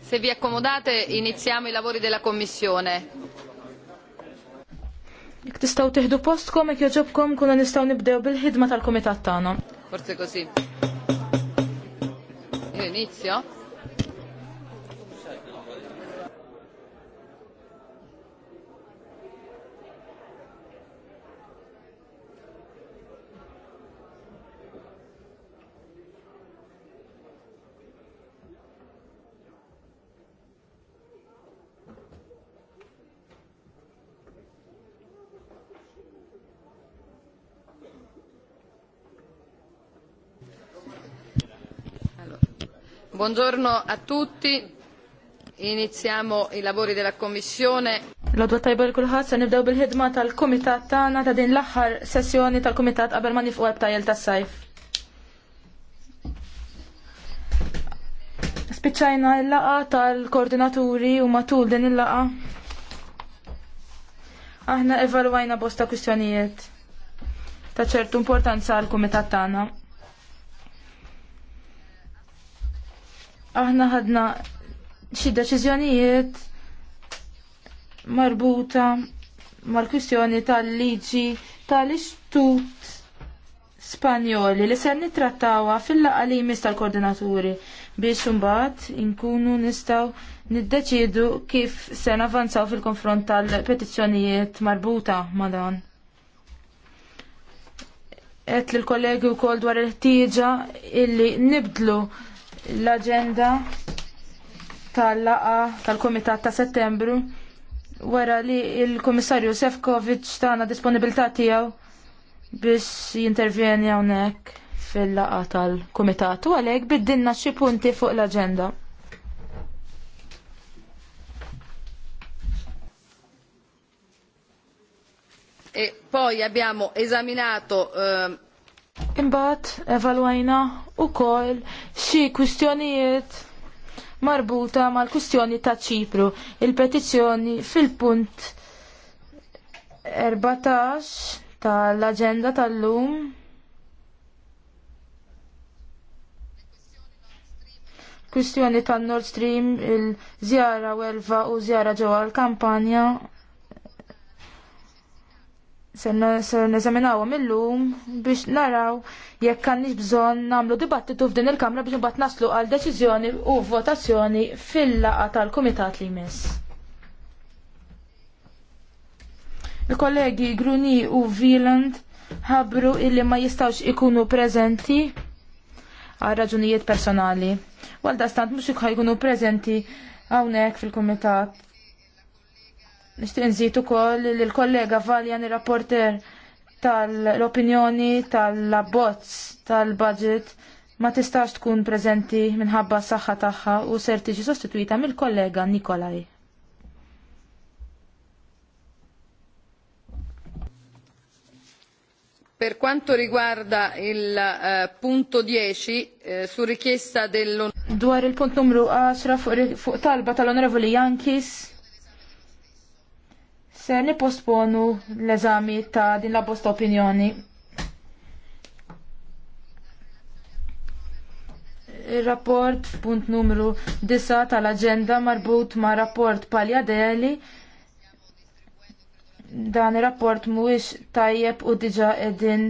Se vi accomodate iniziamo i lavori della Commissione. Jek tistaw tiħdu postkom, jek joġobkom, kuna nistaw nibdew bil-ħidma tal-komitat tagħna. Forse così. inizio. Buongiorno a tutti. Iniziamo i lavori della Commissione. L-odwa tajba l-kulħat se nibdew bil-ħidma tal-Kumitat tagħna ta' din l-aħħar sessjoni tal-Kumitat qabel ma nifqu tajjel tas-sajf. Spiċċajna l-laqa tal-koordinaturi u matul din il-laqa. Aħna evalwajna bosta kwistjonijiet ta' ċertu importanza għal-Kumitat tagħna. aħna ħadna xi deċiżjonijiet marbuta mal-kwistjoni tal-liġi tal-istut Spanjoli li ser nittrattawa fil jmiss tal-koordinaturi biex imbagħad inkunu nistgħu niddeċidu kif se navanzaw fil-konfront tal-petizzjonijiet marbuta ma' dan. Qed lill kollegi wkoll dwar il-ħtieġa illi nibdlu l-agenda tal laqgħa tal kumitat ta' settembru wara li l komissarju Sefkovic tagħna disponibilità tiegħu biex jintervjeni hawnhekk fil laqgħa tal kumitat u għalhekk biddinna xi punti fuq l-aġenda. E poi abbiamo esaminato eh, Imbagħad evalwajna wkoll xi kwistjonijiet marbuta mal-kwistjoni ta' Ċipru. Il-petizzjoni fil-punt 14 tal-aġenda tal-lum kwistjoni tan Nord Stream, il-żjara welva u żjara ġewwa l-kampanja ser neżaminaw illum biex naraw jekk għandix bżonn nagħmlu dibattitu f'din il-Kamra biex imbagħad naslu għal deċiżjoni u votazzjoni fil-laqa tal-Kumitat li jmiss. Il-kollegi Gruni u Wieland ħabru illi ma jistawx ikunu preżenti għal raġunijiet personali. Għal dastant mux ikħajkunu preżenti għawnek fil-Kumitat Nishtiq nżid ukoll li l-kollega Valjan il rapporter tal-opinjoni tal-abbozz tal-budget ma tistax tkun preżenti minħabba saħħa tagħha u ser tiġi sostituita mill-kollega Nikolaj. Per quanto riguarda il eh, punto 10, eh, su richiesta dell'on... Dwar il punt numru 10 fuq, fuq talba tal-onorevoli Jankis, se niposponu l-eżami ta' din la bosta opinjoni. Il-rapport punt numru 9 tal-agenda marbut ma' rapport paljadeli dan il-rapport mhuwiex tajjeb u diġa edin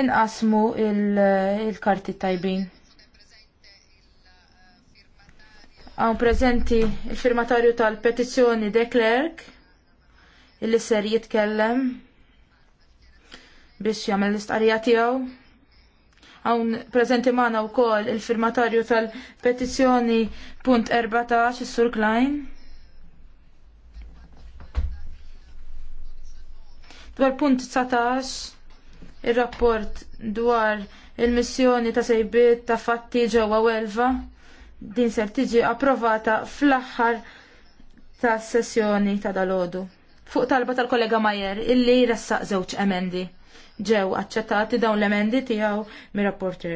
inqasmu il-karti tajbin. Għan prezenti il-firmatarju tal-petizjoni de Klerk illi ser jitkellem biex jagħmel l istqarija tiegħu. Hawn preżenti magħna wkoll il-firmatarju tal-petizzjoni punt 14 is-Sur Klein. Dwar punt 19 ir-rapport dwar il-missjoni ta' sejbiet ta' fatti ġewwa Welva din ser tiġi approvata fl-aħħar tas sessjoni ta' dalodu fuq talba tal-kollega Majer illi jressaq żewġ emendi. Ġew aċċettati dawn l-emendi tiegħu mir-rapporter.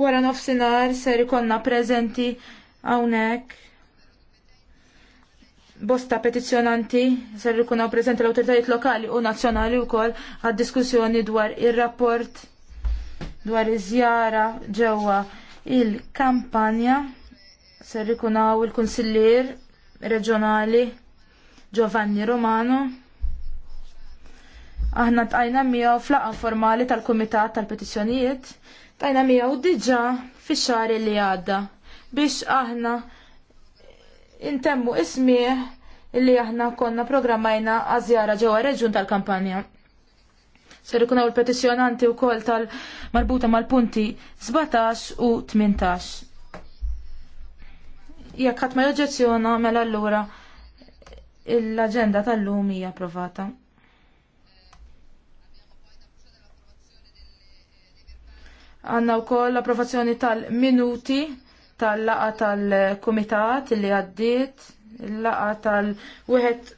Wara nofsinhar ser ikonna preżenti hawnhekk bosta petizjonanti ser ikunu preżenti l-awtoritajiet lokali u nazzjonali wkoll għad-diskussjoni dwar ir-rapport dwar iż-żjara ġewwa il-kampanja ser ikun il-kunsillier reġjonali Giovanni Romano. Aħna tqajna miegħu flaqa formali tal-Kumitat tal-Petizzjonijiet, tajna miegħu diġà fix-xahar li għadda biex aħna intemmu ismieħ li aħna konna programmajna għazjara ġewwa reġjun tal-kampanja. Ser ikun hawn il-petizzjonanti wkoll tal-marbuta mal-punti 17 u 18. Jekk qatt ma joġġezzjona mela allura l-aġenda tal-lum hija approvata. Għanna wkoll l-approvazzjoni tal-minuti tal-laqa tal-komitat li għaddiet, laqa tal-wihet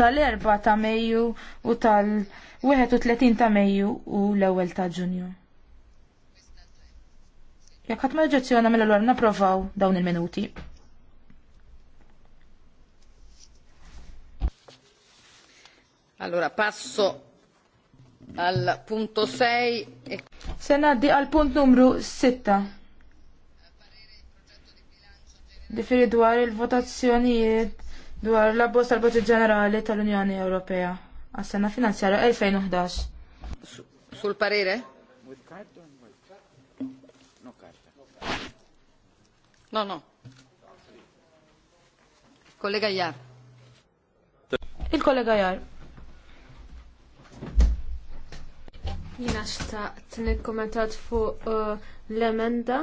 tal-4 ta' Mejju u tal-31 ta' Mejju u l-ewwel ta' Ġunju. Jekk ħadd ma jġezzjona mill allura napprovaw dawn il-minuti. Allora passo al punto 6. Sena e- Se ngħaddi punt numru 6. Difiri dwar il-votazzjonijiet dwar l bosta tal-Budget Ġenerali tal-Unjoni Ewropea għas-sena finanzjarja 2011. Sul parere? No, no. Kollega Jar. Il-kollega Jar. Jina xtaqt nikkommentat fuq fu uh, l-emenda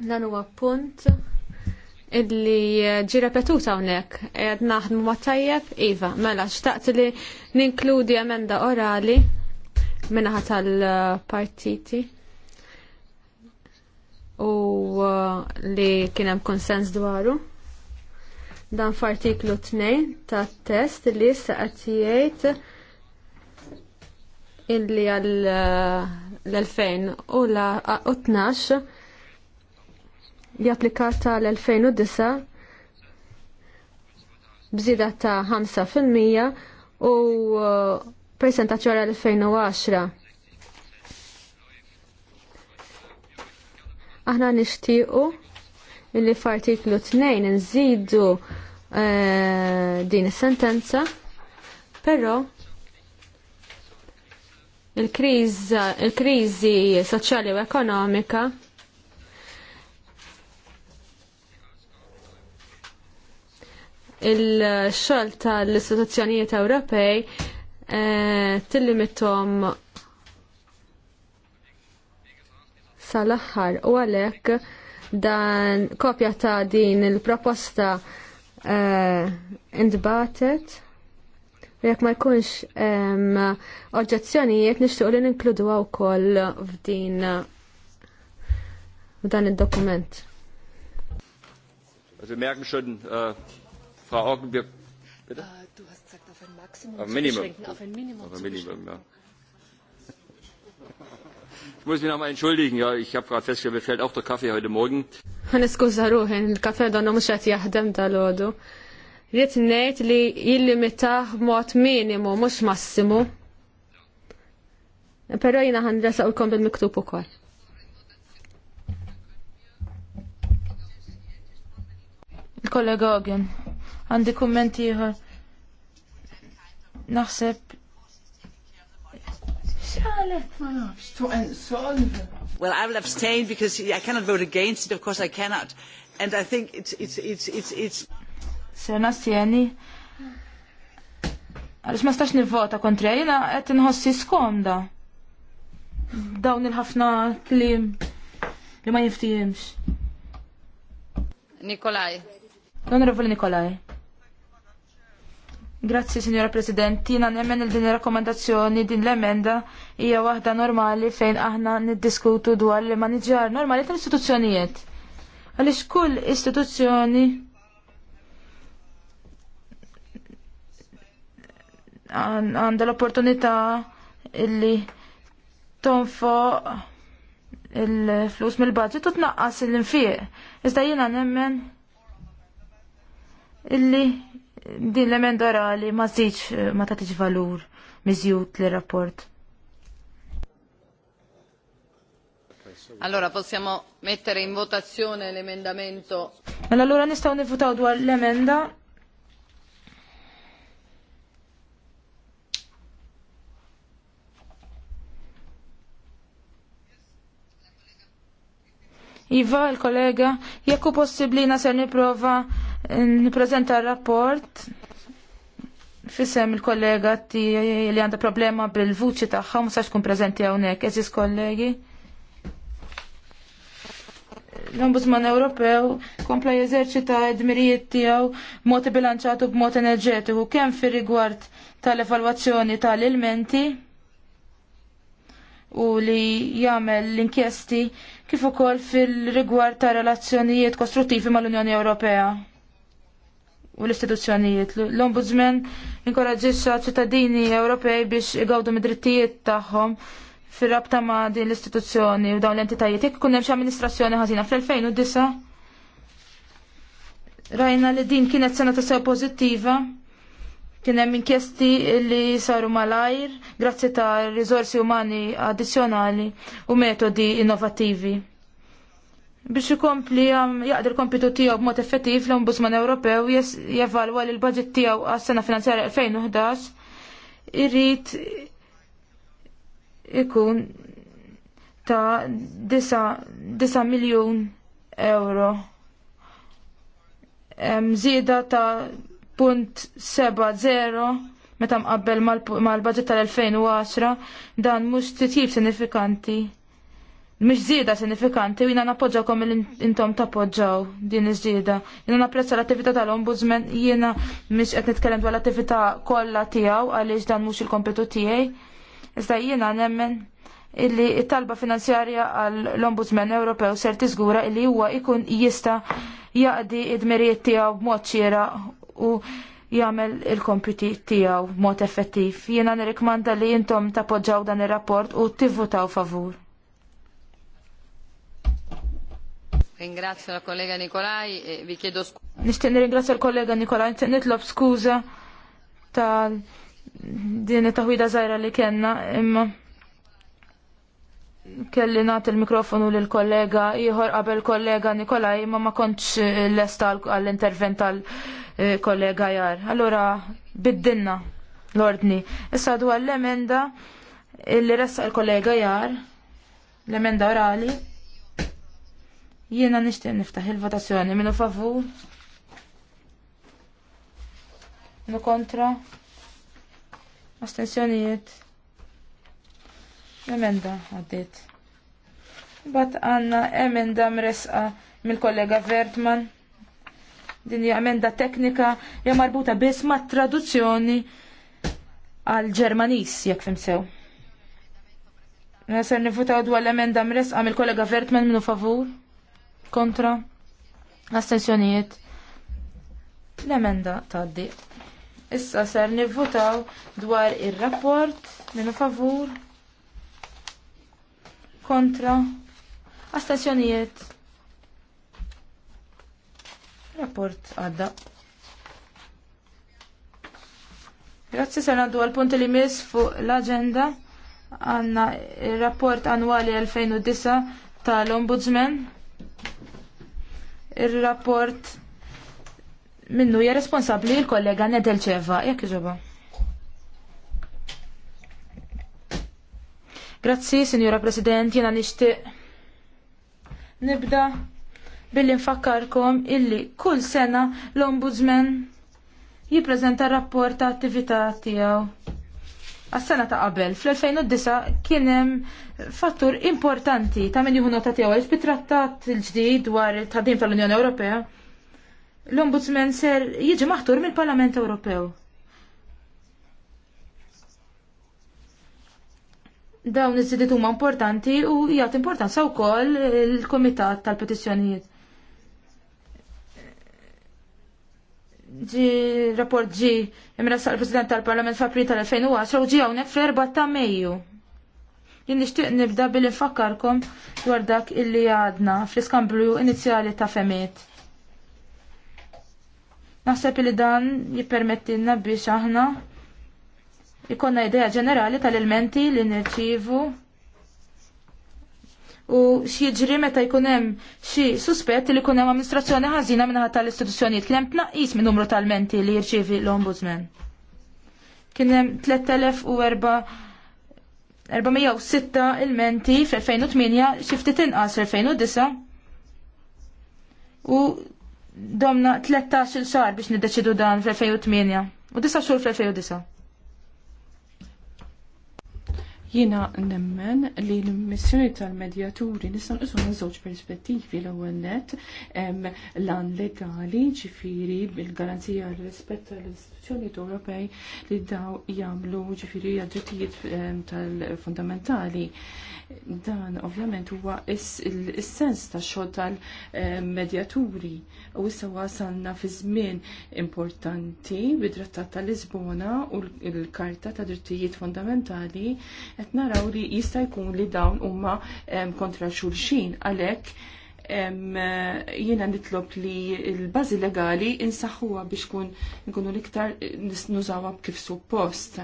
dan huwa punt illi uh, ġi repetuta hawnhekk qed naħdmu ma' tajjeb iva, mela xtaqt li ninkludi emenda orali minnaħa tal-partiti. Uh, u uh, li kienem konsens dwaru. Dan f'artiklu 2 ta' test li issa qed jgħid illi għal uh, l-2000 u l-12 li applikata l-2009 bżida ta' 5% u uh, percentaċ għal 2010 Aħna nixtiequ illi f'artiklu 2 nżidu eh, din is-sentenza, però il-kriżi soċjali u ekonomika il xogħol tal-istituzzjonijiet Ewropej eh, tillimithom sal axħar u għalek dan kopja ta' din il-proposta uh, eh, indbatet u jek ma jkunx um, oġġezzjonijiet nixtiequ li għaw wkoll f'din f'dan il dokument Also merken schon, äh, Frau Augenbier, bitte? Uh, du hast gesagt, auf ein Maximum auf ein Minimum. Auf ein Minimum, auf ein Minimum ja muss mich nochmal entschuldigen, ja, ich habe gerade festgestellt, mir fällt auch der Kaffee heute Morgen. Niskuza ruħi, il-kaffee donna mux għat jahdem dal-ħodu. Rrit nejt li jillimitaħ mod minimu, mux massimu. Pero jina ħandresa u l-kom bil-miktub u kol. Il-kollega Ogen, għandi kummenti ieħor. Naħseb Well, I will abstain because I cannot vote against it, of course I cannot. And I think it's, it's, it's, it's, it's... għalix ma stax nivvota kontra jina, għet nħossi skomda. Dawn il-ħafna klim li ma jiftijimx. Nikolaj. L-Onorevole Nikolaj. Grazzi, Signora President. Tina nemmen il-din rakkomandazzjoni din l-emenda hija waħda normali fejn aħna niddiskutu dwar li maniġar normali tal-istituzzjonijiet. Għaliex kull istituzzjoni għanda l-opportunità illi tonfo il-flus mill-budget u tnaqqas l-infieq. Iżda jina nemmen illi din l-emenda orali ma żidx ma tagħtix valur miżjud li rapport Allora possiamo mettere in votazione l'emendamento. Mela, allora nistgħu nivvutaw dwar l-emenda Iva, il-kollega, jekku possibli naser prova Nipprezenta rapport fissem il-kollega tiegħi li għandha problema bil-vuċi tagħha musax kun tkun preżenti hawnhekk, eżis kollegi. L-Ombudsman Ewropew kompla jeżerċita d-dmirijiet tiegħu mod bilanċatu b'mod enerġetiku kemm fir-rigward tal-evalwazzjoni tal-ilmenti u li jagħmel l-inkjesti kif ukoll fil-rigward ta' relazzjonijiet kostruttivi mal-Unjoni Ewropea u l-istituzzjonijiet. L-Ombudsman inkoraġġixxa ċittadini Ewropej biex igawdu mid-drittijiet tagħhom fir-rabta ma' din l-istituzzjoni u dawn l-entitajiet. Jekk ikun hemm xi amministrazzjoni ħażina fl-2009 rajna li din kienet sena ta' sew pożittiva kien hemm inkjesti li saru malajr grazzi ta' riżorsi umani addizzjonali u metodi innovattivi. Biex ikompli um, jaqdir kompitu tiegħu b'mod effettiv l-Ombudsman Ewropew jevalwa l budget tiegħu għas-sena finanzjarja 2011 irrid ikun ta' 9 miljun euro. Mżida ta' punt 7-0 meta mqabbel mal-budget tal-2010 dan mhux titjib sinifikanti Mish zida sinifikanti u jina napoġġawkom il-intom tapoġġaw din iż-żieda. Jina napprezza l-attività tal-ombudsman, jina mish qed nitkellem dwar l-attività kollha tiegħu għaliex dan mhux il-kompetu tiegħi. Iżda jiena nemmen illi it-talba finanzjarja għall-Ombudsman Ewropew ser tiżgura illi huwa ikun jista jaqdi id-mirijiet tiegħu b'mod ċira u jagħmel il-kompiti tiegħu b'mod effettiv. Jiena nirrikmanda li intom tappoġġaw dan ir-rapport u tivvutaw favur. Ringrazio la collega Nicolai e vi chiedo scusa. Nishtiq nirringrazzja l-kollega Nikolaj, nishtiq nitlob skuża ta' din it-taħwida żgħira li kellna, imma kelli nagħti l-mikrofonu lil kollega ieħor qabel kollega Nikolaj, imma ma kontx lesta għall-intervent tal-kollega Jar. Allora biddinna l-ordni. Issa dwar l-emenda illi ressa l-kollega Jar, l-emenda orali. Jiena nishtiq niftaħ il-votazzjoni minu favur. Minu kontra. Astensjonijiet. Emenda għaddit. Bat għanna emenda mresqa mill-kollega Vertman. Din hija emenda teknika hija marbuta biss mat traduzzjoni għal Ġermanis jekk fimsew. Ser nifutaw dwar l-emenda mresqa mill-kollega Vertman minu favur kontra astensjonijiet l-emenda taddi. Issa ser nivvotaw dwar ir-rapport minu favur kontra astensjonijiet rapport għadda. Grazzi sena għaddu għal punti li mis fuq l-agenda għanna il-rapport annwali 2009 tal-Ombudsman Il-rapport minnu hija responsabbli l-kollega Nedelċeva, jekk ġoba. Grazzi, Signora President, jena nixtieq nibda billi nfakkarkom illi kull sena l-Ombudsman jippreżenta rapport ta' attività tiegħu għas-sena ta' qabel, fl-2009 kien hemm fattur importanti ta' min juhu nota tiegħu bit-trattat il-ġdid dwar il tħaddim tal-Unjoni Ewropea. L-Ombudsman ser jiġi maħtur mill-Parlament Ewropew. Dawn iż-żidiet huma importanti u jagħti importanza wkoll il-Kumitat tal-Petizzjonijiet. ġi rapport ġi imressa l-President tal-Parlament f'April tal-2010 u ġi hawnhekk fl-4 ta' Mejju. Jien nixtieq nibda billi nfakkarkom dwar dak illi għadna fl-iskamblu inizjali ta' femiet. Naħseb li dan jippermettilna biex aħna ikonna idea ġenerali tal-elementi li nirċivu u xieġri meta jkunem xie xi suspett li kunem amministrazzjoni ħażina minna tal-istituzzjonijiet. Kien hemm tnaqqis minn numru tal-menti li jirċivi l-Ombudsman. Kienem 3406 il-menti fl-2008 xifti tinqas inqas 2009 u domna 13 il xahar biex niddeċidu dan fl-2008 u 9 xur fl-2009. Jiena nemmen li l-missjoni tal-medjaturi nistan usu minn żewġ perspettivi l-ewwel net lan legali ġifieri bil-garanzija rispett tal l Ewropej li daw jagħmlu ġifieri għad-drittijiet ehm, tal-fundamentali. Dan ovvjament huwa is-sens ta' xogħol tal-medjaturi u issa wasalna fi żmien importanti bid-Trattat tal-Lisbona u l-Karta ta' Drittijiet Fundamentali qed naraw li jista' jkun li dawn huma ehm, kontra xulxin għalhekk jiena nitlob li l-bażi legali insaħħuha biex kun nkunu liktar iktar kif suppost.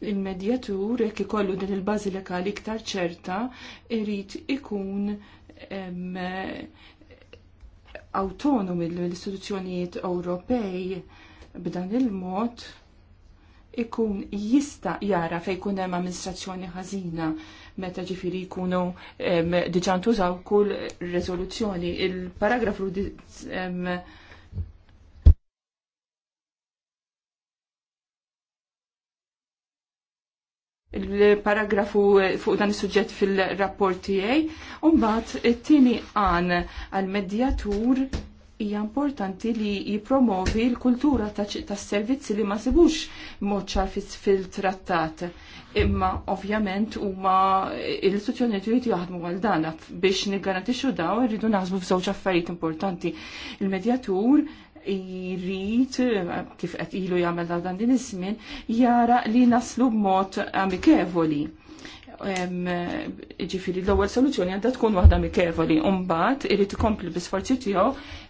Il-medjatur jekk ikollu din il-bażi legali iktar ċerta irid ikun autonomi l-istituzzjonijiet Ewropej b'dan il-mod ikun jista jara fejn ikun hemm amministrazzjoni ħażina meta ġifiri jkunu diġan tużaw kull rezoluzzjoni. Il-paragrafu il-paragrafu eh, fuq dan is-suġġett fil-rapport tiegħi, u mbagħad it-tieni għan għal-medjatur hija importanti li jipromovi l-kultura tas-servizzi li ma sibux moċċar fil-trattat. Imma ovvjament huma l-istituzzjonijiet jrid jaħdmu għal dan biex niggarantixxu daw irridu naħsbu f'żewġ affarijiet importanti. Il-medjatur jrid kif qed ilu jagħmel dan din iż-żmien jara li naslu b'mod amikevoli ġifiri l-ewwel soluzzjoni għandha tkun waħda mikevoli. mbagħad irid ikompli b'isforzi tiegħu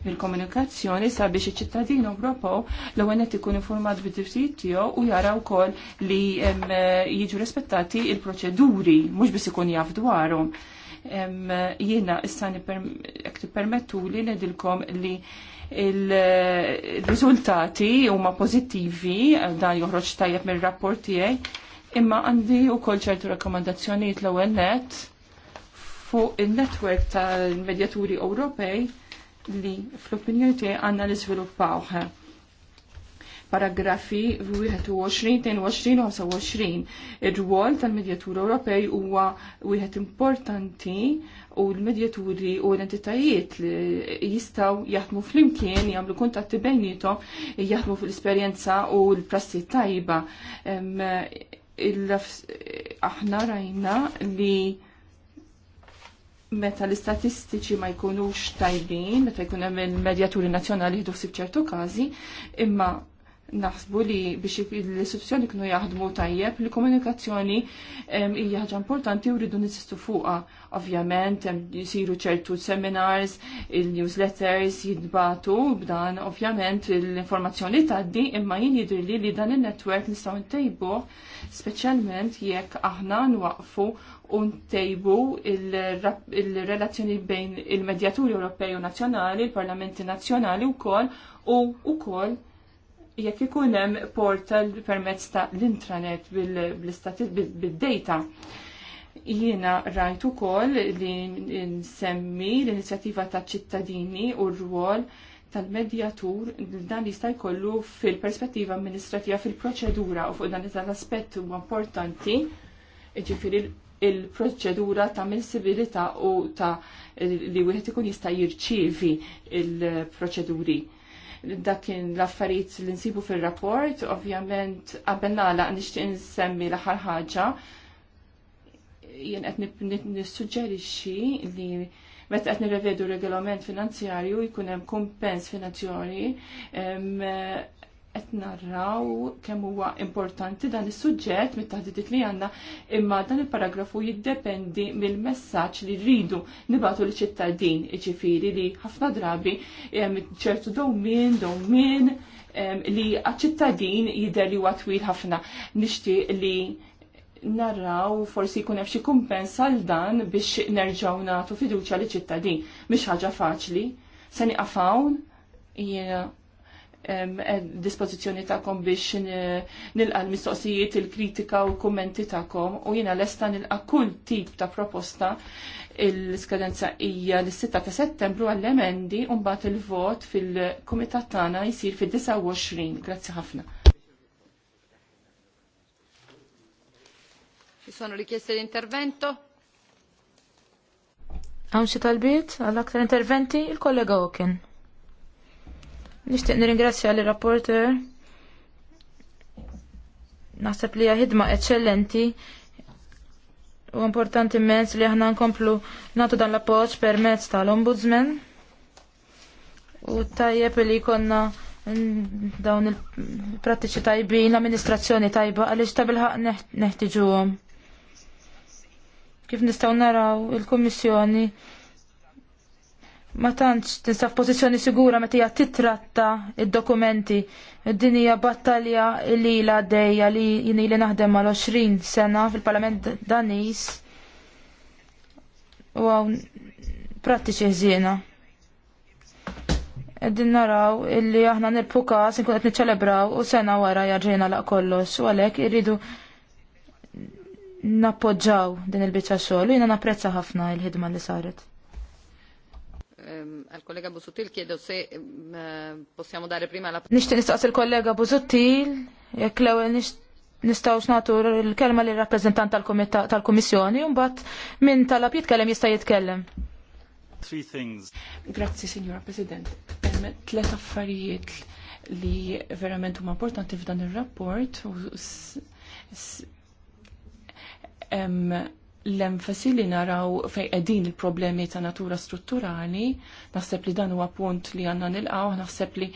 bil-komunikazzjoni sabiex iċ-ċittadin propo l-ewwel qed ikun informat bid-drittijiet tiegħu u jara wkoll li jiġu rispettati il-proċeduri mhux biss ikun jaf dwarhom. Jiena issa jekk tippermettu li nedilkom li il-riżultati huma pożittivi dan joħroġ tajjeb mir-rapport tiegħi Imma għandi u kol ċertu rakkomandazzjoniet l ewwel net fuq il-netwerk tal-medjaturi Ewropej li fl-opinjoni tiegħi għandna niżviluppawha. sviluppawha. Paragrafi 21, 22, Ir-rwol tal-medjatur Ewropej huwa wieħed importanti u l-medjaturi u l-entitajiet li jistaw jaħdmu fl-imkien, jagħmlu kuntatti bejnietom, jaħdmu fl-esperjenza u l-prassi tajba aħna rajna li meta l-istatistiċi ma jkunux tajbin, meta jkun hemm il-medjaturi nazzjonali jieħdu ħsieb każi, imma naħsbu li biex l-istituzzjoni kienu jaħdmu tajjeb, li komunikazzjoni hija ħaġa importanti u rridu nisistu fuqha. Ovvjament, jisiru ċertu seminars, il-newsletters jidbatu, b'dan ovvjament l-informazzjoni taddi, imma jien jidrili li dan il-network nistgħu ntejbuh, speċjalment jekk aħna nwaqfu u ntejbu il-relazzjoni bejn il-medjaturi Ewropej u nazzjonali, il-parlamenti nazzjonali wkoll u wkoll jekk ikun hemm portal permezz ta' l-intranet bil-data. Jiena rajt ukoll li nsemmi l-inizjattiva ta' ċittadini u r-rwol tal-medjatur dan jista' jkollu fil-perspettiva amministrativa fil-proċedura u fuq dan l-aspett huwa importanti ġifiri il-proċedura ta' mill-sibilità u ta' li wieħed ikun jista' jirċievi il-proċeduri. il proċeduri dakin l-affarijiet li nsibu fil-rapport, ovvjament qabel nagħlaq nixtieq nsemmi l-aħħar ħaġa jien qed nissuġġerixxi li meta qed nirrevedu regolament finanzjarju jkun hemm kumpens finanzjarji qed narraw kemm huwa importanti dan is-suġġett mit-taħdidiet li għandna imma dan il-paragrafu jiddependi mill-messaġġ li rridu nibatu li ċittadin iġifieri li ħafna drabi ċertu dowmin, min li għaċ-ċittadin jidher li huwa twil ħafna. Nixtieq li narraw forsi jkun hemm xi kumpens għal dan biex nerġgħu nagħtu fiduċja li ċittadin. Mhix ħaġa faċli. Se hawn jiena E, dispozizjoni ta'kom biex nilqa l-mistoqsijiet, il-kritika u kummenti ta'kom u jina l-esta nilqa kull tip ta' proposta il-skadenza hija l-6 ta' settembru għall-emendi u mbagħad il-vot fil-kumitat tagħna jsir fil 29 Grazzi ħafna. Ci sono richieste di intervento? Għamxie tal għall-aktar interventi, il-kollega Oken. Nishtiq nirringrazzja li rapporter Naħseb li hija ħidma eċċellenti u importanti immens li aħna nkomplu natu dan l-appoġġ permezz tal-Ombudsman u tajjeb li konna dawn il-prattiċi tajbin, l-amministrazzjoni tajba għaliex ta' bilħaq neħtiġuhom. Kif nistgħu naraw il-Kummissjoni ma tantx tinsa f'pożizzjoni sigura meta hija titratta id-dokumenti. Din hija battalja lila għaddejja li jini li naħdem mal 20 sena fil-Parlament Danis. U għaw prattiċi ħżiena. Qegħdin naraw illi aħna nirbħu każ inkun qed niċċelebraw u sena wara jarġejna laq kollox u għalhekk irridu nappoġġaw din il-biċċa xogħol u jiena napprezza ħafna l ħidma li saret ehm, al collega Busuttil chiedo se ehm, possiamo dare prima la Nixti nistaqs il-kollega Busuttil jekk l-ewwel nistgħux nagħtu l-kelma lir rappreżentant tal-Kummissjoni un-bat min talab jitkellem jista' jitkellem. Three things. Grazzi, Signora President. Tlet affarijiet li verament huma importanti f'dan ir-rapport u ehm, l-enfasi li naraw fej qegħdin il-problemi ta' natura strutturali, naħseb li dan huwa punt li għandna nilqgħu, naħseb li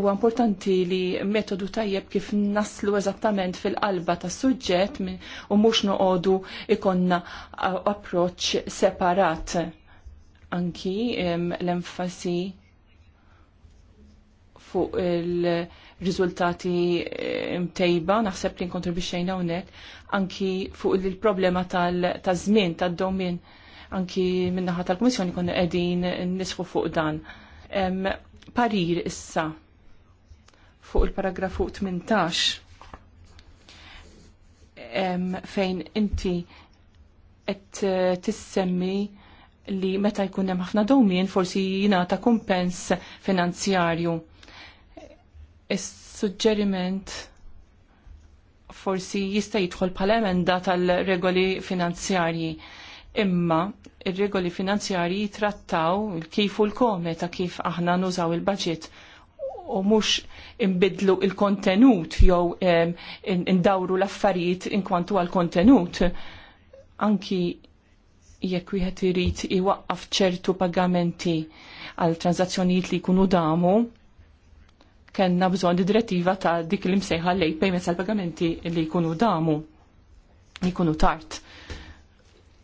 huwa importanti li metodu tajjeb kif naslu eżattament fil-qalba tas suġġett u mhux noqogħdu ikonna approċċ separat. Anki l-enfasi fuq il- riżultati eh, mtejba, naħseb li xejna hawnhekk anki fuq il-problema tal-żmien tad-domin anki minnaħa tal-Kummissjoni konna qegħdin nisħu fuq dan. Parir issa fuq il-paragrafu 18 fejn inti qed eh, tissemmi li meta jkun hemm ħafna dowmien forsi jingħata kumpens finanzjarju is-suġġeriment forsi jista' jidħol bħala emenda tal-regoli finanzjarji. Imma ir-regoli finanzjarji jitrattaw kif u l-kome ta' kif aħna nużaw il-budget u mhux imbidlu il-kontenut jew indawru l-affarijiet inkwantu għal kontenut anki jekk wieħed irid iwaqqaf ċertu pagamenti għal tranzazzjonijiet li jkunu damu kellna bżonn direttiva ta' dik li msejħa lej payments għal pagamenti li jkunu damu, li jkunu tard.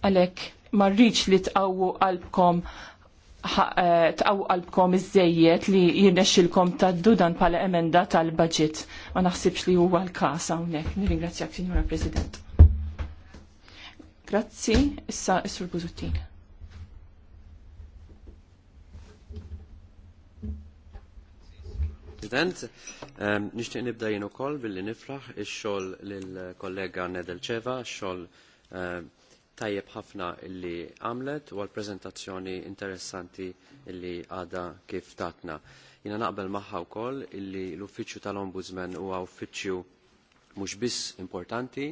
Għalhekk ma rridx li tqawwu qalbkom eh, tqaw qalbkom iżejjed li jirnexxilkom taddu dan bħala emenda tal-budget. Ma naħsibx li huwa l-każ hawnhekk. Nirringrazzjak, Sinjura President. Grazzi, issa is-Sur Buzuttin. President. Ehm, Nishtiq nibda jien ukoll billi nifraħ ix-xogħol lill-kollega Nedelċeva, xogħol ehm, tajjeb ħafna illi għamlet u għal-preżentazzjoni interessanti illi għada kif tatna. Jiena naqbel magħha wkoll illi l-uffiċċju tal-Ombudsman huwa uffiċċju mhux biss importanti,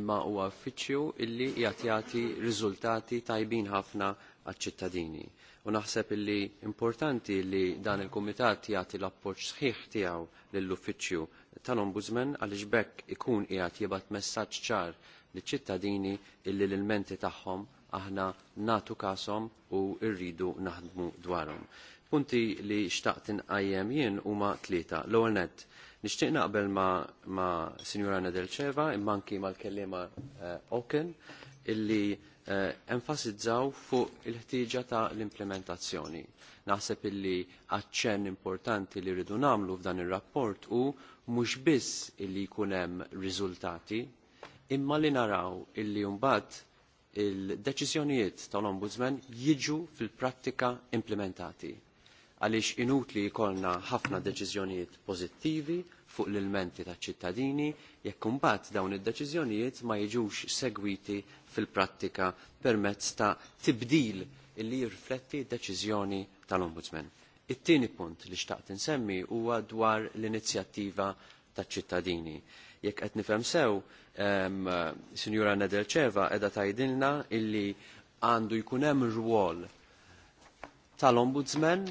imma huwa uffiċċju illi jagħti riżultati tajbin ħafna għaċ-ċittadini u naħseb illi importanti li dan il-Kumitat jagħti l-appoġġ sħiħ tiegħu lill-uffiċċju tal-Ombudsman għaliex bekk ikun qiegħed jibgħat messaġġ ċar liċ-ċittadini illi l-ilmenti tagħhom aħna natu kasom u rridu naħdmu dwarhom. Punti li xtaqt inqajjem jien huma tlieta. L-ewwel nett, nixtieq naqbel ma, ma Sinjura Nedelċeva imma anki mal-kellima uh, eh, Oken illi eh, enfasizzaw fuq il-ħtieġa ta' l-implementazzjoni. Naħseb illi aċċenn importanti li rridu nagħmlu f'dan ir-rapport hu mhux biss illi jkun hemm riżultati, imma li naraw illi mbagħad il-deċiżjonijiet tal-Ombudsman jiġu fil-prattika implementati. Għaliex inutli jkollna ħafna deċiżjonijiet pożittivi fuq l ilmenti taċ ċittadini jekk imbagħad dawn id-deċiżjonijiet ma jiġux segwiti fil-prattika permezz ta' tibdil illi jirrifletti deċiżjoni tal-Ombudsman. It-tieni punt li xtaqt insemmi huwa dwar l-inizjattiva taċ ċittadini. Jekk qed nifhem sew, um, Sinjura Nedelċeva qiegħda tgħidilna illi għandu jkun hemm rwol tal-Ombudsman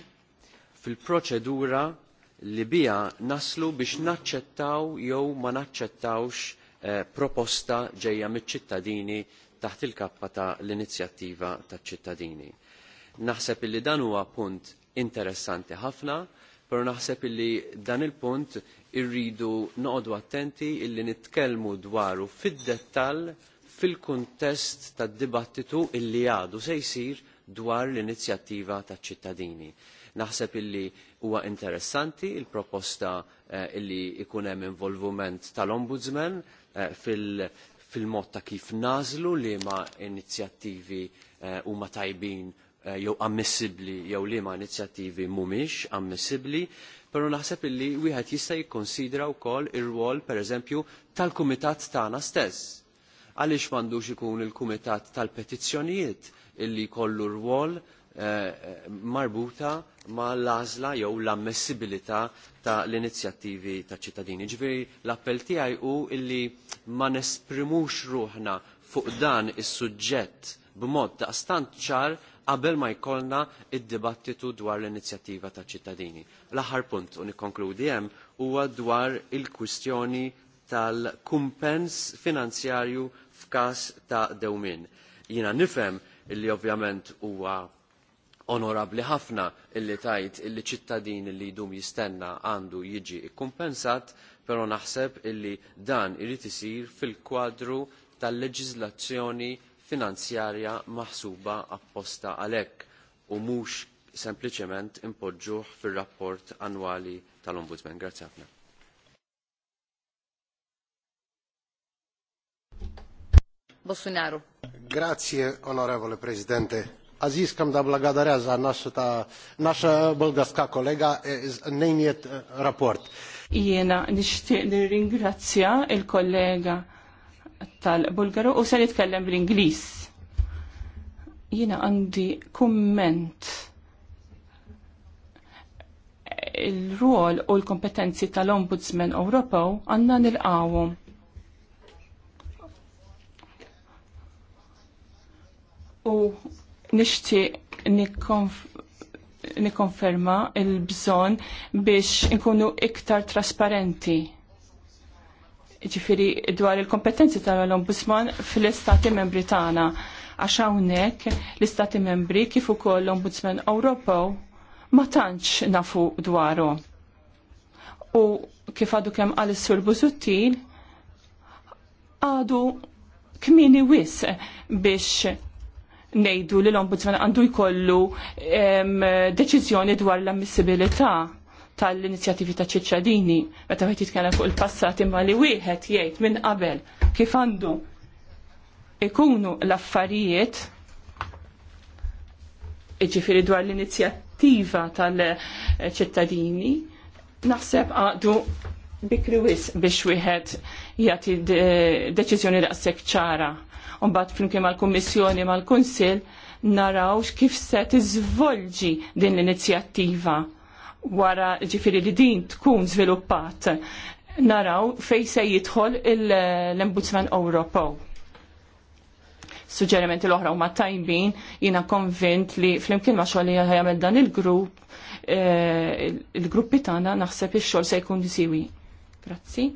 fil-proċedura li bija naslu biex naċċettaw jew ma naċċettawx eh, proposta ġejja miċ-ċittadini taħt il-kappa ta' l-inizjattiva taċ ċittadini. Naħseb illi dan huwa punt interessanti ħafna, pero naħseb illi dan il-punt irridu noqogħdu attenti illi nitkellmu dwaru fid-dettall fil-kuntest tad-dibattitu illi għadu se jsir dwar l-inizjattiva taċ ċittadini. Naħseb illi huwa interessanti il-proposta eh, illi ikunem hemm involvument tal-Ombudsman eh, fil-mod ta' kif nażlu li ma inizjattivi eh, huma tajbin eh, jew ammissibbli jew li ma inizjattivi mhumiex ammissibbli, però naħseb li wieħed jista' jikkonsidra wkoll ir-rwol pereżempju tal-kumitat tagħna stess. Għaliex m'għandux ikun il-kumitat tal-petizzjonijiet illi jkollu rwol marbuta ma l-azla jew l-ammessibilità ta' l-inizjattivi ta' ċittadini. Ġveri, l-appell tiegħi u illi ma nesprimux ruħna fuq dan is-suġġett b'mod ta' stant ċar qabel ma jkollna id-dibattitu dwar l-inizjattiva ta' ċittadini. L-aħħar punt u nikkonkludi hemm huwa dwar il-kwistjoni tal-kumpens finanzjarju f'każ ta' dewmien. Jiena nifhem illi ovvjament huwa onorabli ħafna illi tajt illi ċittadin illi jdum jistenna għandu jiġi ikkumpensat, pero naħseb illi dan irid isir fil-kwadru tal-leġiżlazzjoni finanzjarja maħsuba apposta għalhekk u mhux sempliċement impoġġuh fir-rapport annwali tal-Ombudsman. Grazie ħafna. Bolsonaro. Grazie, onorevole Presidente аз искам да благодаря за нашата, наша българска колега за нейният рапорт. Jena nishtiq nirringrazzja il-kollega tal-Bulgaru u se nitkellem bl-Ingliż. Jena għandi kumment il-rol u l-kompetenzi tal-Ombudsman Ewropew għandna nilqawhom. U nixtieq nikkonferma il-bżonn biex inkunu iktar trasparenti ġifiri dwar il-kompetenzi tal-Ombudsman fil-Istati Membri tagħna għax hawnhekk l-Istati Membri kif ukoll l-Ombudsman Ewropew ma tantx nafu dwaru. U kif għadu kemm għal sur Busuttil għadu kmini wis biex nejdu li l-ombudsman għandu jkollu deċizjoni dwar l-ammissibilità tal-inizjativi ta' ċittadini. Meta wieħed jitkellem fuq il-passat imma li wieħed jgħid minn qabel kif għandu ikunu l-affarijiet iġifiri dwar l-inizjattiva tal-ċittadini, naħseb għadu bikri wis biex wieħed jagħti deċiżjoni daqshekk ċara Umbat flimkien mal-Kummissjoni mal-Kunsil naraw kif se tiżvolġi din l-inizjattiva wara ġifiri li din tkun żviluppat Naraw fej se jidħol l embudsman Ewropew. Suġġerimenti l-oħra huma tajbin, jiena konvint li flimkien ma' xogħol li jagħmel dan il-grupp, eh, il-gruppi tagħna naħseb ix-xogħol se jkun siwi. Grazzi.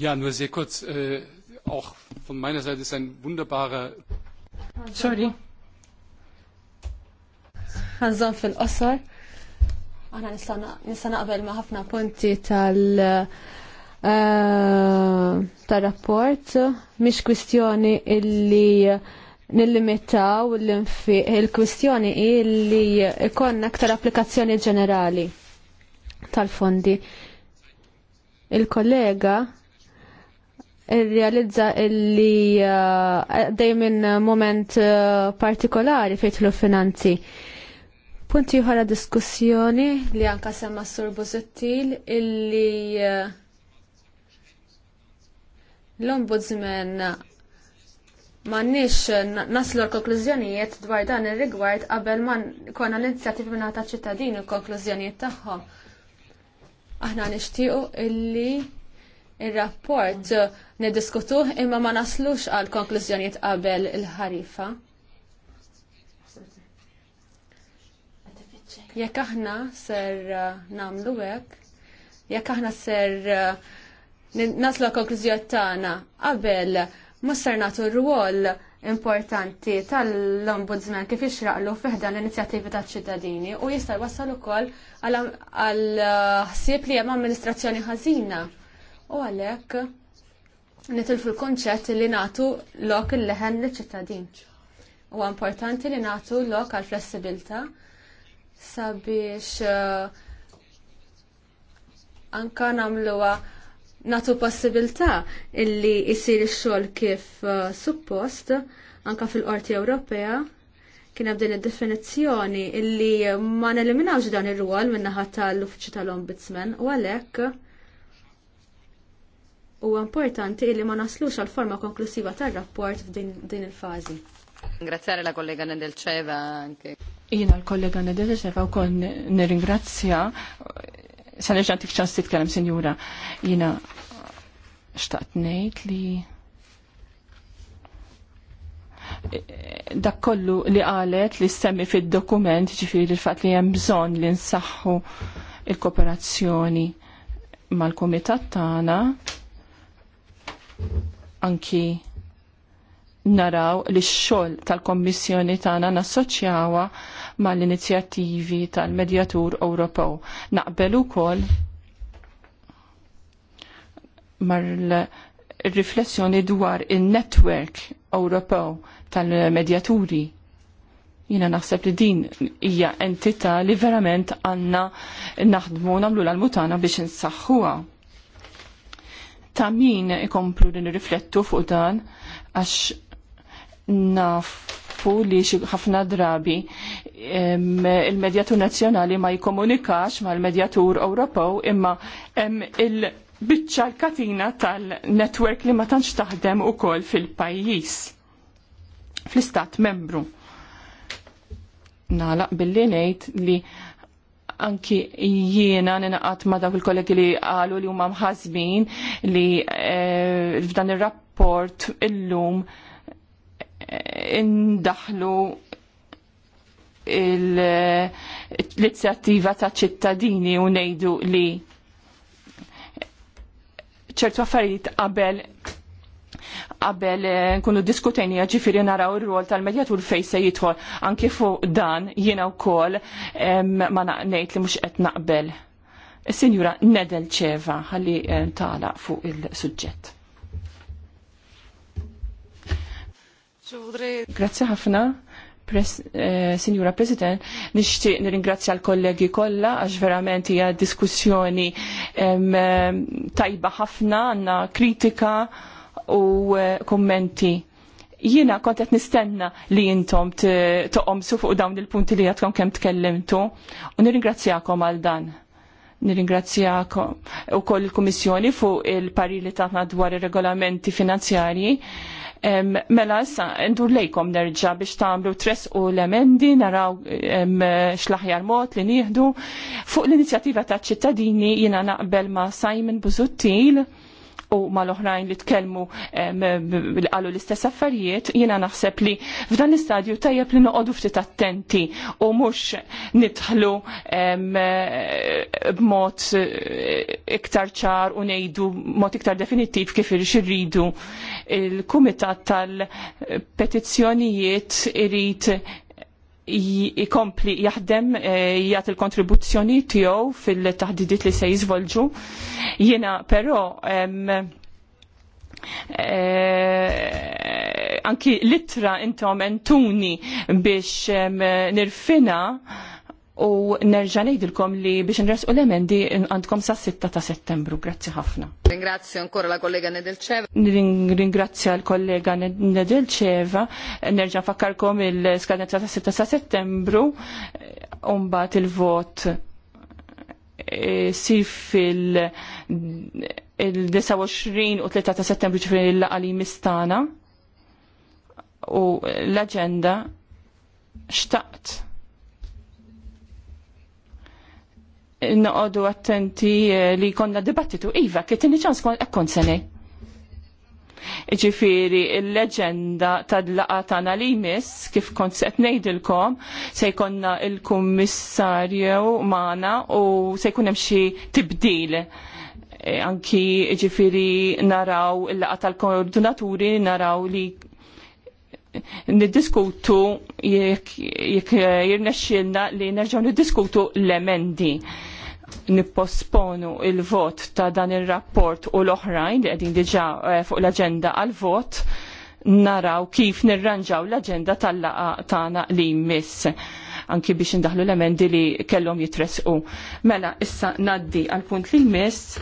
Jan, wezi auch von meiner Seite ist ein wunderbarer. Sorry. Għanżon fil-qosor. Għana nista naqbel ma' ħafna punti tal- eh, tal-rapport. Mish kwistjoni illi nillimitaw Il-kwistjoni illi ikonna aktar applikazzjoni ġenerali tal-fondi. Il-kollega realizza li uh, għaddej minn moment uh, partikolari fejt l finanzi. Punti juħara diskussjoni li anka semma s Sur Bozzettil illi uh, l-ombudsman mannix naslu l-konklużjonijiet dwar dan ir-rigward qabel ma konna l-inizjattivi minna ta' ċittadini l-konklużjonijiet tagħhom. Aħna nixtiequ illi il-rapport eh, nediskutu imma ma naslux għal konklużjonijiet qabel il-ħarifa. Jekk aħna ser eh, namlu hekk, jekk aħna ser eh, naslu konklużjoni tagħna qabel ma ser nagħtu rwol importanti tal-ombudsman kif ixraqlu fiħdan l-inizjattivi taċ ċittadini u jista' jwassal ukoll għal ħsieb li hemm amministrazzjoni ħażina u għalhekk nitilfu l konċet li nagħtu lok il-leħen liċ-ċittadin. Huwa importanti li nagħtu lok għal flessibilta sabiex eh, anka nagħmluha natu possibilità illi jsir ix-xogħol kif eh, suppost anka fil-Qorti Ewropea kien hemm din id-definizzjoni illi ma neliminawx dan ir-rwol min-naħa tal-Uffiċċju tal-Ombudsman u għalhekk U importanti li ma naslux għal forma konklusiva tar-rapport f'din il-fażi. Ingrazzjare la kollega Nedelceva anke. Jina l-kollega Nedelceva u kon nirringrazzja. Sa neġan tik ċans kellem sinjura. Jina xtaqt ngħid li dak kollu li qalet li semmi fid-dokument ġifiri l-fat li hemm bżonn li nsaħħu il-kooperazzjoni mal-kumitat tagħna anki naraw li x-xogħol tal-Kommissjoni tagħna nassoċjawha mal-inizjattivi tal-Medjatur Ewropew. Naqbel ukoll mar-riflessjoni dwar il-network Ewropew tal-medjaturi. Jina naħseb li din hija entità li verament għanna naħdmu nagħmlu l-almutana biex insaħħuha ta' min ikomplu li nirriflettu fuq dan għax nafu li ħafna drabi il-medjatur nazzjonali ma jikomunikax ma l-medjatur Ewropew imma hemm il- biċċa l-katina tal-network li ma tantx taħdem ukoll fil-pajjiż fl-istat membru. Nalaq billi ngħid li anki jiena ninaqat ma dawk il-kollegi li qalu li huma mħazbin li eh, f'dan ir-rapport illum eh, indaħlu l-inizjattiva ta' ċittadini u ngħidu li ċertu affarijiet qabel qabel eh, nkunu diskutejni ġifiri naraw ir-rol tal-medjatur fej se jidħol anki fuq dan jiena wkoll ma naqnejt li mhux qed naqbel. Sinjura Nedel ċeva ħalli eh, tala fuq il-suġġett. Grazzi ħafna. Pres, eh, Signora President, nixtieq nirringrazzja l-kollegi kollha għax verament hija diskussjoni eh, tajba ħafna, għandna kritika u eh, kommenti. Jiena kont qed nistenna li jintom toqom su fuq dawn il-punti li għadkom kemm tkellimtu u nirringrazzjakom għal dan. Nirringrazzjakom u koll il-Kummissjoni fuq il-pari li taħna dwar ir-regolamenti finanzjarji. Mela, issa, ndur lejkom nerġa biex tagħmlu tres u l-emendi, naraw xlaħjar mod li nieħdu. Fuq l-inizjattiva ta' ċittadini jiena naqbel ma' Simon Buzuttil u mal-oħrajn li tkellmu qalu l-istess affarijiet, jiena naħseb li f'dan l-istadju tajjeb li noqogħdu ftit attenti u mhux nidħlu b'mod eh, iktar ċar u ngħidu mod iktar definitiv kif irridu il-kumitat tal-petizzjonijiet irid jikompli jaħdem eh, jgħat il-kontribuzzjoni tiegħu fil-taħdidiet li se jiżvolġu. Jiena però eh, anki litra intom entuni biex nirfina u nerġa' ngħidilkom li biex nresqu l-emendi għandkom sa' 6 ta' Settembru. Grazzi ħafna. Ringrazzju ancora la kollega Nedelceva. Ringrazzja l-kollega Nedelceva, Nerġa' fakkarkom il-skadenza ta' 6 e, ta' Settembru u mbagħad il-vot sif fil il-29 u 3 ta' settembru ċifri l-laqali mistana u l-agenda xtaqt noqodu attenti eh, li konna dibattitu. Iva, kittini ċans kon ekkon senej. Ġifiri, il-leġenda d laqa ta' li kif kont se ngħidilkom, se jkonna il-kummissarju Mana u se jkun hemm xi tibdil eh, anki ġifiri naraw il-laqa tal-koordinaturi naraw li niddiskutu jekk jirnexxilna li nerġgħu niddiskutu l-emendi nipposponu il-vot ta' dan il-rapport u l-oħrajn li għedin diġa eh, fuq l-agenda għal-vot naraw kif nirranġaw l-agenda tal-laqa tagħna li jmiss anki biex indaħlu l-emendi li kellhom jitresqu. Mela, issa naddi għal punt li jmiss,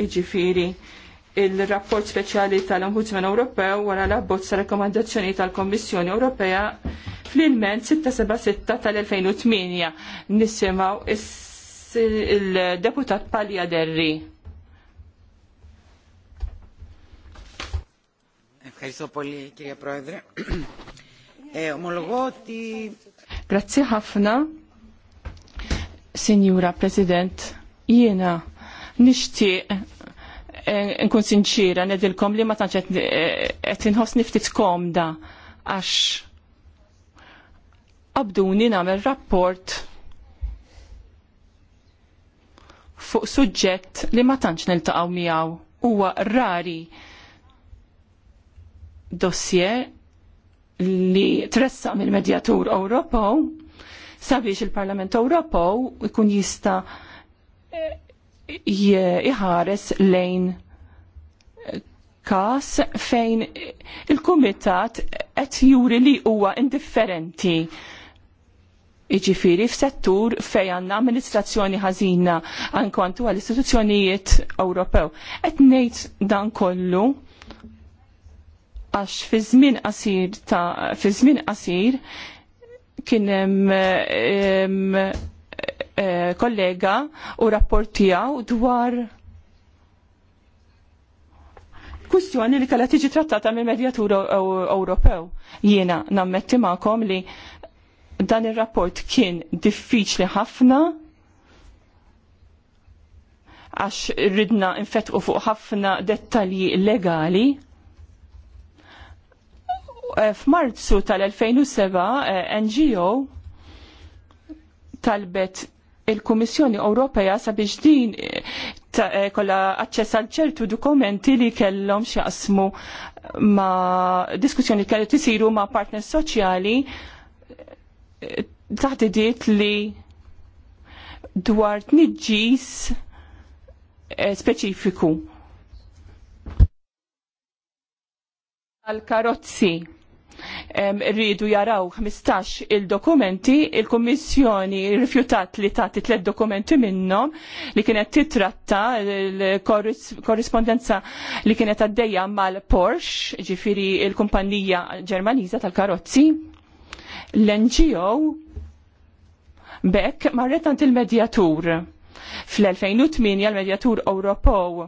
iġifiri, il-rapport speċjali tal-Ombudsman Ewropew wara l-abbozza rekomandazzjoni tal-Kommissjoni Ewropea fl-ilment 676 tal-2008 nisimaw issa il-deputat Palja Derri. Grazie ħafna, Signora President, jiena nixtieq e, nkun sinċira nedilkom li ma tantx qed e, inħoss niftit komda għax qabduni nagħmel rapport fuq suġġett li ma tantx niltaqgħu miegħu huwa rari dossier li tressa mill-Medjatur Ewropew sabiex il-Parlament Ewropew ikun jista eh, jħares lejn eh, kas fejn il-Kumitat qed juri li huwa indifferenti Iġifiri f'settur fej għanna amministrazzjoni ħażina għankontu għall-istituzzjonijiet Ewropew. Qed ngħid dan kollu għax fi żmien qasir ta' fi qasir kien hemm eh, kollega u rapportijaw dwar kwistjoni li kellha tiġi trattata mill-Medjatur Ewropew. Jiena nammetti magħkom li dan il-rapport kien diffiċli ħafna għax ridna infetqu fuq ħafna dettalji legali. Eh, F'Marzu tal-2007 eh, NGO talbet il-Kummissjoni Ewropea sabiex din eh, kolla aċċess għal ċertu dokumenti li kellhom xaqsmu ma' diskussjoni kellu tisiru ma' partners soċjali taħtidiet li dwar tniġġis eh, speċifiku. al karozzi rridu jaraw 15 il-dokumenti, il-Kommissjoni rifjutat li tagħti tlet dokumenti minnhom li kienet titratta l-korrispondenza li kienet għaddejja mal-Porsche, ġifiri il-kumpanija Ġermaniża tal-karozzi, l-NGO bekk marret għand il-medjatur. Fl-2008 l-medjatur Ewropew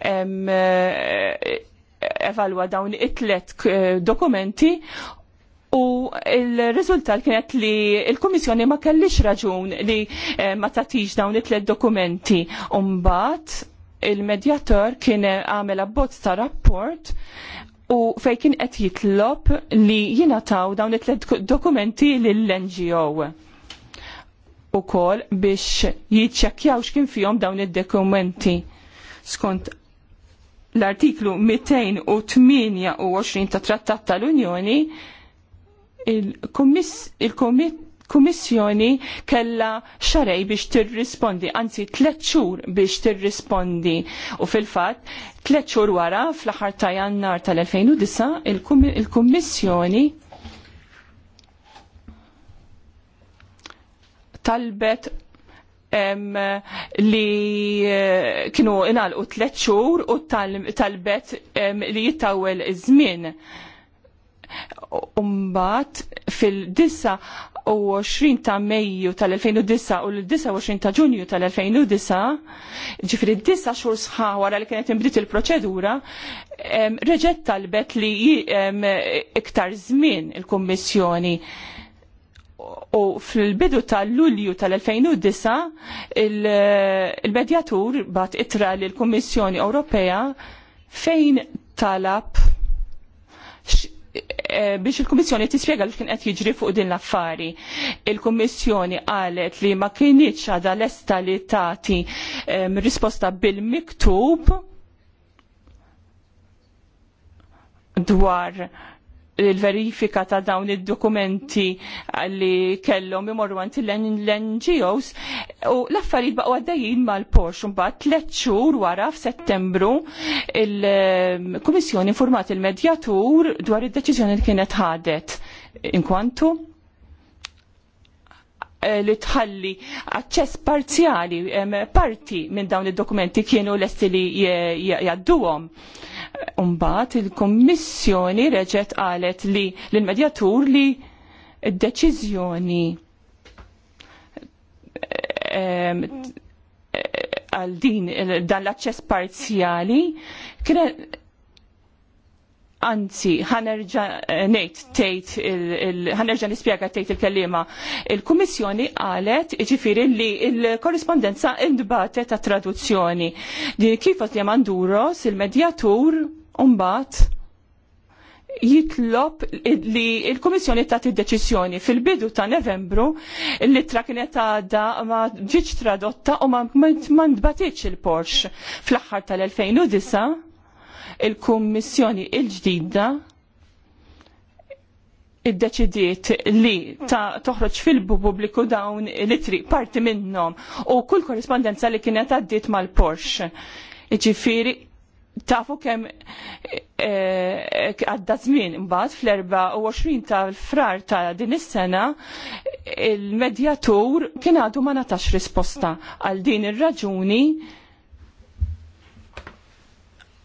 eh, evalwa dawn it-tlet eh, dokumenti U il-rizultat kienet li il-Komissjoni ma kellix raġun li eh, ma tatix dawn it-tlet dokumenti. Umbat il-medjator kien għamel abbozz ta' rapport u fej kien qed jitlob li taw dawn it dokumenti lill-NGO u kol biex jiċċekkjaw x'kien fihom dawn id-dokumenti. Skont l-artiklu 228 ta' Trattat tal-Unjoni, il-Kummissjoni il kummissjoni kella xarej biex tirrispondi, anzi tlet xhur biex tirrispondi. U fil-fatt, tliet xhur wara fl-aħħar ta' Jannar tal-2009 il-Kummissjoni talbet em, li eh, kienu inalqu tlet xhur u talbet em, li jittawel iż-żmien. Umbat fil-disa 20 ta' Mejju tal-2009 u l-29 ta' Ġunju tal-2009, ġifri d-disa xhur sħaħ wara li kienet imbdit il-proċedura, reġet talbet li iktar żmien il-Kummissjoni u fil-bidu tal-Lulju tal-2009 il-medjatur bat itra l-Kummissjoni Ewropea fejn talab Eh, biex il-Kummissjoni tispjega li kien qed jiġri fuq din l-affari. Il-Kummissjoni qalet li ma kienitx għadha lesta li tagħti eh, risposta bil-miktub dwar il-verifika ta' dawn id-dokumenti li kellhom imorru għanti l-NGOs u l-affarijiet baqgħu għaddejjin mal-Porsche mbagħad tliet xhur wara f'Settembru il-Kummissjoni informat il-Medjatur dwar id-deċiżjoni li kienet ħadet inkwantu Eh, li tħalli aċċess parzjali parti minn dawn id-dokumenti kienu lesti li jadduhom. Umbat il-Kommissjoni reġet qalet li l-medjatur li d-deċiżjoni eh, għal din dan l-aċċess parzjali anzi ħanerġa eh, ngħid tgħid ħanerġa nispjega tgħid il-kellima. Il-Kummissjoni qalet jiġifieri li l-korrispondenza indbatet ta' traduzzjoni. Din kif li Manduros il-medjatur mbagħad jitlob li il kummissjoni ta' id-deċizjoni fil-bidu ta' Novembru l-ittra kienet għadha ma ġietx tradotta u ma ndbatiċ il-Porsche fl-aħħar tal-2009 il-Kummissjoni il-ġdida iddeċidiet li ta' toħroġ fil-pubbliku dawn l-triq parti minnhom u kull korrispondenza li kienet għaddiet mal-Porsche. Ġifiri, tafu kem eh, eh, għadda żmien imbagħad fl-24 ta' frar ta' din is-sena il-medjatur kien għadu ma natax risposta għal din ir-raġuni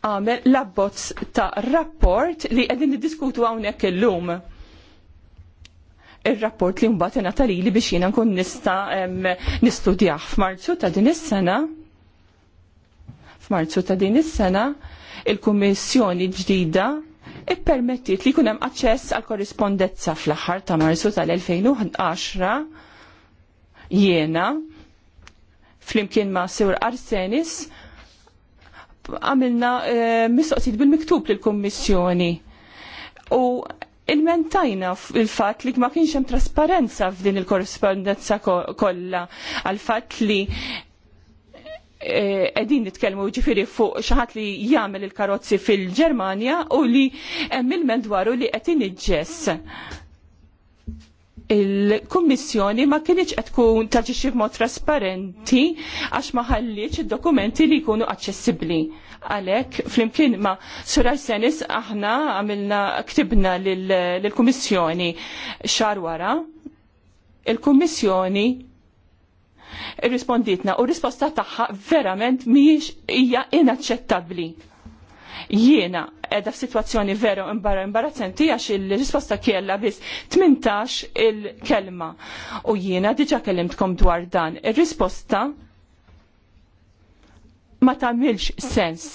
għamel l-abbozz ta' rapport li qegħdin niddiskutu hawnhekk illum. Ir-rapport li mbagħad ingħata li biex jiena nkun nista' nistudjah f'Marzu ta' din is-sena. F'Marzu ta' din is-sena il-Kummissjoni ġdida ippermettiet li jkun hemm aċċess għal korrispondezza fl-aħħar ta' Marzu tal-2010 jiena flimkien ma' Sur Arsenis għamilna eh, mistoqsijiet bil-miktub lill-Kummissjoni. U il-mentajna il-fat li ma kienx hemm trasparenza f'din il-korrespondenza kollha għal-fatt li eh, qegħdin nitkellmu jiġifieri fuq xi ħadd li jagħmel il-karozzi fil-Ġermanja u li hemm il-mendwaru li qed iniġġess il-Kummissjoni ma kienieċ qed tkun taġixxi b'mod trasparenti għax ma ħalliċ id-dokumenti li jkunu aċċessibbli. Għalhekk flimkien ma Suraj Senis aħna għamilna ktibna lill-Kummissjoni xar wara il-Kummissjoni irrisponditna u risposta tagħha verament mhijiex hija inaċċettabbli Jiena edha f'sitwazzjoni veru imbarra imbarazzanti għax il-risposta kiella biss 18 il-kelma. U jiena diġa kellimtkom dwar dan. Ir-risposta ma tagħmilx sens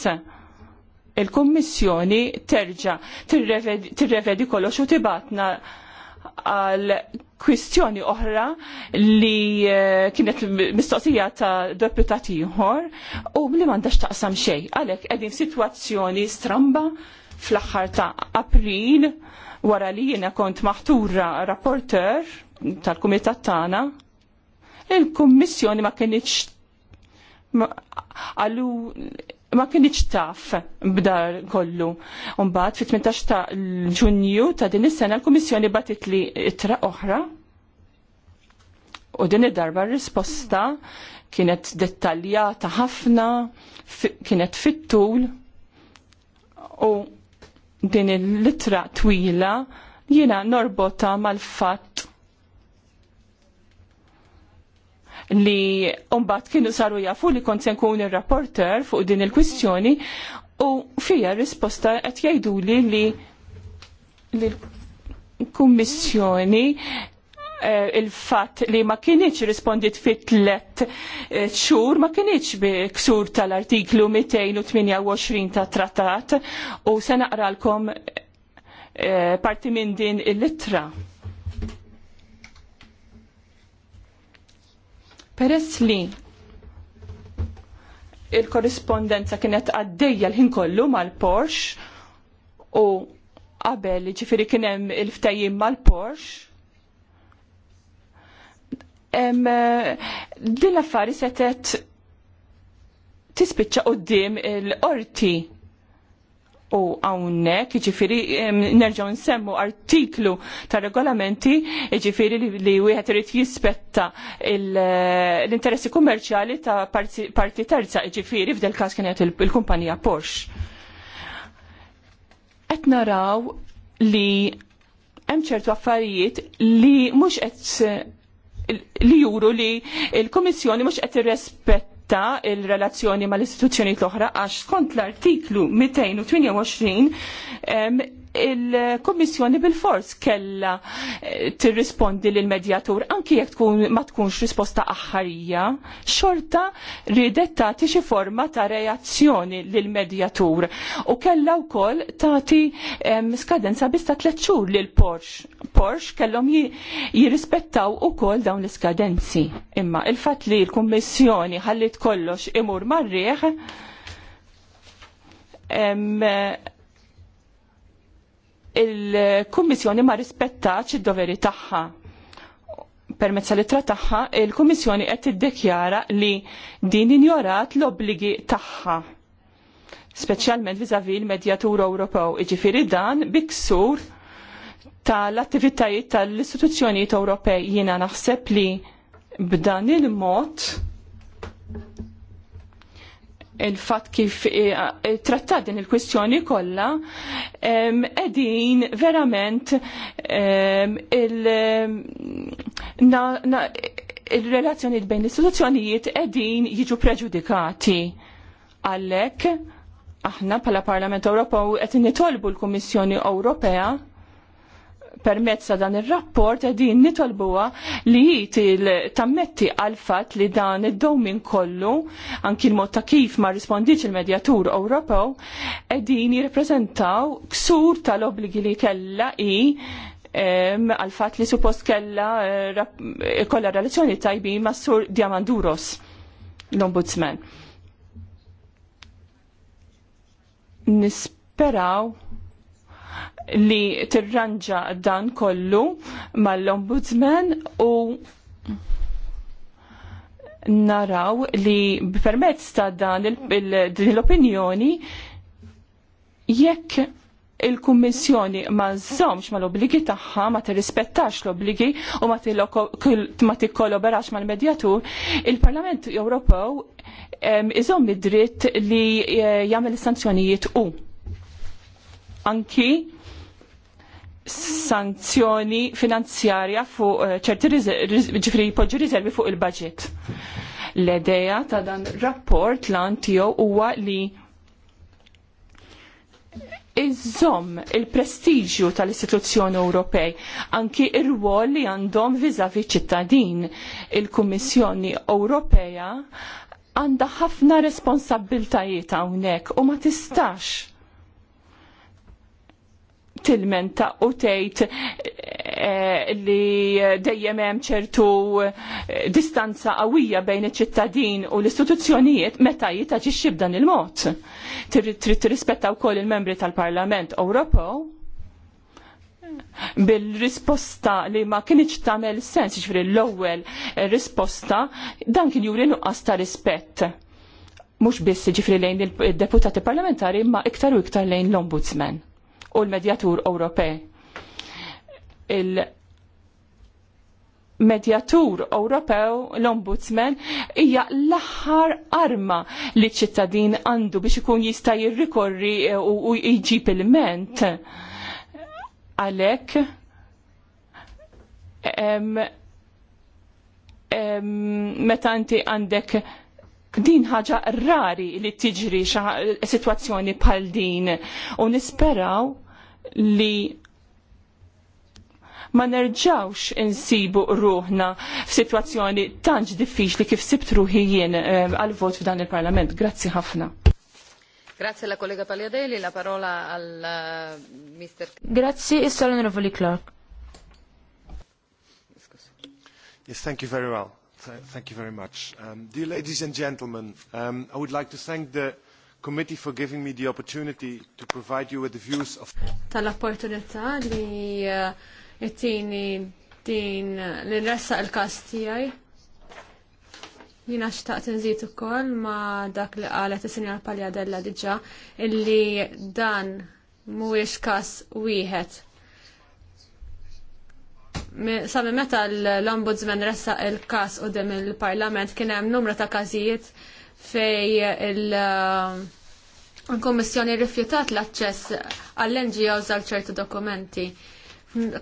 il-Kommissjoni terġa' tirrevedi kollox u tibatna għal kwistjoni oħra li eh, kienet mistoqsija ta' deputat ieħor u li mandax taqsam xejn. Għalhekk qegħdin situazzjoni stramba fl-aħħar ta' April wara li jiena kont maħtura rapporter tal-kumitat Tana, il-kummissjoni ma kienieċ għallu ma kienx taf b'dar kollu. Mbagħad fit-18 ta' Ġunju ta' din is-sena l-Kummissjoni batit li itra oħra u din id-darba risposta kienet dettaljata ħafna, kienet fit-tul u din il-litra twila jiena norbota mal-fatt li umbat kienu saru jafu li kont se nkun ir-rapporter fuq din il-kwistjoni u fija risposta qed jgħiduli li li l-kummissjoni eh, il-fat li ma kienieċ rispondit fit tlet eh, xhur ma kienieċ bi ksur tal-artiklu 228 ta' trattat u se naqralkom eh, parti minn din il-litra. Peress li il-korrispondenza kienet għaddejja l-ħin kollu mal-Porsche u qabel ġifiri kienem il-ftajim mal-Porsche. Din l-affari setet tispiċċa qoddim il-qorti u għawnek, ġifiri, nerġaw nsemmu artiklu ta' regolamenti, ġifiri li wieħed irid jispetta eh, l-interessi kummerċjali ta' parti terza, ġifiri, f'del kien kienet il-kumpanija Porsche. Qed naraw li hemm ċertu affarijiet li mhux qed li juru li l-Kummissjoni mhux qed irrespetta ta' il-relazzjoni mal-istituzzjoni l-oħra għax skont l-artiklu 228 il-Kommissjoni bil-fors kella eh, tirrispondi lill medjatur anki jekk tkun ma tkunx risposta aħħarija, xorta ridet tagħti xi forma ta' reazzjoni lill medjatur u kella wkoll tagħti skadenza biss ta' tliet xhur lil Porsche. Porsche kellhom jirrispettaw ukoll dawn l-iskadenzi. Imma il-fatt li l-Kummissjoni ħallit kollox imur marriħ, il-Kummissjoni ma rispettax id-doveri tagħha. Permezz tal-ittra tagħha, il-Kummissjoni qed tiddekjara li din injorat l-obbligi tagħha speċjalment viżavi l-Medjatur Ewropew. jiġifieri dan biksur tal-attivitajiet tal-istituzzjonijiet Ewropej jiena naħseb li b'dan il-mod il-fat kif eh, eh, trattat din il-kwistjoni kollha qegħdin verament il-relazzjoni bejn l-istituzzjonijiet qegħdin jiġu preġudikati. Għalhekk aħna bħala Parlament Ewropew qed nitolbu l-Kummissjoni Ewropea permezz ta' dan ir-rapport qegħdin nitolbuha li jiti tammetti għalfat fatt li dan id domin kollu anki l-mod ta' kif ma rispondiċ il-Medjatur Ewropew qegħdin jirrepreżentaw ksur tal-obbligi li kellha i għalfat li suppost kellha eh, eh, kollha relazzjoni tajbin mas sur Diamanduros l-Ombudsman. Nisperaw li tirranġa dan kollu mal-ombudsman u naraw li permezz ta' dan l-opinjoni jekk il-Kummissjoni ma zomx ma l-obligi tagħha, ma tirrispettax l-obligi u ma ma' mal-medjatur, il-Parlament Ewropew iżomm id-dritt li eh, jagħmel sanzjonijiet u anki sanzjoni finanzjarja fuq eh, ċerti ġifri jpoġġu riservi fuq il-budget. L-ideja ta' dan rapport lan tiegħu huwa li iżom il-prestiġju tal-istituzzjoni Ewropej, anki ir wol li għandhom vizavi ċittadin. Il-Kummissjoni Ewropea għandha ħafna responsabiltajiet hawnhekk u ma tistax tilmenta u tgħid eh, li dejjem hemm ċertu eh, distanza qawwija bejn iċ-ċittadin u l-istituzzjonijiet meta jitaġixxi b'dan il-mod. Trid tirrispetta wkoll il-membri tal-Parlament Ewropew bil-risposta li ma kienx tagħmel sens, ġifri l-ewwel eh, risposta, dan kien juri nuqqas ta' rispett. Mhux biss ġifri lejn il-deputati parlamentari, ma iktar u iktar lejn l-ombudsman u l-Medjatur Ewropej. Il-Medjatur Ewropew, l-Ombudsman, hija l-aħħar arma li ċittadin għandu biex ikun jista' jirrikorri u jġib il-ment. Għalhekk meta inti għandek din ħaġa rari li tiġri situazzjoni bħal din u nisperaw li ma nerġawx insibu ruħna f'sitwazzjoni tantx diffiċli kif sibt ruħi jien eh, għal-vot f'dan il-Parlament. Grazzi ħafna. Grazie alla collega Pagliadelli, la parola al eh, Mr. Grazie, e solo onorevoli Clark. Yes, thank you very well. Thank you very much. Um, dear ladies and gentlemen, um, I would like to thank the committee for giving me the opportunity to provide you with the views of tal-opportunità li jettini uh, din l nressaq il-kas tijaj. Jina xtaq xtaqt u ukoll ma dak li qalet is-sinjor Paljadella diġà illi dan mhuwiex kas wieħed. Sabi meta l-Ombudsman ressa il-kas u dem il-Parlament kien hemm numru ta' kazijiet fej il- uh, Il-Kommissjoni rifjutat l-aċċess għall-NGOs għal ċertu dokumenti.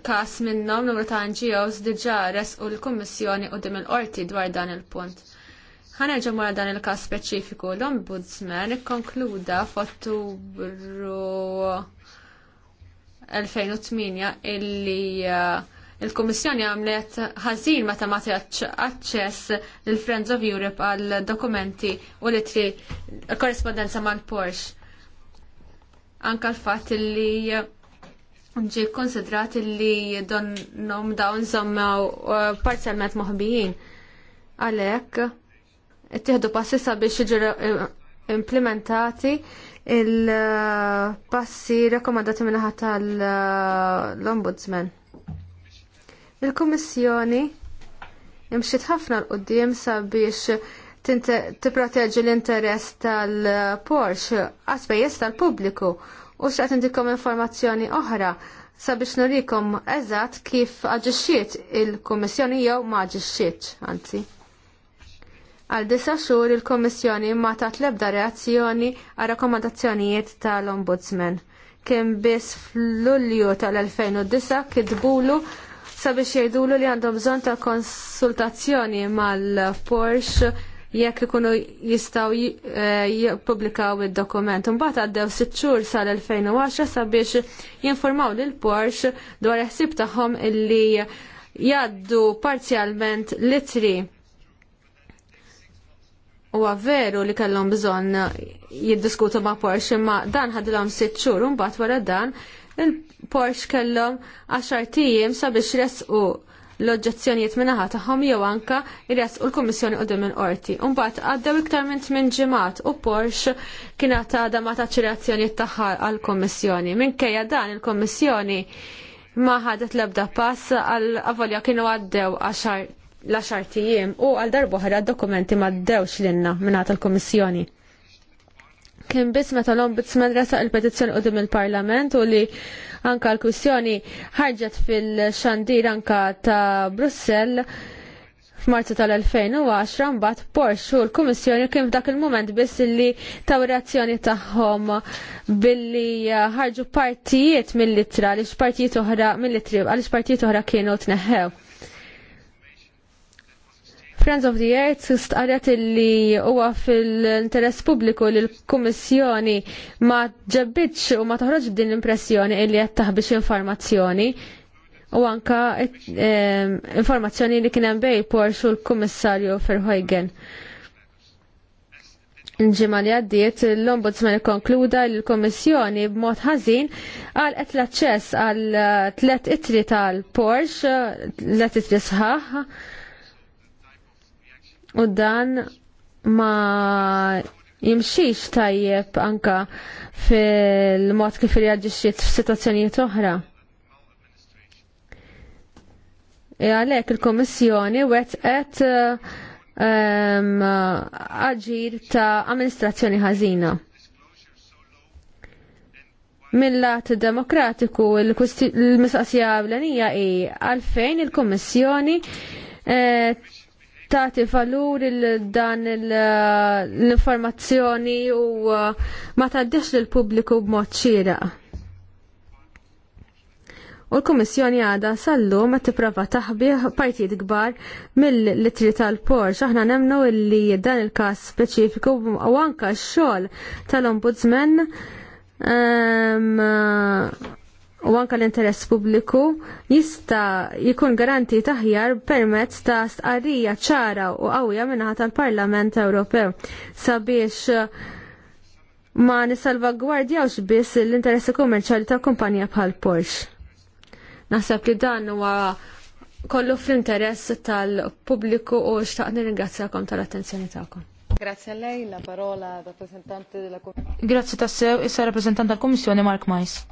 Kas minnom numru ta' NGOs diġa u l-Kommissjoni u dim il-qorti dwar dan il-punt. Ħanerġa mora dan il-kas speċifiku l-Ombudsman ikkonkluda f'Ottubru 2008 illi uh, il-Kommissjoni għamlet ħażin meta ma aċċess lil Friends of Europe għal dokumenti u li tri korrespondenza mal-Porsche. Anka l-fatt li ġi konsidrat li donnom dawn zommaw uh, parzialment moħbijin. Għalek, tiħdu passi biex ġuru implementati il-passi uh, rekomandati minnaħat tal-Ombudsman. Uh, Il-Kummissjoni imxiet ħafna l-qoddim sabiex tipproteġi l-interess tal-Porsche għaspejjeż tal-pubbliku u xaqt indikom informazzjoni oħra sabiex nurikom eżatt kif aġixxiet il-Kummissjoni jew ma aġixxiet, anzi. Għal disa xhur il-Kummissjoni ma tat lebda reazzjoni għal rakkomandazzjonijiet tal-Ombudsman. Kien biss fl-Lulju tal-2009 kitbulu sabiex jgħidulu li għandhom bżonn ta' konsultazzjoni mal-Porsche jekk ikunu jistaw eh, jippubblikaw id-dokument. Mbagħad għaddew sitt xhur sal-2010 sabiex jinformaw lil Porsche dwar ħsieb tagħhom illi jgħaddu parzjalment litri. Huwa veru li kellhom bżonn jiddiskutu ma' Porsche imma dan ħadilhom sitt xhur u mbagħad wara dan il porsh kellhom 10 tiem sabiex resqu l-oġġezzjonijiet minnaħa tagħhom jew anka jresqu l-Kummissjoni qudiem il-qorti. Imbagħad għaddew iktar minn tmien ġimgħat u Porsche kien għadha ma taċ reazzjonijiet tagħha għall-Kummissjoni. Minkejja dan il-Kummissjoni ma ħadet l-ebda pass għal avolja kienu għaddew l-10 tiem u għal darbohra d-dokumenti ma ddewx l-inna minnaħa l kummissjoni kien biss meta l-ombudsman resaq il-petizzjoni qudiem il-Parlament u li anka l-kwistjoni ħarġet fil-xandir anka ta' Brussell f'Marzu tal-2010 mbagħad Porsche u l-Kummissjoni kien f'dak il-mument biss li taw reazzjoni tagħhom billi ħarġu partijiet mill-ittra għaliex partijiet oħra mill-ittrib għaliex partijiet oħra kienu tneħħew. Friends of the Earth stqarret illi huwa fil-interess pubbliku li l-Kummissjoni ma ġebbitx u ma toħroġ b'din l-impressjoni illi qed taħbix informazzjoni u anka ehm, informazzjoni li kien hemm bej Porsche l-Kummissarju Verheugen. Ġimma li għaddiet l-Ombudsman konkluda li l-Komissjoni b'mod ħażin għal qed l-aċċess għal tlet itri tal-Porsche, tlet itri sħaħ, U dan ma jimxiex tajjeb anka fil-mod kif reaġixxiet f'sitwazzjonijiet oħra. E għalhekk il-Kummissjoni wetqet um, ehm, aġir ta' amministrazzjoni ħażina. Mill-lat demokratiku l-mistaqsija l-għalija i għalfejn il kummissjoni eh, tagħti valur il-dan l-informazzjoni u uh, ma tgħaddix lill pubbliku b'mod xieraq. U l-Kummissjoni għada sallu ma tipprova taħbih partijiet kbar mill-litri tal-porġ. Aħna nemnu li dan il-kas speċifiku u anka x-xogħol tal-Ombudsman ehm, u anka l-interess pubbliku jista' jkun garanti taħjar permezz ta' stqarrija ċara u qawwija minnaħa tal-Parlament Ewropew sabiex uh, ma nisalvagwardjawx biss l-interessi kummerċjali ta' kumpanija bħal Porsche. Naħseb li dan huwa kollu fl-interess tal-pubbliku u xtaqt nirringrazzjakom tal-attenzjoni tagħkom. Grazie a lei, la parola rappresentante della Commissione. Grazie tassew, issa rappresentante tal Commissione Mark Mais.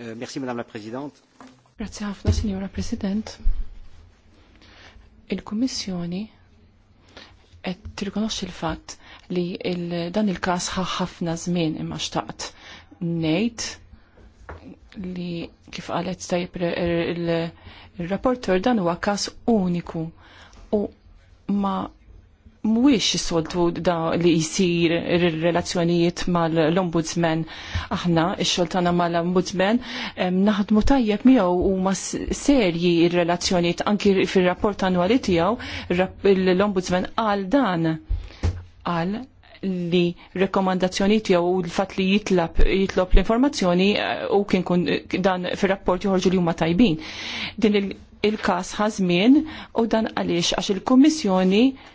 Euh, merci, Madame la Grazie ħafna, Signora President. Il-Kummissjoni qed tirkonoxxi l-fatt li il dan il-każ ħa ħafna żmien imma xtaqt ngħid li kif qalet tajb il-rapporter dan huwa każ uniku u ma mwix soltu da li jisir relazzjonijiet mal-ombudsman. Aħna, xoltana mal-ombudsman, naħdmu tajjeb miegħu u ma serji relazzjonijiet anki fil-rapport annuali tiegħu l-ombudsman għal dan għal li rekomandazzjoni tiegħu u l-fatt li jitlab jitlob l-informazzjoni eh, u kien kun dan fir-rapport joħorġu li huma tajbin. Din il-każ ħażmien u dan għaliex għax il-Kummissjoni il kommissjoni il kummissjoni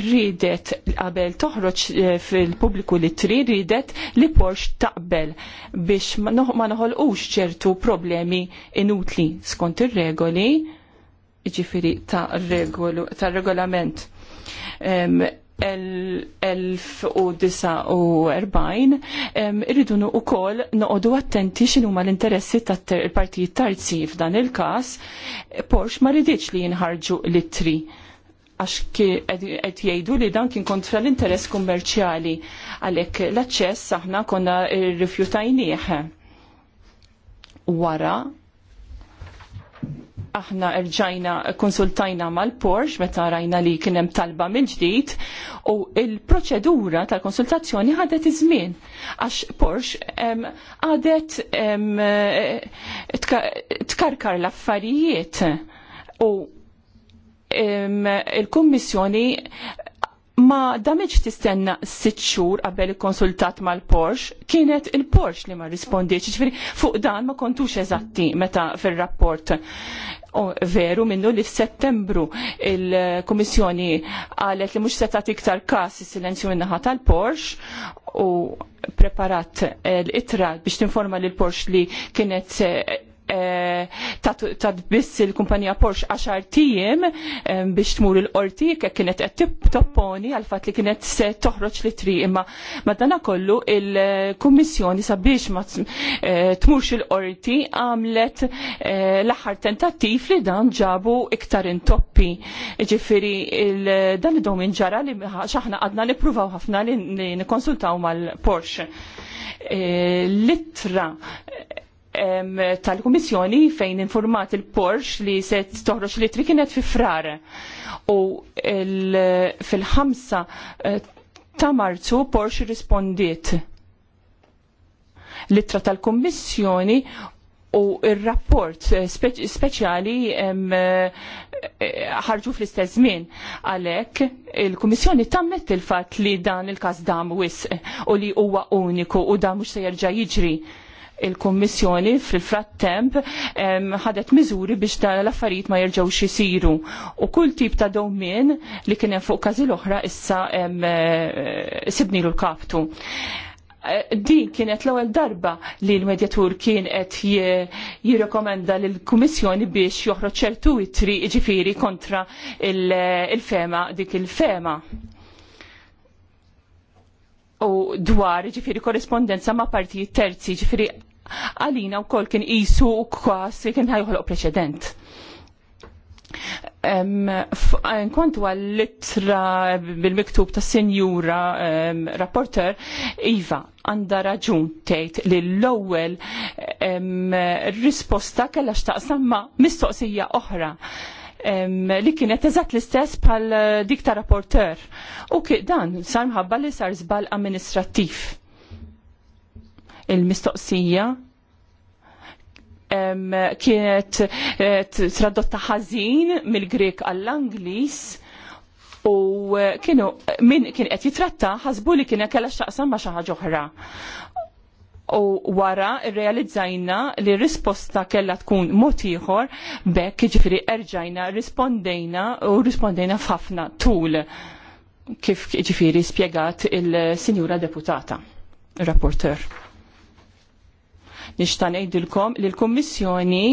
ridet qabel toħroġ eh, fil-pubbliku li tri ridet li Porx taqbel biex ma noħolqux ċertu problemi inutli skont ir-regoli ġifiri ta' regolu, ta' regolament. Um, 1949 irridu u kol noqodu attenti xinu ma l-interessi ta' partijiet tarzi f'dan il-kas Porsche ma ridiċ li jinħarġu l-tri għax qed jgħidu li dan kien kontra l-interess kummerċjali għalhekk l-aċċess aħna konna rrifjutajnieh. Wara aħna rġajna konsultajna mal-Porsche meta rajna li kien hemm talba mill-ġdid u il-proċedura tal-konsultazzjoni ħadet iż-żmien għax Porsche għadet eh, tkarkar l-affarijiet u il-Kummissjoni ma damiex tistenna sitt xhur qabel il-konsultat mal-Porsche, kienet il-Porsche li ma rispondiċ, ġifieri fuq dan ma kontux eżatti meta fir-rapport. veru minnu li f'Settembru il-Kummissjoni qalet li mhux se tagħti iktar każ is-silenzju min-naħa tal-Porsche u preparat l-itra biex tinforma l Porsche li kienet E, ta' biss il-kumpanija Porsche għaxar tijiem e, biex tmur il-qorti kek kienet qed topponi għal fatt li kienet se toħroġ li tri imma madana kollu il-kummissjoni sabiex ma e, tmurx il-qorti għamlet l-aħħar tentattiv li dan ġabu iktar intoppi. Ġifiri dan id dom ġara li xaħna għadna nipruvaw ħafna li nikonsultaw mal-Porsche. Litra tal-Kummissjoni fejn informat il-Porsche li se toħroġ litri kienet fi frar. U fil-ħamsa eh, ta' marzu Porsche rispondiet litra tal-Kummissjoni u il-rapport eh, speċjali eh, ħarġu fl-istess żmien għalhekk il-Kummissjoni tammet il-fatt li dan il-każ dam wisq u li huwa uniku u dan mhux se jerġa' jiġri il-Kommissjoni fil-frattemp ħadet miżuri biex dan l-affarijiet ma jerġgħux isiru. U kull tip ta' dowmin li kien hemm fuq każi l-oħra issa eh, sibnilu l-kaptu eh, din kienet l-ewwel darba li l-medjatur kien qed jirrekomenda lil kummissjoni biex joħroġ ċertu itri ġifiri kontra il-fema dik il-fema. U dwar ġifiri korrespondenza ma' partijiet terzi ġifiri għalina u kol kien jisu u kwasi kien ħajħolq preċedent. Kontu għall-litra bil-miktub ta' senjura rapporter, Iva, għanda raġun tgħid li l-ewwel risposta kellha x'taqsam samma mistoqsija oħra li kienet eżatt l-istess bħal eh, dik ta' rapporter. U dan sarmħabba li sar żball amministrattiv il-mistoqsija kienet eh, tradotta ħażin mill-Grek għall-Angliż u eh, kienu eh, min kien qed jitratta ħasbu li kien kellha x'taqsam ma' xi ħaġa oħra. U wara rrealizzajna li risposta kellha tkun mod ieħor bekk jiġifieri erġajna rispondejna u rispondejna f'ħafna tul kif jiġifieri spjegat il-Sinjura Deputata, rapporteur. Nixta' ngħidilkom li l-Kummissjoni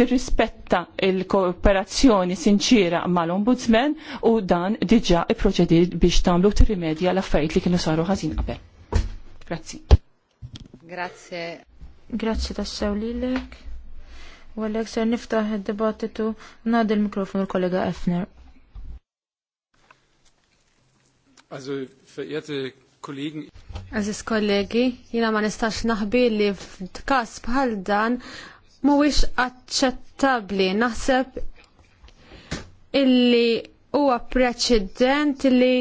tirrispetta il-kooperazzjoni sinċira mal-Ombudsman u dan diġa i biex tagħmlu tirrimedja l-affarijiet li kienu saru ħażin qabel. Grazzi. Grazie. Grazzi tassew lilek. U ser niftaħ id-dibattitu ngħaddi l-mikrofonu l-kollega Efner. Also, verehrte kollegi. Aziz kollegi, jina ma nistax naħbi li f'kas bħal dan mhuwiex aċċettabbli. Naħseb illi huwa preċedent li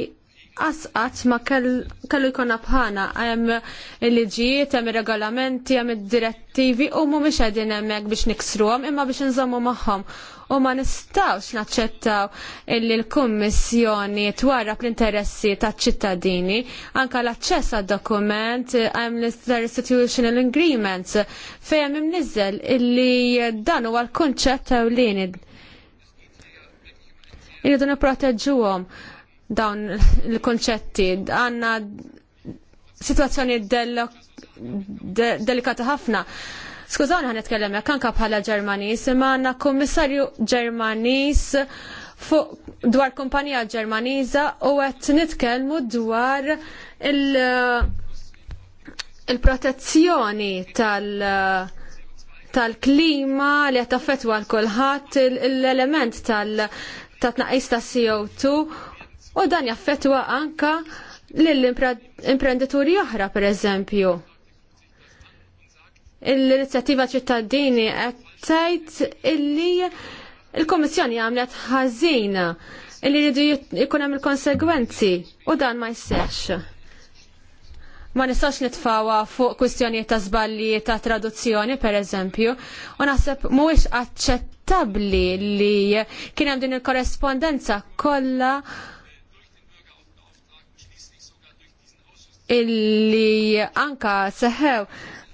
asqat ma kellu jkun bħana hemm il-liġijiet, hemm regolamenti hemm id-direttivi u mhumiex qegħdin hemmhekk biex niksruhom imma biex inżommu magħhom u ma nistawx naċċettaw illi l-Kummissjoni twarrab l-interessi taċ ċittadini anka l-aċċess għad dokument għam um, l-Institutional Agreements fejn imnizzel illi dan huwa l-kunċett ewlieni. Irridu nipproteġuhom dawn il-konċetti għandna sitwazzjoni delikata ħafna. Skużan ħan nitkellem jek anke bħala Ġermanis, imma għandna kummissarju Ġermanis fuq dwar kumpanija Ġermaniża u qed nitkellmu dwar il-protezzjoni il tal- tal-klima li qed taffetwa l-kulħadd l-element tal-tnaqqis ta' CO2 u dan jaffetwa anka lill-imprenditori oħra pereżempju l-inizjattiva ċittadini qed tgħid illi il komissjoni għamlet ħażin illi jridu jkun hemm il-konsegwenzi u dan ma jsseħx. Ma nistax nitfawa fuq kwistjonijiet ta' żballi ta' traduzzjoni pereżempju, u naħseb mhuwiex aċċettabbli li kien hemm din il-korrespondenza kollha illi anka seħew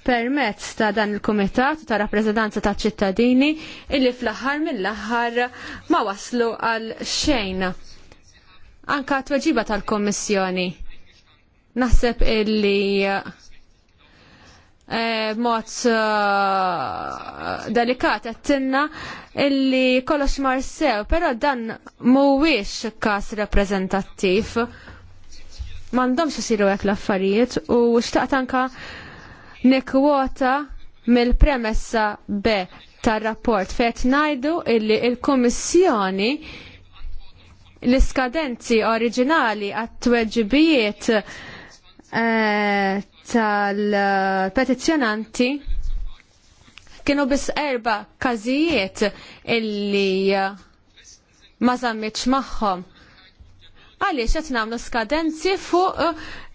permezz ta' dan il-Kumitat ta' rappresentanza ta' ċittadini illi fl-aħħar mill-aħħar ma waslu għal xejn. Anka tweġiba tal-Kommissjoni. Naħseb illi eh, mod eh, delikat għattinna illi kollox marsew, pero dan mhuwiex kas rappreżentattiv. M'għandhomx isiru hekk l-affarijiet u xtaqt anka nikwota mill-premessa B tar-rapport fet najdu illi il-Kummissjoni l-iskadenzi oriġinali għat-tweġibijiet eh, tal-petizjonanti kienu biss erba kazijiet illi eh, ma zammitx maħħom għaliex qed nagħmlu skadenzi fuq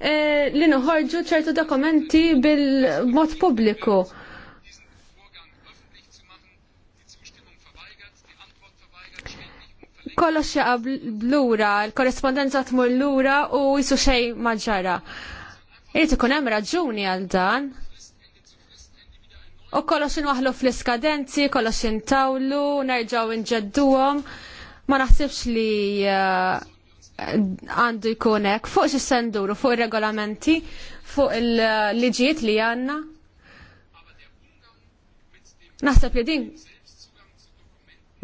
eh, li noħorġu ċertu dokumenti bil-mod pubbliku. Kollox jaqab lura, l-korrespondenza tmur lura u jisu xej maġġara. Irid ikun hemm raġuni għal dan. U kollox inwaħlu fl-iskadenzi, kollox intawlu, nerġgħu nġedduhom. Ma naħsibx li eh, għandu jkun hekk fuq x senduru, fuq ir-regolamenti, fuq il-liġijiet li għandna. Naħseb li din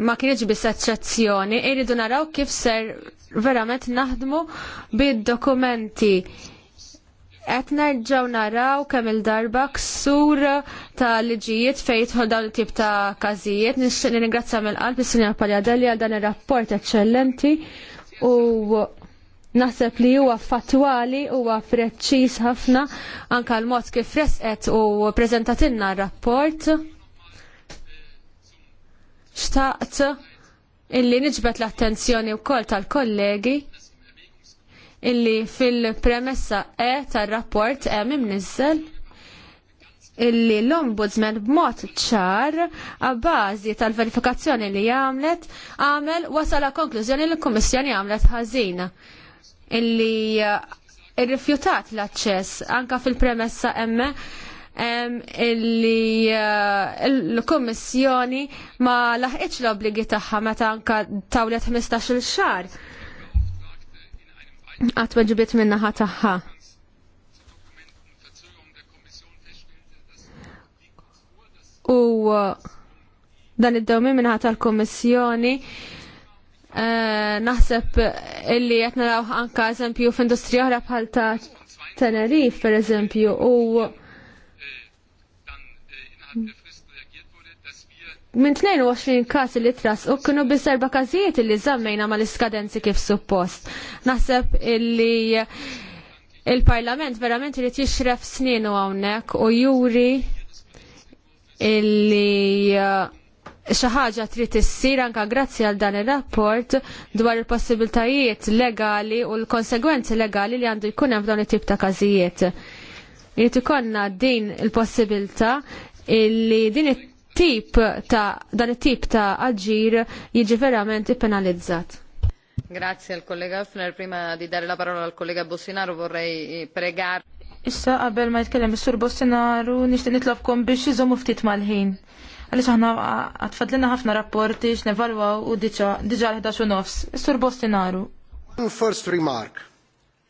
ma kienx biss eċċezzjoni, irridu naraw kif ser verament naħdmu bid-dokumenti. Qed nerġgħu naraw kemm il-darba ksur ta' liġijiet fejn jidħol dawn tip ta' każijiet. Nixtieq ningrazzja mill-qalb is-Sinjor Paljadelli għal dan ir-rapport eċċellenti u naħseb li huwa fatwali huwa preċċiż ħafna anke l-mod kif resqet u preżentatilna r-rapport. Xtaqt illi niġbet l-attenzjoni wkoll tal-kollegi illi fil-premessa E tar-rapport hemm imniżżel illi l-Ombudsman b'mod ċar għabbażi tal-verifikazzjoni li għamlet għamel wasal konklużjoni li l-Kummissjoni għamlet ħażina illi eh, irrifjutat l-aċċess anka fil-premessa emme illi eh, l-Kummissjoni ma laħqitx l-obligi tagħha meta anka tawlet 15-il xahar għatweġbiet minnaħa tagħha. u uh, dan id-dawmi minnaħat tal-Komissjoni uh, naħseb illi qed naraw anka eżempju f'industrija oħra bħal ta' Tenerif per eżempju u minn 22 kas li tras u kienu biss erba' każijiet li żammejna mal-iskadenzi kif suppost. Naħseb illi il-Parlament verament irid jixref snin u hawnhekk u juri illi uh, xi ħaġa trid issir anke grazzi għal dan ir-rapport dwar il-possibiltajiet legali u l-konsegwenzi legali li għandu jkun hemm f'dawn it-tip ta' każijiet. Irid ikollna din il-possibilità illi din it-tip ta' dan it-tip ta' aġir jiġi verament ippenalizzat. Grazie al collega Öfner. Prima di dare la parola al collega Bossinaro vorrei pregare. Issa qabel ma jitkellem is-sur Bostinaru nixtieq nitlobkom biex iżommu ftit mal-ħin. Għaliex aħna għatfadlina ħafna rapporti nevalwaw u diġà diġà l u nofs. Is-sur Bostinaru. First remark.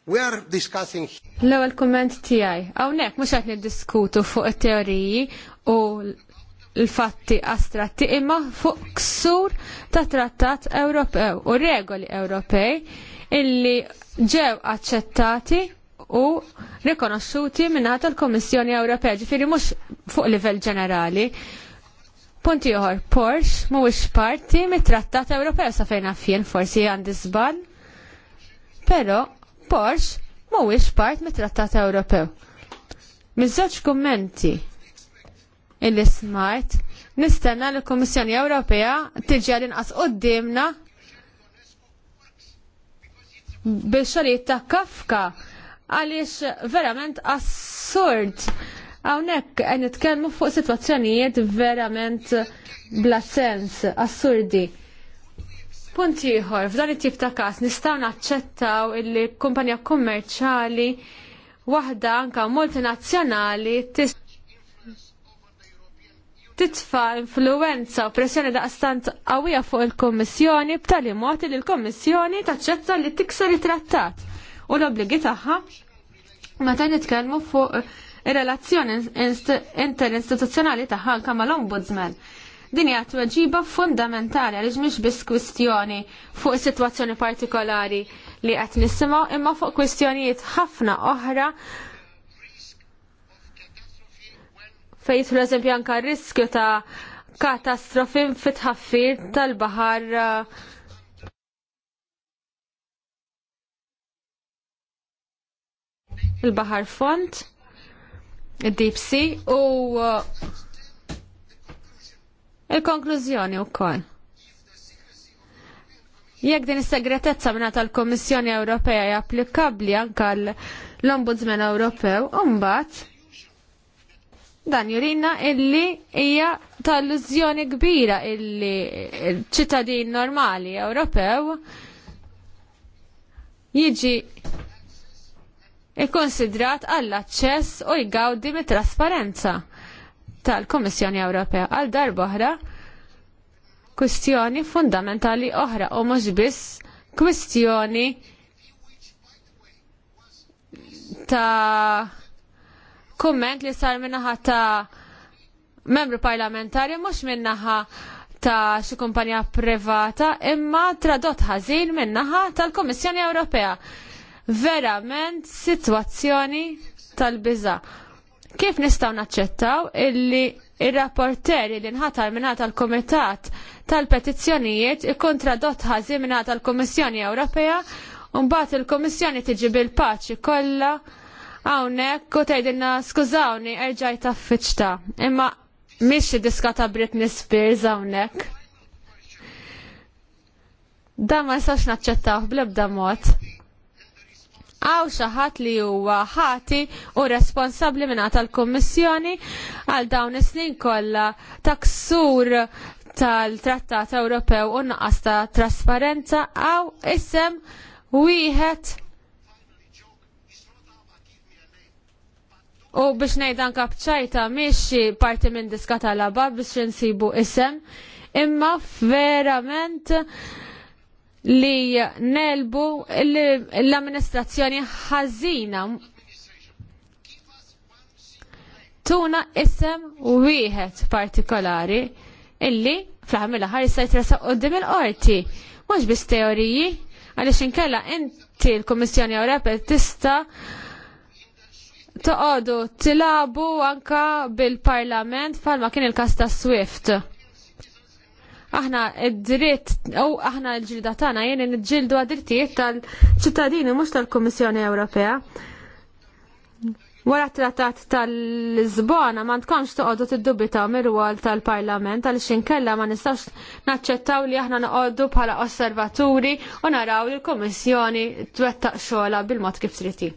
We are discussing L-ewwel kumment tiegħi. Hawnhekk mhux qed niddiskutu fuq it-teoriji u l-fatti astratti imma fuq ksur ta' trattat Ewropew u regoli Ewropej illi ġew aċċettati u rikonoxxuti minnaħat l komissjoni Ewropea, ġifiri mux fuq livell ġenerali. Punti uħor, Porsche mhuwiex parti mit-Trattat Ewropea sa fejna fjen forsi għandi żball. Però Porsche mhuwiex part mit-Trattat Ewropew. Mizzoċ kommenti kummenti illi smart nistenna li l-Kummissjoni Ewropea tiġi għal inqas biex xogħlijiet ta' Kafka għaliex verament assurd. Hawnhekk qed nitkellmu fuq sitwazzjonijiet verament bla sens, assurdi. Punt ieħor, f'dan it-tip ta' każ nistgħu naċċettaw illi kumpanija kummerċali waħda anka multinazzjonali titfa influenza u pressjoni daqstant qawwija fuq il-Kommissjoni b'tali mod li l-Kommissjoni taċċetta li tikser it-trattat u l-obbligi tagħha meta nitkellmu fuq ir-relazzjoni interinstituzzjonali tagħha anke mal-Ombudsman. Din hija tweġiba fundamentali għaliex mhix biss kwistjoni fuq sitwazzjoni partikolari li qed nisimgħu imma fuq kwistjonijiet ħafna oħra fejt l eżempju r riskju ta' katastrofi fit-ħaffir tal-bahar il-Bahar Font, il-Deep Sea u uh, il-konklużjoni u koll. Jek din is-segretezza minna tal-Kommissjoni Ewropea japplikabli anka l-Ombudsman Ewropew, umbat dan jurina illi hija tal-illużjoni kbira illi ċittadin normali Ewropew jiġi ikkonsidrat għall-aċċess u jgawdi mit-trasparenza tal-Komissjoni Ewropea għal darba oħra kwistjoni fundamentali oħra u mhux biss kwistjoni ta' kumment li sar minnaħa ta' membru parlamentari mhux minnaħa ta' xi kumpanija privata imma tradott ħażin minnaħa tal-Kummissjoni Ewropea verament situazzjoni tal-biża. Kif nistaw naċċettaw illi il-rapporteri li nħatar minna tal-Komitat tal-Petizzjonijiet ikkontradott ħażin minna tal-Komissjoni Ewropea un-bat il-Komissjoni tiġi bil-paċi kollha hawnhekk u tgħidilna skużawni erġaj taffiċta. Imma mhix diska ta' Britney Spears hawnhekk. Dan ma jistax naċċettaw bl-ebda mod għaw xaħat li huwa ħati u responsabli minna tal-Kommissjoni għal dawn is-snin kollha taksur tal-Trattat Ewropew u naqas ta' trasparenza għaw isem wieħed U biex nejdan kapċajta miex parti minn diska tal-laba biex nsibu isem imma verament li nelbu l-amministrazzjoni ħażina tuna isem wieħed partikolari illi fl-ħamil aħar jista' jitrasaq il-qorti. Mhux bis teoriji, għaliex inkella inti l-Kummissjoni Ewropea tista' toqodu tilabu anka bil-Parlament bħalma kien il-każ Swift aħna id-dritt, u aħna l-ġilda tagħna jien nġildu għad-drittijiet tal-ċittadini mhux tal-Kummissjoni Ewropea. Wara trattat tal-Lisbona ma tkunx toqgħodu tiddubitaw mir-rwol tal-Parlament għal xinkella ma nistax naċċettaw li aħna noqogħdu bħala osservaturi u naraw li l-Kummissjoni twettaq xogħla bil-mod kif trid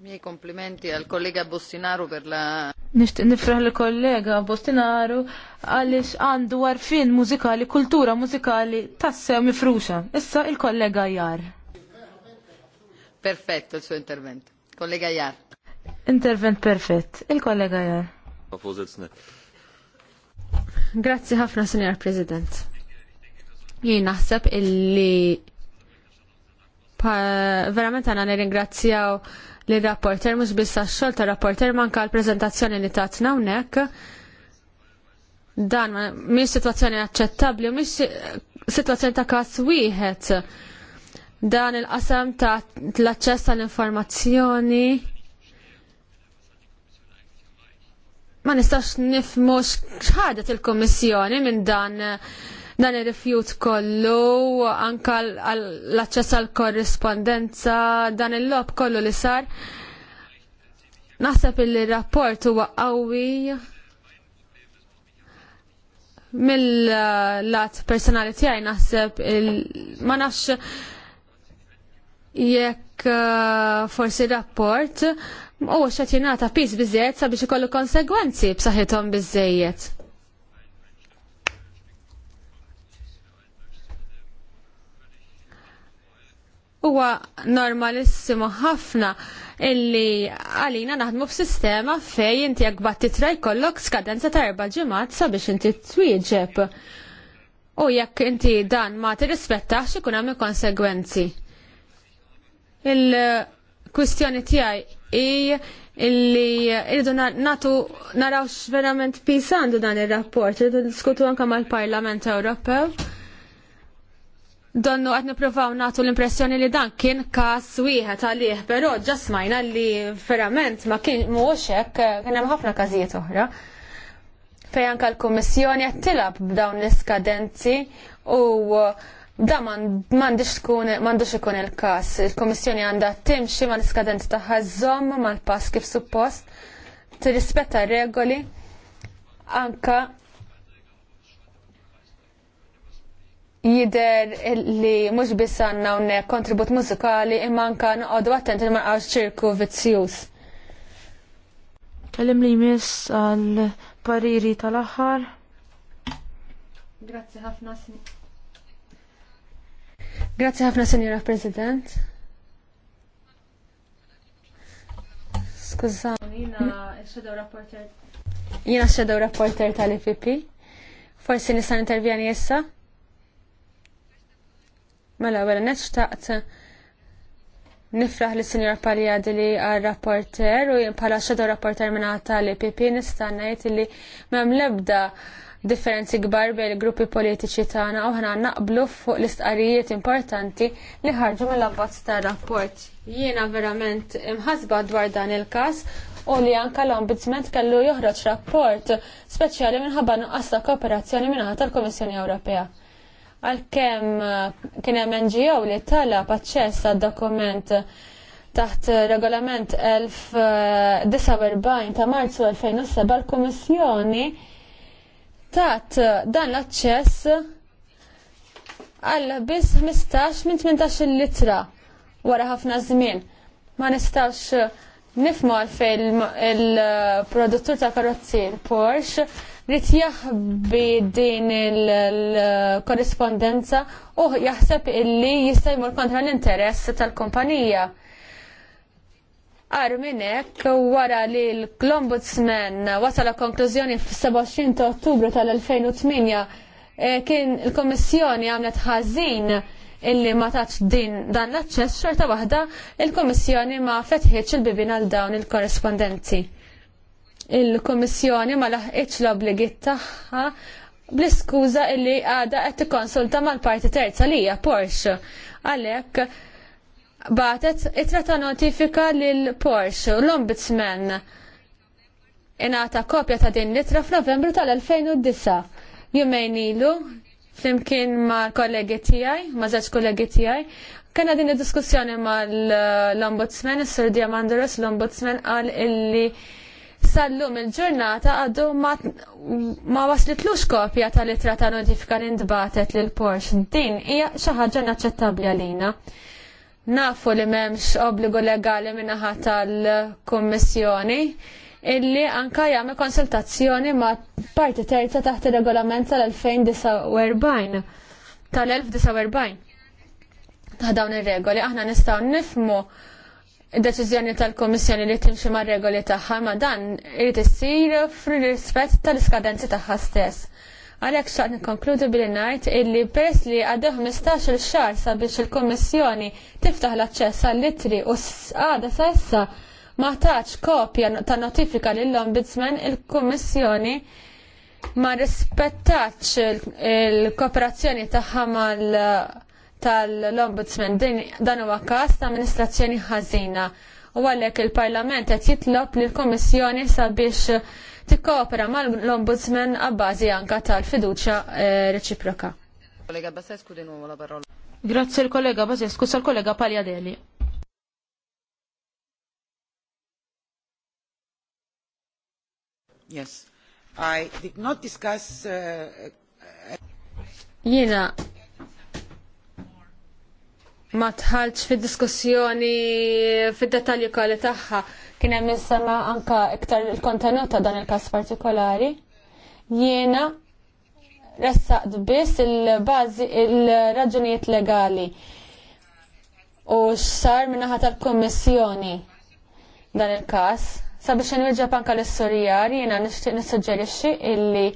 Miei komplimenti għal kollega Bostinaru per la. Nishtiq nifraħ li kollega Bostinaru għaliex għandu għarfin mużikali, kultura mużikali tassew mifruxa. Issa il-kollega Jar. Perfetto il suo intervent. Kollega Jar. Intervent perfett. Il-kollega Jar. Grazzi ħafna, Signor President. Jien naħseb illi verament għana nirringrazzjaw li rapporter mhux biss għax-xogħol ta' rapporter manka l-preżentazzjoni li tatna hawnhekk. Dan mi sitwazzjoni aċċettabbli u mhix sitwazzjoni ta' każ wieħed. Dan il-qasam ta' l-aċċess tal-informazzjoni ma nistax nifmu xħadet il-Kommissjoni minn dan dan ir-rifjut kollu, anka l-aċċess għal korrispondenza, dan il-lob kollu li sar. Naħseb il rapport huwa qawwi mill-lat personali tiegħi naħseb ma nafx jekk uh, forsi rapport u jingħata pis bizziet sabiex ikollu konsegwenzi b'saħħithom bizzejiet. huwa normalissimo ħafna illi għalina naħdmu f'sistema fej inti jekk battitra jkollok skadenza ta' erba' ġimgħat sabiex inti twieġeb. U jekk inti dan ma tirrispettax ikun hemm konsegwenzi. Il-kwistjoni tiegħi hi illi irridu natu narawx verament pisandu dan ir-rapport, irridu diskutu anke mal-Parlament Ewropew Donnu għad provaw natu l-impressjoni li dan kien kas wieħed għalih, pero ġasmajna li verament ma kien mhuwiex hekk kien hemm ħafna każijiet oħra. Fej anke l-Kummissjoni qed tilab b'dawn l-iskadenzi u uh, da m'għandix tkun m'għandux ikun il-każ. Il-Kummissjoni għandha timxi mal-iskadenzi tagħha żomm mal-pass kif suppost, tirrispetta r regoli anka jider li mux bisanna unne kontribut mużikali imma anke noqogħdu attenti li ma nqax ċirku vizzjuż. Kellim li jmiss għal pariri tal-aħħar. Grazzi ħafna Grazzi ħafna Sinjora President. Skuża. Jina xedow hm? rapporter. Jina rapporter tal-IPP. Forsi nista' intervjani issa? Mela, wara neċtaqt nifraħ li senjor Paljadi li għal rapporter u bħala xadu rapporter minna li PP nistannajt li mem lebda differenzi kbar bejn il-gruppi politiċi tagħna u ħana naqblu fuq l-istqarijiet importanti li ħarġu mill-abbozz tar-rapport. Jiena verament imħasba dwar dan il-każ u li anke l-Ombudsman kellu joħroġ rapport speċjali minħabba nuqqas ta' kooperazzjoni minħata tal-Komissjoni Ewropea għalkemm eh, kien hemm NGO li talab aċċess għad-dokument taħt regolament 1049 eh, ta' Marzu 2007 l-Kummissjoni tat eh, dan l-aċċess għal biss 15 minn 18 litra wara ħafna żmien. Ma nistax nifmu għalfejn il-produttur ta' karozzi Porsche rrit jaħbi din il-korrespondenza u jaħseb illi jista' jmur kontra l-interess tal-kumpanija. Ar minnek wara li l-Ombudsman la konklużjoni f-27 ta' Ottubru tal-2008 e, kien il komissjoni għamlet ħażin illi ma taċ din dan l-aċċess xorta waħda il komissjoni ma fetħieċ il-bibin għal dawn il-korrespondenti il-Komissjoni ma laħqitx l-obligi tagħha bl-iskuża illi għada qed tikkonsulta mal-parti terza li hija Porsche. Għalhekk batet itra ta' notifika lil Porsche l-Ombudsman ingħata kopja ta' din litra f'Novembru tal-2009. Jumejn ilu flimkien mal kollegi tiegħi, ma' żewġ kollegi tiegħi, Kena din id-diskussjoni mal ombudsman s-Sur Diamandoros, l-Ombudsman qal illi sallum il-ġurnata għaddu ma, ma waslitlux kopja tal litra ta' notifika li ntbatet lil Porsche. Din hija xi ħaġa naċċettabbli għalina. Nafu li m'hemmx obbligu legali minnaħa tal-Kummissjoni illi anka jagħmel konsultazzjoni ma' parti terza taħt ir-regolament tal-2049 tal-1949 ta' dawn ir-regoli aħna nistgħu nifmu deċiżjoni tal-Komissjoni li timxi ma' regoli tagħha ma' dan irid issir fir-rispett tal-iskadenzi tagħha stess. Għalhekk xaqt nikkonkludi billi ngħid illi peress li għaddew 15-il xahar sabiex il-Kummissjoni tiftaħ l-aċċess għall ittri u għada sa ma tax kopja ta' notifika lill-Ombudsman il-Kummissjoni ma rispettax il-kooperazzjoni tagħha mal- tal-Ombudsman dan huwa każ ta' amministrazzjoni ħażina u għalhekk il-Parlament qed jitlob lill kummissjoni sabiex tikkopera mal-Ombudsman għabbażi anka tal-fiduċja eh, reċiproka. Grazie il-kollega Basescu, sal-kollega Pagliadeli. Yes. I did not discuss uh, eh, eh, Jena ma tħalċ fi diskussjoni fid-dettalji kolli tagħha kien hemm nissema anka iktar il-kontenut ta' dan il-każ partikolari. Jiena ressaqt biss il-bażi il-raġunijiet legali u x'sar minnaħa tal-Kummissjoni dan il-każ. Sabiex nirġa' anka l-istorjar jiena nixtieq nissuġġerixxi illi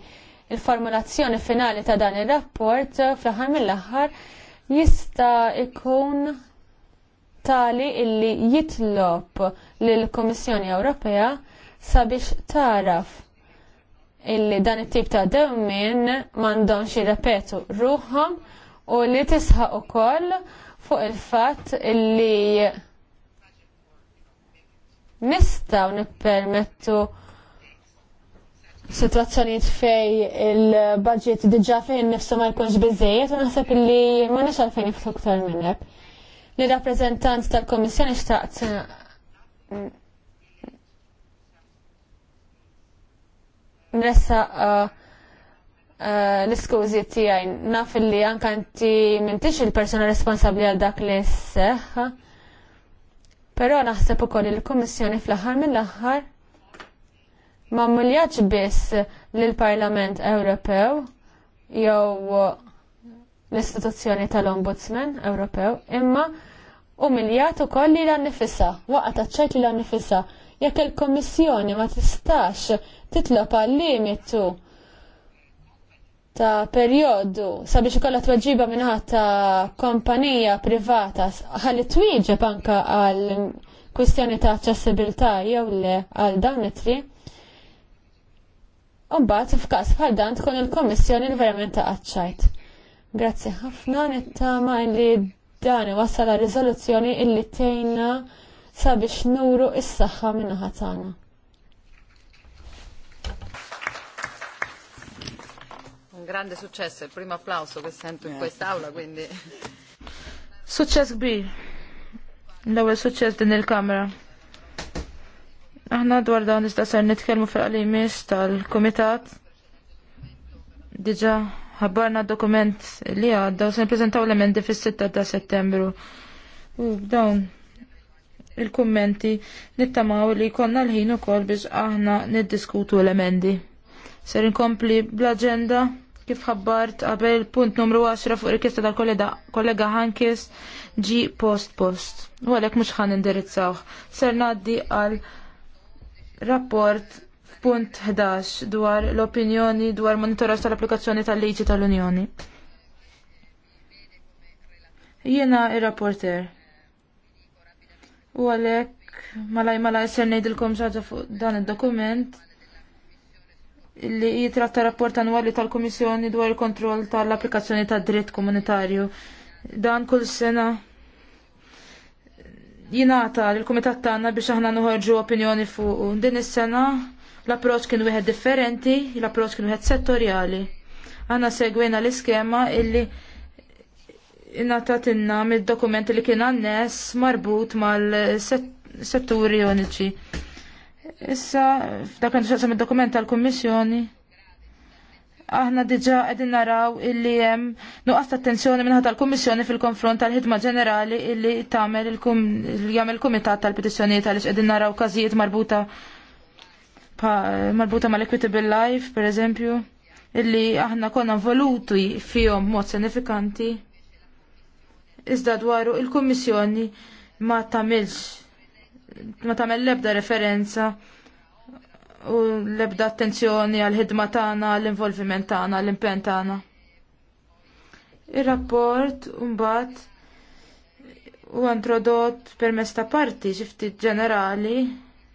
il-formulazzjoni finali ta' dan ir-rapport fl-aħħar mill-aħħar jista' ikun tali illi jitlob lill komissjoni Ewropea sabiex taraf illi dan it-tip ta' dewmien m'għandhomx repetu ruħom u li tisħaq ukoll fuq il-fatt illi nistaw nippermettu situazzjoniet fej il-budget diġa fejn nifsu ma jkunx bizzejiet u naħseb li ma nix għalfejn jiftu ktar minnek. Li rappresentant tal-Komissjoni xtaqt mm, nressa uh, uh, l-iskużi tijaj naf li anka inti mintix il-persona responsabli għal dak li s-seħ. Pero naħseb u koll il-Komissjoni fl-ħar mill-ħar ma biss l-Parlament Ewropew jew l-istituzzjoni tal-Ombudsman Ewropew, imma u miljat u koll li l-annifissa, waqqa taċċajt li l-annifissa, jekk il kummissjoni ma tistax titlob għal-limitu ta' periodu sabiex ikollha tweġiba minħat ta' kompanija privata ħalli twieġeb anka għal kwistjoni ta' aċċessibilità jew le għal dawn it-tri. Umbat, f'kas bħal dan tkun il-Kommissjoni verament ta' qaċċajt. Grazzi ħafna nittama li dan wasal la riżoluzzjoni illi tejna sabiex nuru is-saħħa minna ħatana. Un grande successo, il primo applauso che sento in quest'aula, quindi. Success kbir. L-ewwel suċċess din il-kamera. Aħna dwar dawn nista' ser nitkellmu fil-qalimis tal-Kumitat. Diġà ħabbarna dokument li għadda u se nippreżentaw l-emendi fis-6 ta' Settembru. U dawn il-kummenti nittamaw li jkollna l-ħin ukoll biex aħna niddiskutu l-emendi. Ser inkompli bl-aġenda kif ħabbart qabel punt numru 10 fuq il-kista tal-kollega Hankis ġi post post. U għalek mux ħan indirizzawħ. Ser naddi għal rapport f'punt 11 dwar l-opinjoni dwar monitoraġġ tal-applikazzjoni tal-liġi tal-Unjoni. Jiena ir-rapporter. U għalek, malaj malaj ser nejdilkom xaġa fuq dan il-dokument li jitratta rapport annwali tal-Komissjoni dwar il-kontroll tal-applikazzjoni tad dritt komunitarju. Dan kull sena jingħata lill-kumitat tagħna biex aħna noħorġu opinjoni fuq din is-sena l-approċċ kien wieħed differenti, l-approċċ kien wieħed settorjali. Aħna segwejna l-iskema illi ingħatatilna mid-dokumenti li kien għannes marbut mal-setturi uniċi. Issa, dak għandu xaqsam id dokumenti tal kummissjoni Aħna diġa qegħdin naraw illi hemm nuqqas attenzjoni minħata tal-Kummissjoni fil-konfront tal-ħidma ġenerali illi tagħmel il-jagħmel kumitat tal-petizzjonijiet għaliex qegħdin naraw każijiet marbuta marbuta mal-Equitable Life, per eżempju, illi aħna konna voluti fihom mod sinifikanti. Iżda dwaru il-Kummissjoni ma tamilx ma tamel lebda referenza u l-ebda attenzjoni għal-ħidma tagħna, l-involviment tagħna, l-impenn tagħna. Ir-rapport mbagħad u introdott permezz ta' parti xi ftit ġenerali,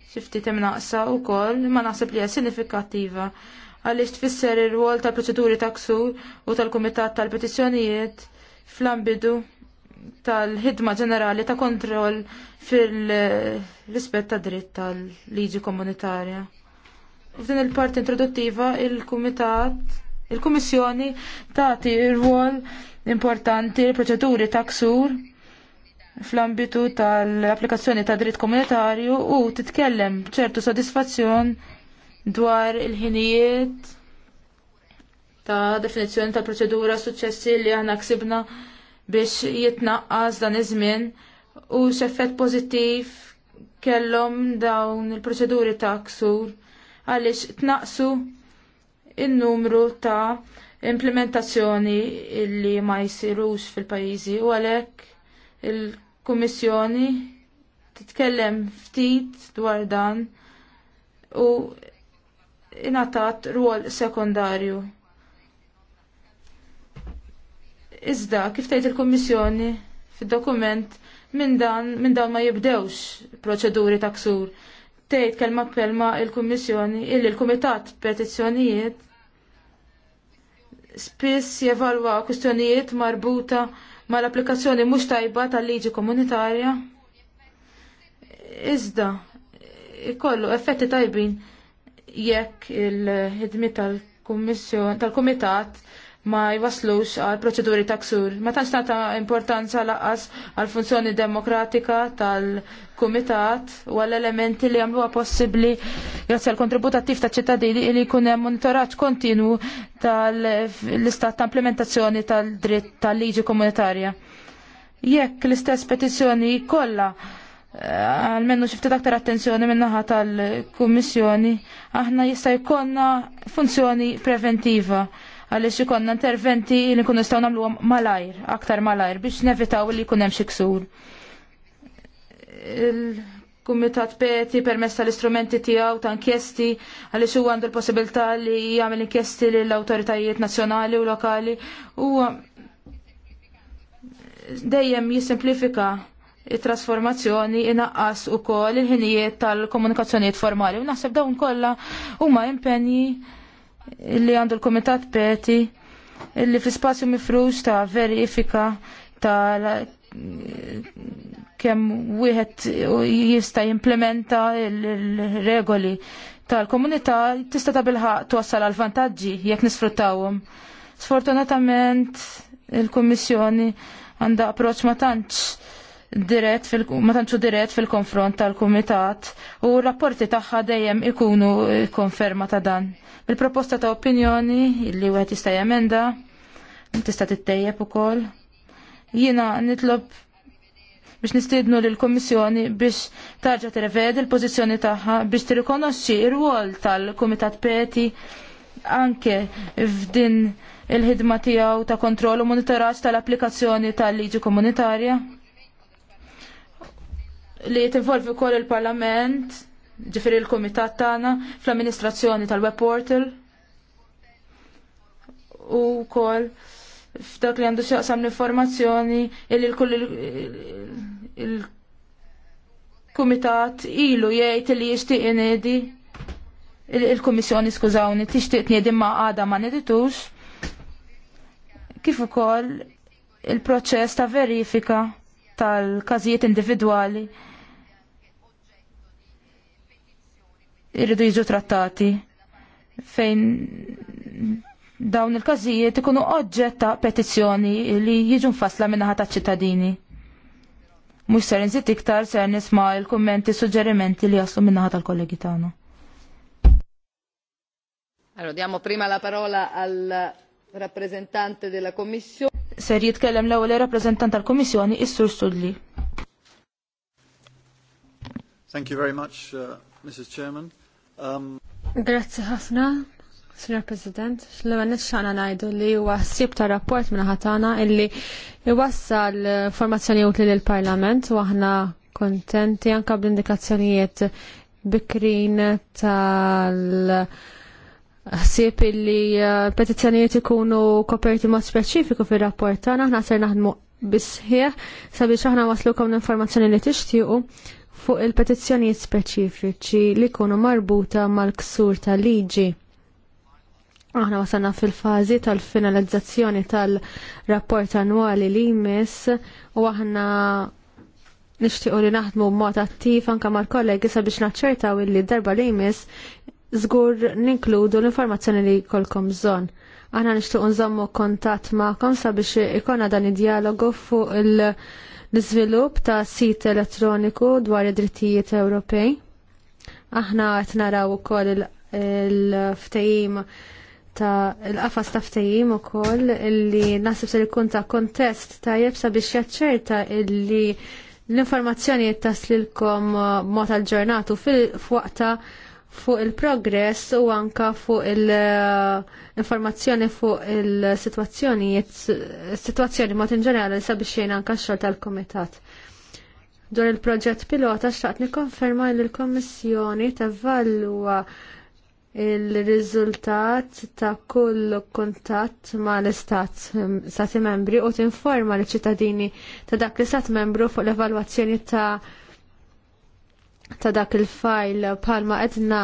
xi ftit imnaqsa wkoll ma naħseb li hija sinifikattiva għaliex tfisser ir-rwol ta' proċeduri ta' ksur u tal-kumitat tal-petizzjonijiet fl-ambidu tal-ħidma ġenerali ta' kontroll fil-rispett ta' dritt tal-liġi komunitarja. F'din il-parti introduttiva il-Kumitat il-Kummissjoni tagħti rwol importanti l-proċeduri ta' ksur fl-ambitu tal-applikazzjoni ta' dritt komunitarju u titkellem ċertu sodisfazzjon dwar il-ħinijiet ta' definizzjoni ta' proċedura suċċessi li aħna ksibna biex jitnaqqas dan iż-żmien u x'effett pożittiv kellhom dawn il-proċeduri ta' ksur għaliex tnaqsu in-numru ta' implementazzjoni illi ma jsirux fil-pajjiżi u għalhekk il-Kummissjoni titkellem ftit dwar dan u inatat rwol sekundarju. Iżda, kif tgħid il-Kummissjoni fid-dokument minn dan minn dawn ma jibdewx proċeduri ta' ksur tgħid kelma kelma il-Kummissjoni illi l-Kumitat Petizzjonijiet spiss jevalwa kwistjonijiet marbuta mal-applikazzjoni mhux tajba tal-liġi komunitarja. Iżda ikollu effetti tajbin jekk il-ħidmi tal-Kumitat tal tal kumitat ma jwaslux għal proċeduri ta' ksur. Ma tantx nata importanza laqas għal funzjoni demokratika tal-kumitat u għall elementi li għamluha possibbli grazzi għal kontributattiv ta' ċittadini li jkun hemm monitoraġġ kontinwu tal-istat ta' implementazzjoni tal-dritt tal-liġi komunitarja. Jekk l-istess petizzjoni kollha eh, għalmenu xiftit aktar attenzjoni minnaħa tal-Kummissjoni, aħna jista' jkollna funzjoni preventiva għaliex ikonna interventi li nkunu nistgħu nagħmluhom malajr, aktar malajr biex nevitaw li jkun hemm xi ksur. Il-Kumitat Peti permess tal-istrumenti tiegħu ta' inkjesti għaliex huwa għandu l-possibilità li jagħmel inkjesti lill-awtoritajiet nazzjonali u lokali u dejjem jisimplifika il trasformazzjoni inaqqas ukoll il-ħinijiet tal-komunikazzjonijiet formali u naħseb dawn kollha huma impenji illi għandu l-Komitat Peti illi fi spazju mifrux ta' verifika ta' kemm wieħed jista' jimplementa il-regoli tal-komunità tista' ta' bilħaq twassal għal vantaġġi jekk nisfruttawhom. Sfortunatament il-Kummissjoni għandha approċċ ma tantx dirett fil ma tantxu dirett fil-konfront tal-kumitat u rapporti tagħha dejjem ikunu eh, konferma ta' dan. il proposta ta' opinjoni li wieħed jista' jemenda, tista' tittejjeb ukoll. Jiena nitlob biex nistiednu lil komissjoni biex tarġa' tirrevedi l-pożizzjoni tagħha biex tirrikonoxxi r-wol tal-Kumitat Peti anke f'din il-ħidma tiegħu ta' kontroll u monitoraġġ tal-applikazzjoni tal-liġi komunitarja li tinvolvi wkoll il-Parlament, ġifieri l-Kumitat tagħna fl-amministrazzjoni tal-web portal u kol f'dak li għandu xaqsam l-informazzjoni illi l-kull il-Kumitat ilu jgħid li jixtieq inedi il-Kummissjoni skużawni tixtieq tniedi ma għada ma neditux kif ukoll il-proċess ta' verifika tal-każijiet individwali irridu jiġu trattati fejn dawn il-każijiet ikunu oġġett ta' petizzjoni li jiġu nfassla minnaħa ta' ċittadini. Mux ser nżid iktar ser nisma' il-kummenti suġġerimenti li jaslu minnaħa tal-kollegi tagħna. Allora diamo prima la parola al rappresentante della Commissione ser jitkellem l-ewwel rappreżentant tal-Kummissjoni is-Sur Studli. Thank you very much, uh, Mrs. Chairman. Um... Grazzi ħafna, Sr. President. L-ewwel nixxana ngħidu li huwa ssib ta' rapport minn ħatana illi iwassal formazzjoni utli lill parlament u aħna kontenti anke bl-indikazzjonijiet bikrin tal- ħsieb illi eh, petizzjonijiet ikunu koperti mod speċifiku fir-rapport tagħna aħna ser naħdmu bisħieħ sabiex aħna waslukom l-informazzjoni li tixtiequ fuq il-petizzjonijiet speċifiċi li jkunu marbuta mal-ksur tal-liġi. Aħna wasalna fil-fażi tal-finalizzazzjoni tal-rapport annwali li jmiss u aħna nixtiequ li naħdmu b'mod attiv anke mal-kollegi sabiex naċċertaw illi darba li jmiss żgur ninkludu l-informazzjoni li jkollkom bżonn. Aħna nishtuq nżommu kontat magħkom sabiex ikona dan id-dialogu fuq l-iżvilupp ta' sit elettroniku dwar id-drittijiet Ewropej. Aħna qed naraw ukoll il-ftehim ta' il-qafas ta' ftehim ukoll illi nasib se jkun ta' kontest tajjeb sabiex jaċċerta illi l-informazzjoni jittas mod tal-ġurnatu fil fuqta fuq il-progress u anka fuq il-informazzjoni fuq il-situazzjoni, situazzjoni mod ġenerali sabiex jgħin anka xogħol tal-komitat. Dwar il-proġett pilota xtaqt nikkonferma li l-Kommissjoni tevalwa il-riżultat ta' kull kuntatt ma' l-istat stati membri u tinforma l-ċittadini ta' dak l-istat membru fuq l-evalwazzjoni ta' ta' dak il-fajl palma edna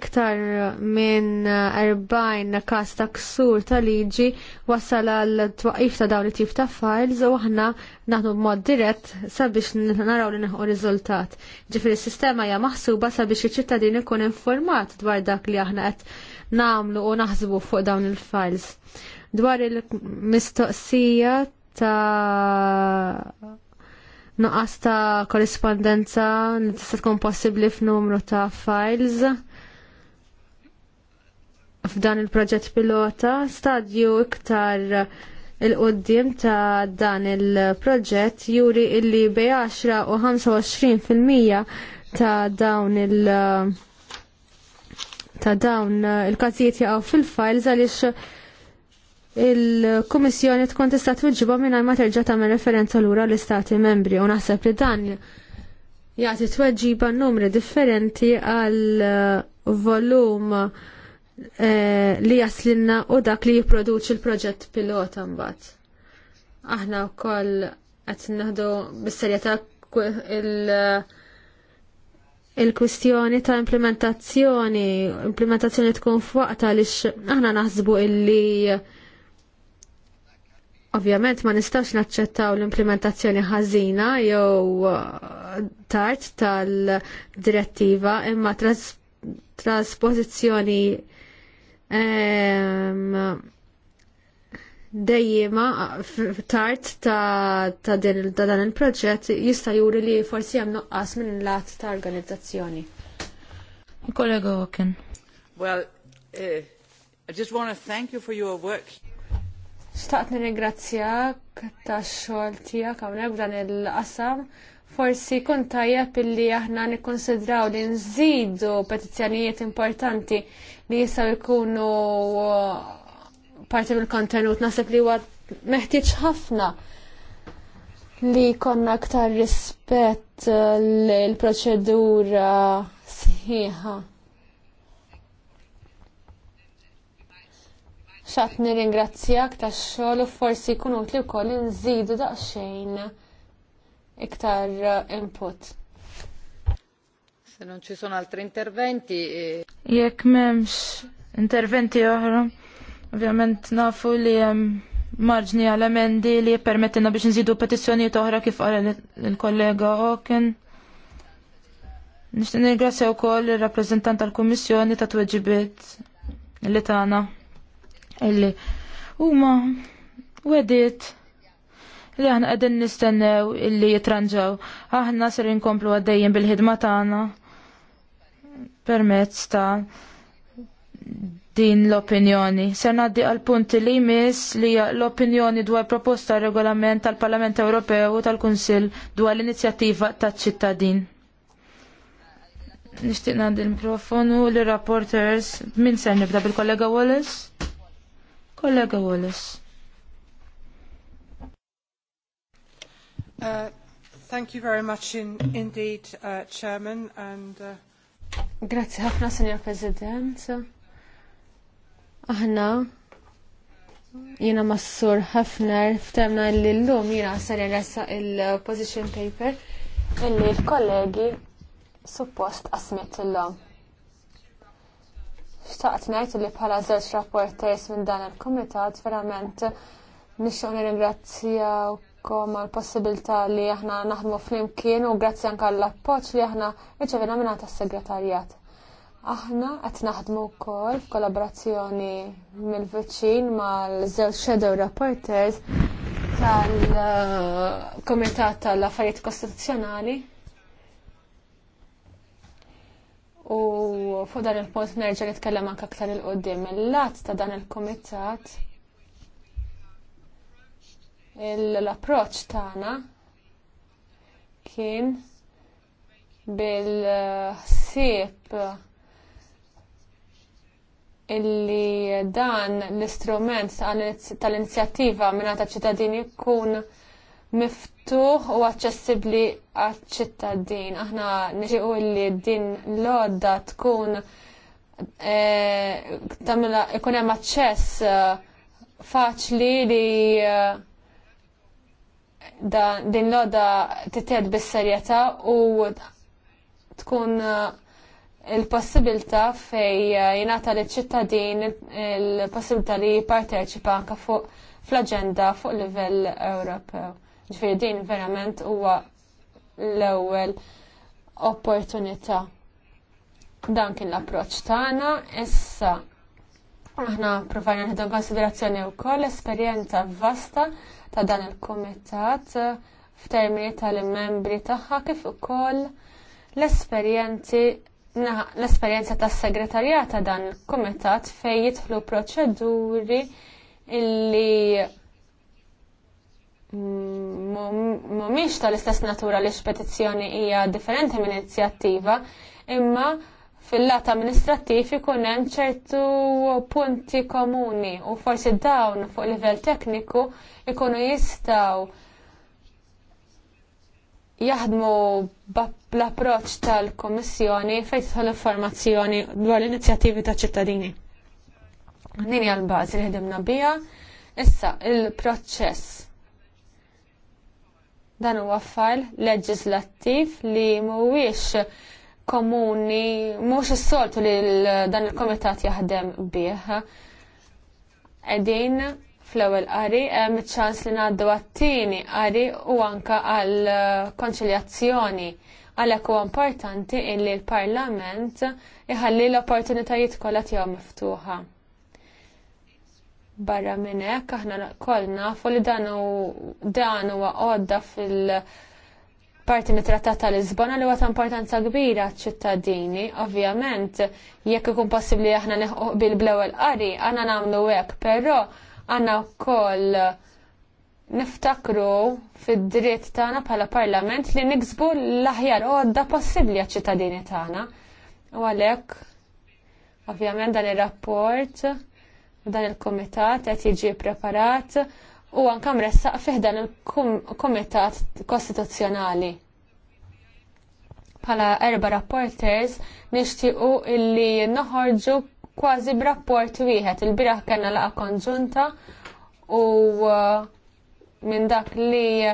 iktar minn 40 kas ta' ksur ta' liġi wasal għal twaqif ta' dawn it-tip ta' files u aħna naħdu b'mod dirett sabiex naraw li neħu riżultat. Ġifri s sistema hija maħsuba sabiex iċ-ċittadin ikun informat dwar dak li aħna qed nagħmlu u naħsbu fuq dawn il-files. Dwar il-mistoqsija ta' Nuqqas ta' korrispondenza tista' tkun possibbli f'numru ta' files f'dan il-proġett pilota, stadju iktar il-qoddim ta' dan il-proġett juri illi bej 10 u 25% ta' dawn il- ta' dawn il-każijiet jaqgħu fil-files għaliex il-Kummissjoni tkun tista' tweġibha mingħajr ma terġa' tagħmel referenza lura l-Istati Membri u naħseb li dan jagħti tweġiba numri differenti għal uh, volum eh, li jaslinna u dak li jipproduċi l-proġett pilota mbagħad. Aħna wkoll qed naħdu bis-serjetà il- il-kwistjoni ta' implementazzjoni, implementazzjoni tkun fuqta li aħna naħsbu illi Ovvjament ma nistax naċċettaw l-implementazzjoni ħażina jew uh, tard tal-direttiva imma trasposizzjoni dejjima tard ta' dan il-proġett jista' juri li forsi hemm nuqqas minn lat ta' organizzazzjoni. Kollega Oken. Well, eh, I just want to thank you for your work. Xtaqt nirringrazzjak tax-xogħol tiegħek hawnhekk f'dan il-qasam. Forsi kun tajjeb illi aħna nikkonsidraw li nżidu petizzjonijiet importanti li jistgħu jkunu uh, parti mill-kontenut naħseb li huwa meħtieġ ħafna li konna aktar rispett uh, l-proċedura sħiħa. xat nirringrazzjak tax xogħol u forsi jkun utli wkoll nżidu daqsxejn iktar eh, input. Se non ci sono altri interventi. Eh, Jekk m'hemmx interventi oħra, ovvjament nafu li hemm marġni għal emendi li jippermettilna biex nżidu petizzjonijiet oħra kif qal il-kollega Hawken. Nixtieq nirgrazzja wkoll ir-rappreżentant tal-Kummissjoni ta' tweġibiet li tagħna illi huma wedit li aħna qegħdin nistennew illi jitranġaw. Aħna ser inkomplu għaddejjin bil-ħidma tagħna permezz ta' din l-opinjoni. Ser naddi għal punti li jmiss li l-opinjoni dwar proposta regolament tal-Parlament Ewropew u tal-Kunsill dwar l-inizjattiva taċ-ċittadin. Nixtieq ngħaddi l-mikrofonu l-rapporters. Min ser nibda bil-kollega Wallace? Kollega Wallace. Uh, thank you very much in, indeed, uh, Chairman. And, uh... Grazie ħafna, Signor President. Aħna, jina massur Hefner, ftemna l-lum jina għasar jarressa il-position paper illi l-kollegi suppost qasmet l-lum. Xtaqt ngħid li bħala żewġ rapporters minn dan il-kumitat verament nixtieq nirringrazzjawkom għall possibilità li aħna naħdmu flimkien u grazzi anke għall appoġġ li aħna riċevina minn tas-segretarjat. Aħna qed naħdmu wkoll f'kollaborazzjoni mill-viċin mal-żewġ shadow rapporters tal-Komitat tal-Affarijiet Kostituzzjonali U fuq dan il-punt nerġa' nitkellem anke aktar il qudiem Il-lat ta' dan il-kumitat l-approċċ tagħna kien bil-ħsieb illi dan l-istrument tal-inizjattiva minna ta' ċittadini jkun miftuħ u aċċessibbli għaċ-ċittadin. Aħna nixtiequ li din l-odda tkun e, ikun hemm aċċess e, faċli li e, din l-odda tited bis-serjetà u tkun il-possibilta fej jenata li ċittadin il-possibilta li parteċipa anka fuq fl-agenda fuq livell Ewropew ġifiri din verament huwa l-ewwel opportunità. Dan kien l-approċċ tagħna, issa aħna provajna nħedu konsiderazzjoni wkoll esperjenza vasta ta' dan il-kumitat eh, f'termini tal-membri tagħha kif ukoll l-esperjenzi l-esperjenza tas segretarjata ta' dan il-kumitat fejn jidħlu proċeduri illi mhumiex tal-istess natura li x-petizzjoni hija differenti minn inizjattiva, imma fil-lat amministrattiv ikun hemm ċertu punti komuni u forsi dawn fuq livell tekniku ikunu jistgħu jaħdmu bl approċċ tal kummissjoni fejn tidħol informazzjoni dwar l-inizjattivi taċ ċittadini. Nini għal-bażi li ħdimna biha, issa il-proċess Dan huwa fajl leġislattiv li mhuwiex komuni, mhux is-soltu li dan il-komitat jaħdem bih. Qegħdin fl-ewwel qari hemm ċans li ngħaddu għat-tieni qari u anke għal konċiljazzjoni għalhekk huwa importanti illi l-Parlament iħalli l-opportunitajiet kollha tiegħu miftuħa barra minn hekk aħna koll nafu li dan dan huwa għodda fil-parti mit-Trattat ta' Lisbona li huwa ta' importanza kbira ċittadini, ovvjament, jekk ikun possibbli aħna neħu bil-blewel qari, aħna nagħmlu hekk, però għandna wkoll niftakru fid-dritt tagħna bħala parlament li niksbu l-aħjar għodda possibbli għaċ-ċittadini tagħna. U għalhekk ovvjament dan ir-rapport dan il-komitat qed jiġi preparat u anke mressaq fih dan il-komitat kostituzzjonali. Bħala erba rapporters nixtiequ illi noħorġu kważi b'rapport wieħed. Il-biraħ kellna laqa konġunta u uh, minn dak li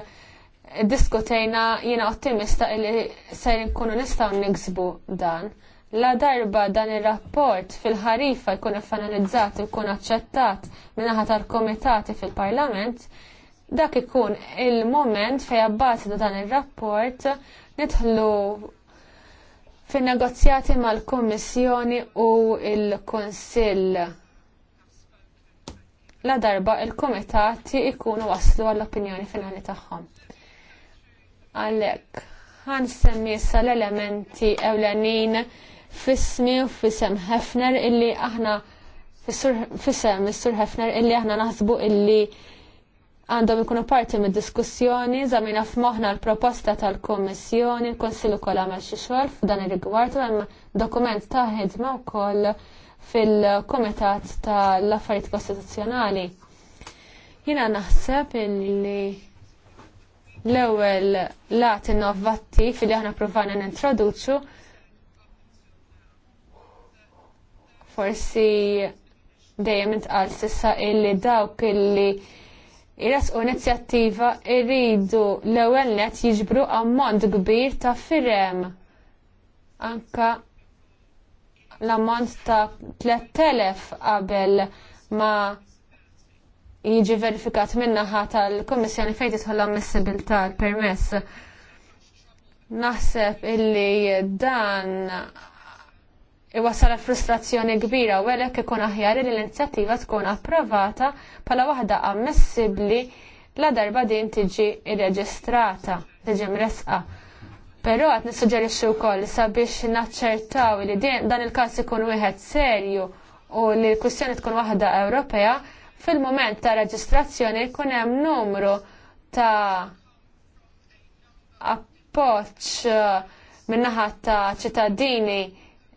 diskutejna jiena ottimista li se nkunu nistgħu niksbu dan. La darba dan ir-rapport fil-ħarifa jkun iffanalizzat u jkun aċċettat minnaħa tal-komitati fil-Parlament, dak ikun il-moment fej abbasi ta' dan ir-rapport nidħlu fin-negozjati mal-Kummissjoni u il-Kunsill. La darba il-komitati ikunu waslu għall-opinjoni finali tagħhom. Għalhekk ħansemmi issa l-elementi ewlenin fismi u fisem Hefner illi aħna fisem is-sur Hefner illi aħna naħsbu illi għandhom ikunu parti mid diskussjoni zamina f'moħna l-proposta tal-Kommissjoni, l-Konsilu kol għamel xi xogħol f'dan il rigward u hemm dokument ta' ħidma wkoll fil-Komitat tal-Affarijiet Kostituzzjonali. Jiena naħseb illi l-ewwel lat innovattiv li aħna provana nintroduċu Forsi dejjem intqal sissa illi dawk illi Iras u inizjattiva irridu l-ewwel net jiġbru ammont kbir ta' firem. Anka l-ammont ta' 3000 qabel ma jiġi verifikat min-naħa tal kummissjoni fejn tidħolhom l sibil tal permess Naħseb illi dan iwasala frustrazzjoni kbira u għalek ikun aħjar li l-inizjattiva tkun approvata pala waħda ammessibbli la darba din tiġi irreġistrata, tiġi mresqa. Però għat nissuġġerixxu wkoll sabiex naċċertaw li dan il-każ ikun wieħed serju u li l-kwistjoni tkun waħda Ewropea, fil-moment ta' reġistrazzjoni jkun hemm numru ta' appoġġ uh, minnaħat ta' ċittadini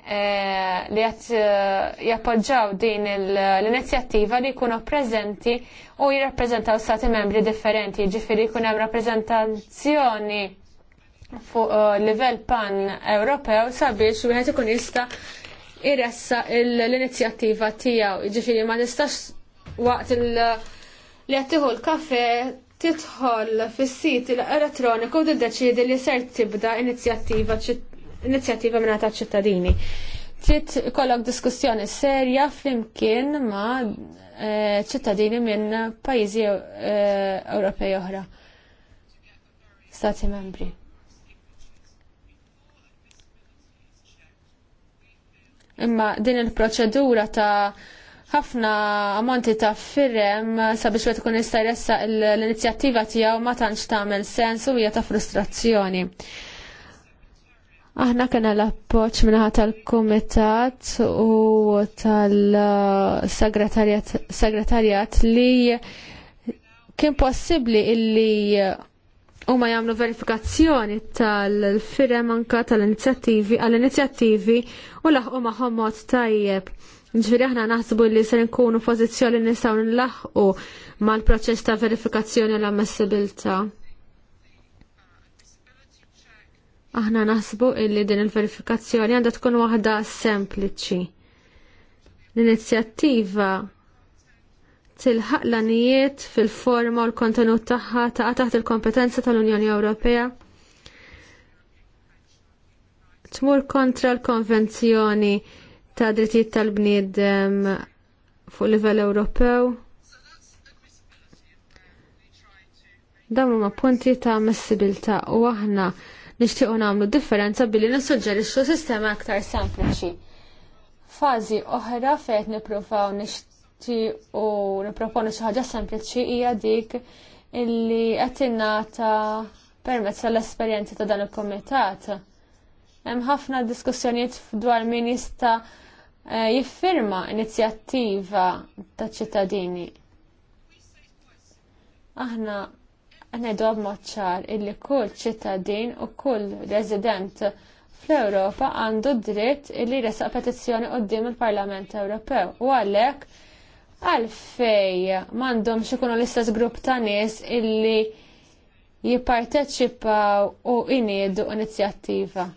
Eh, li għat eh, jappoġġaw din l-inizjattiva li jkunu prezenti u jirrappreżentaw stati membri differenti, ġifiri jkun hemm rappreżentazzjoni fuq eh, livell pan Ewropew sabiex wieħed ikun jista' jirressa l-inizjattiva tiegħu. Ġifiri ma nistax waqt li qed tieħu l-kafe titħol fis-sit elettroniku u tiddeċiedi li ser tibda inizjattiva ċitt inizjattiva minn ta' ċittadini. Trid kollok diskussjoni serja flimkien ma' eh, ċittadini minn pajjiżi eh, Ewropej oħra. Stati membri. Imma din il-proċedura ta' ħafna ammonti ta' firrem sabiex wet ikun jista' jressaq l-inizjattiva tiegħu ma tantx tagħmel sens u hija ta' frustrazzjoni. Aħna kena l-appoċ minnaħat tal-Komitat u tal-Segretarjat li kien possibli illi u ma jamlu verifikazzjoni tal-firem anka tal-inizjattivi għall-inizjattivi u laħqu maħom mod tajjeb. Ġviri aħna naħsbu li ser nkunu pożizzjoni nistgħu nlaħqu mal-proċess ta' verifikazzjoni l-ammessibilta. Aħna naħsbu illi din il-verifikazzjoni għandha tkun waħda sempliċi. L-inizjattiva tilħaq l-anijiet fil-forma u l-kontenut tagħha ta' taħt il-kompetenza tal-Unjoni Ewropea. Tmur kontra l-konvenzjoni ta' drittijiet tal-bniedem fuq livell Ewropew. Dawn huma punti ta' ammissibilità u aħna nixtiequ nagħmlu differenza billi nissuġġerixxu sistema aktar sempliċi. Fażi oħra fejn nippruvaw nixtiequ nipproponu xi ħaġa sempliċi hija dik illi qed tingħata permezz tal-esperjenza ta' dan il-kumitat. Hemm ħafna diskussjonijiet dwar min jista' eh, jiffirma inizjattiva ta' ċittadini. Aħna Għanedob moċċar illi kull ċittadin u kull resident fl-Europa għandu dritt illi resaq petizzjoni qoddim il-Parlament Ewropew u għalek għalfej mandom xikunu l-istess grupp ta' nies illi jipparteċipaw u iniedu inizjattiva.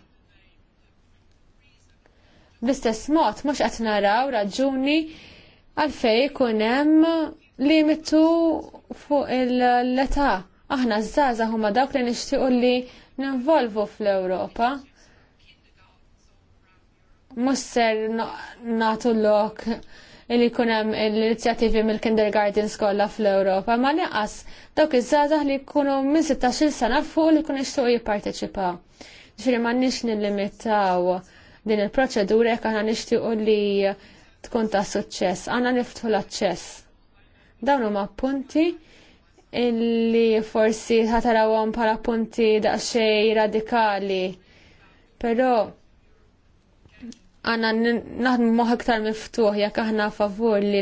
Bl-istess mod, mux qed naraw raġuni għalfej kunem limitu fuq il-leta' Aħna żaza huma dawk li nixtiequ li ninvolvu fl-Ewropa. Musser natu lok li kunem l-inizjativi mill-kindergarten skolla fl-Ewropa, ma neqas dawk iż żgħażagħ li jkunu minn 16 sena fuq li jkunu nixtiequ jipparteċipaw. Ġifieri m'għandniex nillimitaw din il-proċedura jekk aħna nixtiequ li tkun ta' suċċess, Aħna niftħu l-aċċess. Dawn huma punti illi forsi ħatarawhom bħala punti daqsxej radikali. Però għanna naħdmu moħ iktar miftuħ jekk aħna favur li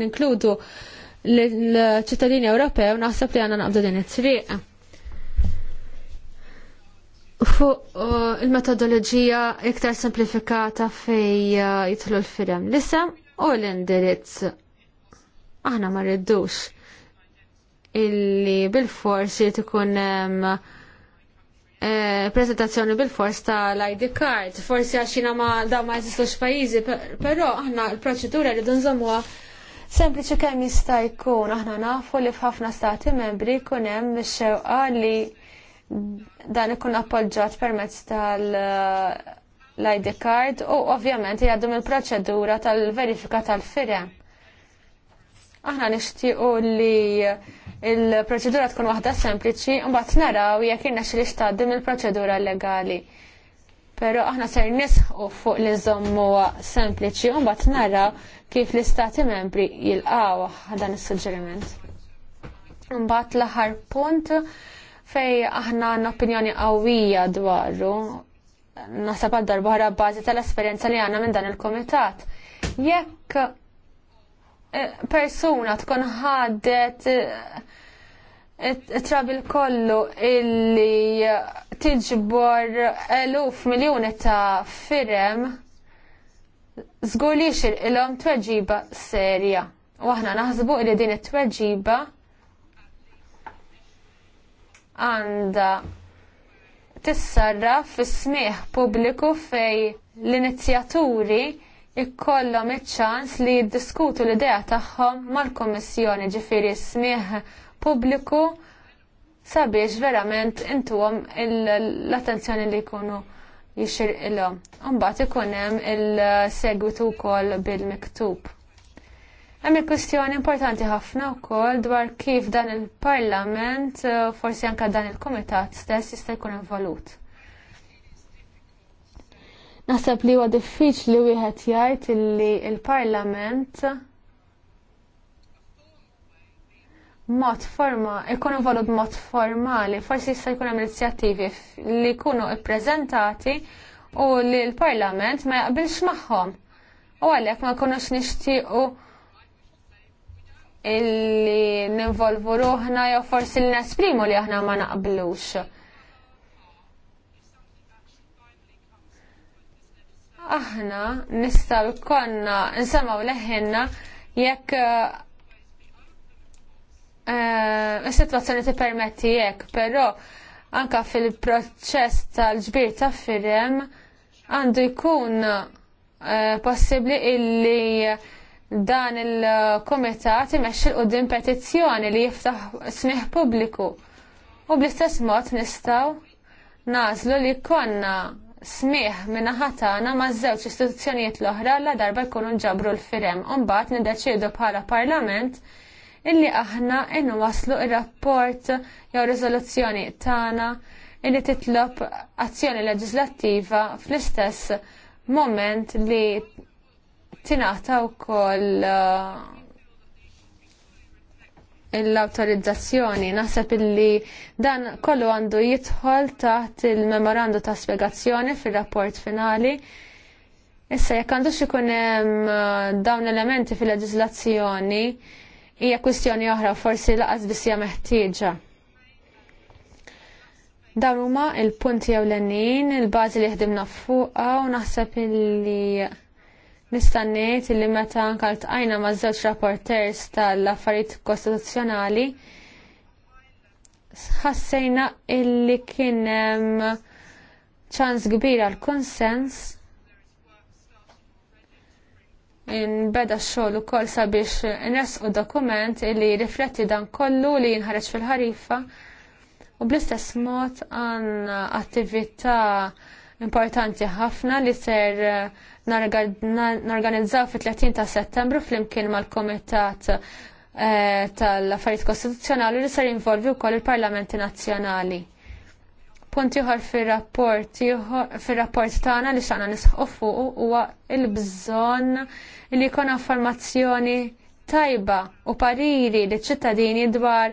ninkludu l-ċittadini Ewropew naħseb li għanna naqbdu din it-triq. Fuq uh, il-metodoloġija iktar simplifikata fej uh, jitħlu l-firem. L-isem u l-indirizz. Aħna ma rridux illi bil-fors li tkun eh, prezentazzjoni bil-fors tal-ID card. Forsi għaxina ma da ma jizistux pajizi, pero aħna l-proċedura li dunżamuha sempliċi kemm jista' jkun aħna nafu li f'ħafna stati membri jkun hemm mix xewqa li dan ikun appoġġjat permezz tal- eh, l-ID card u ovvjament jgħaddu mill proċedura tal-verifika tal-firem. Aħna nixtiequ li il-proċedura tkun waħda sempliċi, mbagħad naraw jekk irna xi din il-proċedura legali. Però aħna ser nisħu fuq li huwa sempliċi u mbagħad naraw kif l-istati membri jilqgħu dan is-suġġeriment. Mbagħad l-aħħar punt fej aħna għandna opinjoni qawwija dwaru naħseb għad darba bażi tal-esperjenza li għandna minn dan il-komitat. Jekk Eh, persuna tkun ħadet eh, trabil kollu illi tiġbor eluf miljoni ta' firem zgur il-om tweġiba serja. U aħna naħsbu li din it-tweġiba għanda tissarra fis smieħ pubbliku fej l-inizjaturi ikollhom iċ-ċans li jiddiskutu l-idea tagħhom mal-Kummissjoni ġifieri smih pubbliku sabiex verament intuhom l-attenzjoni li jkunu jixirqilhom. Imbagħad ikun hemm il-segwitu wkoll bil-miktub. Hemm kwistjoni importanti ħafna wkoll dwar kif dan il-Parlament uh, forsi anke dan il-Kumitat stess jista' jkun involut. Naħseb li huwa diffiċli wieħed jgħid illi il-Parlament mod forma, ikunu valut mod formali, forsi jista' jkun hemm inizjattivi li jkunu ippreżentati u li l-Parlament ma jaqbilx magħhom. U għalhekk ma jkunux nixtiequ illi ninvolvu ruħna jew forsi li nesprimu li aħna ma naqblux. aħna nistaw konna nsemaw leħenna jekk eh, eh, is-sitwazzjoni permetti jekk, però anka fil-proċess tal-ġbir ta' firem għandu jkun eh, possibbli illi dan il-komitat imexxi l-qudiem petizzjoni li jiftaħ smieħ pubbliku. U bl-istess mod nistgħu nażlu li konna smieħ minna ħatana ma' żewġ istituzzjonijiet l-oħra la darba jkunu nġabru l-firem. Umbat nideċidu bħala parlament illi aħna innu waslu il-rapport jew riżoluzzjoni tagħna illi titlob azzjoni leġislattiva fl-istess moment li tingħata wkoll uh, l-autorizzazzjoni. Naħseb illi dan kollu għandu jidħol taħt il-memorandu ta' spiegazzjoni fil-rapport finali. Issa jekk għandux ikun hemm eh, dawn elementi fil-leġiżlazzjoni hija kwistjoni oħra forsi laqas biss hija meħtieġa. Dawn huma il-punti ewlenin, il-bażi li ħdimna fuqha u naħseb illi Mistanniet li meta anka tqajna ma' żewġ rapporters tal-affarijiet kostituzzjonali ħassejna illi kien hemm ċans kbir għal konsens beda x-xogħol ukoll sabiex nresqu dokument illi rifletti dan kollu li jinħareġ fil-ħarifa u bl-istess mod għandna attività importanti ħafna li ser uh, narganizzaw fit-30 ta' settembru flimkien mal-Komitat eh, tal-Affarijiet Kostituzzjonali li ser involvi wkoll il-Parlamenti Nazzjonali. Punt ieħor fir-rapport fir-rapport tagħna li xana nisħu fuq huwa l-bżonn li jkun formazzjoni tajba u pariri li ċittadini dwar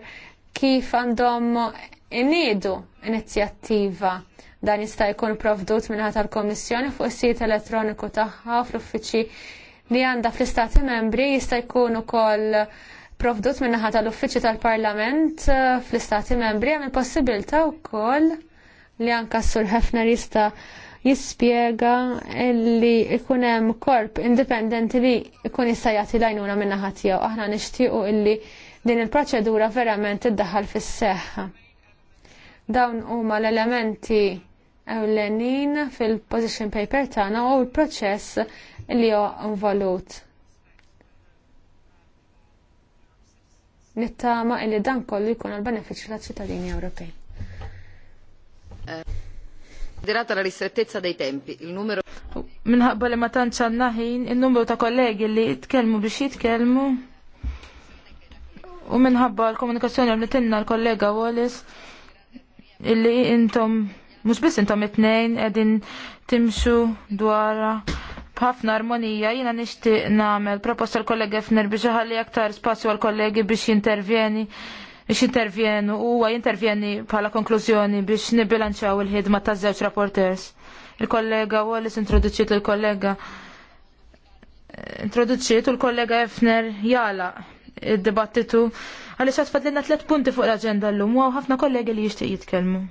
kif għandhom inidu inizjattiva Dan jista' jkun provdut minħat tal-Komissjoni fuq is-sit elettroniku tagħha fl-uffiċċji li għandha fl-Istati Membri jista' jkun ukoll provdut minnaħa tal-uffiċċju tal-Parlament eh, fl-Istati Membri hemm il possibilta wkoll li anka s-sur Hefner jista' jispjega li ikun hemm korp indipendenti li jkun jista' jagħti lajnuna naħa tiegħu. Aħna nixtiequ illi din il-proċedura verament iddaħħal fis-seħħa. Dawn huma l-elementi ewlenin fil-position paper tagħna u l-proċess li huwa involut. Nittama illi dan kollu jkun għal benefiċċju tal-ċittadini Ewropej. Dirata la ristrettezza dei tempi, il numero Minħabba li ma tantx għandna ħin, il-numru ta' kollegi li jitkellmu biex jitkellmu u minħabba l-komunikazzjoni għamlitinna l-kollega Wallis illi intom mhux biss intom it-tnejn qegħdin timxu dwar b'ħafna armonija jiena nixtieq nagħmel proposta l-kollega Fner biex ħalli aktar spazju għal kollegi biex jintervjeni biex intervjenu huwa jintervjeni bħala konklużjoni biex nibbilanċaw il-ħidma taż żewġ rapporters. Il-kollega Wallis introduċiet il-kollega eh, introduċiet u l-kollega Efner jala id-dibattitu għaliex għad fadlina tliet punti fuq l-aġenda llum u ħafna kollegi li jixtieq jitkellmu.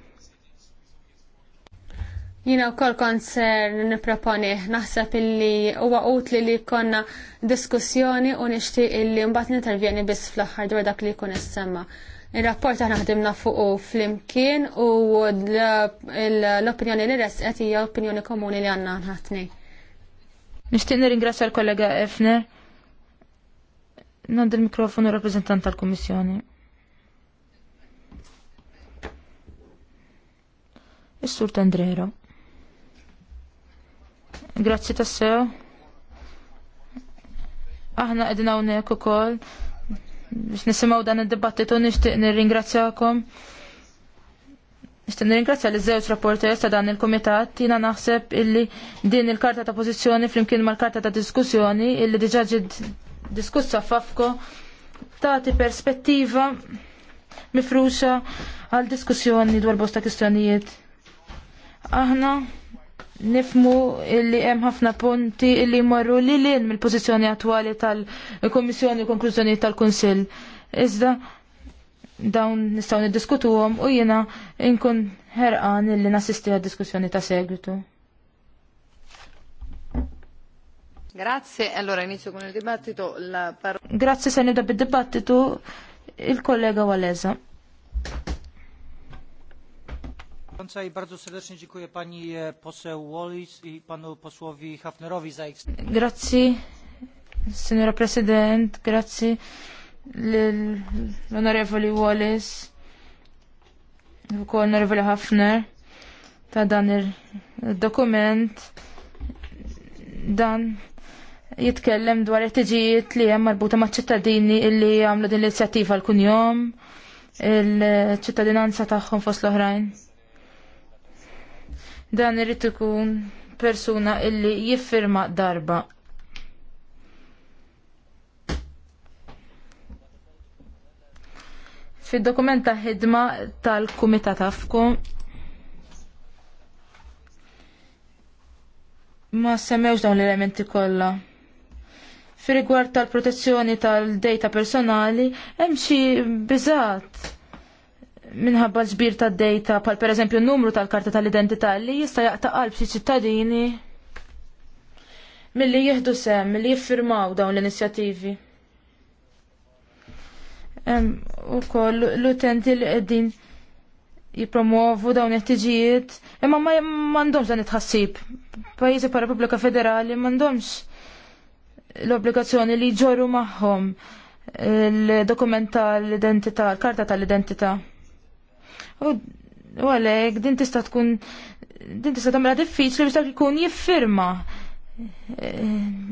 Jina u kol konser niproponi, naħseb illi huwa utli li konna diskussjoni u nixtieq illi mbagħad nintervjeni biss fl-aħħar dwar dak li jkun issemma. Il-rapport għana ħdimna fuq flimkien u l-opinjoni li resqet hija opinjoni komuni li għandna ħatni. Nixtieq nirringrazzja l-kollega Efner nandil il-mikrofonu rappresentant tal-Kommissjoni. Is-Sur Tendrero. Grazzi tassew. Aħna qegħdin hawnhekk ukoll biex nisimgħu dan id-dibattitu nixtieq nirringrazzjakom. Nixtieq nirringrazzja li żewġ rapporters ta' dan il-kumitat jiena naħseb illi din il-karta ta' pożizzjoni flimkien mal-karta ta' diskussjoni illi diġà ġiet diskussa f'Afko tagħti perspettiva mifruxa għal diskussjoni dwar bosta kistjonijiet. Aħna nifmu illi hemm ħafna punti illi marru li lin mill-pożizzjoni attwali tal-Kummissjoni u konklużjoni tal-Kunsill. Iżda dawn nistgħu niddiskutuhom u jiena inkun ħerqan illi nassisti għad diskussjoni ta' segwitu. Grazie, allora inizio con il dibattito. La par- Grazie, se ne il dibattito il collega Walesa. Bardzo serdecznie dziękuję pani e, poseł Wallis i panu posłowi Hafnerowi za ich... Grazie, signora President, grazie l Wallis, u Hafner ta' il-dokument dan jitkellem dwar it-tiġijiet li hemm marbuta maċ ċittadini illi għamlu din l-inizjattiva l kunjom il-ċittadinanza tagħhom fost l-oħrajn. Dan irid ikun persuna illi jiffirma darba. Fid-dokument ta' ħidma tal-Kumitat Afku ma semmewx dawn l-elementi kollha fi rigward tal-protezzjoni tal-data personali, hemm xi biżat minħabba ġbir tad data pal per eżempju numru tal-karta tal-identità li jista' jaqta' qalb xi ċittadini milli jieħdu sem, milli jiffirmaw dawn l-inizjattivi. U koll l-utenti li qegħdin jipromovu dawn it-tiġijiet, imma ma m'għandhomx dan it-ħassib. Pajjiżi pa' Repubblika Federali m'għandhomx l-obbligazzjoni li ġorru magħhom l-dokument tal-identità, l-karta tal-identità. U għalek, din tista' tkun din tista' tagħmilha diffiċli biex dak ikun jiffirma eh,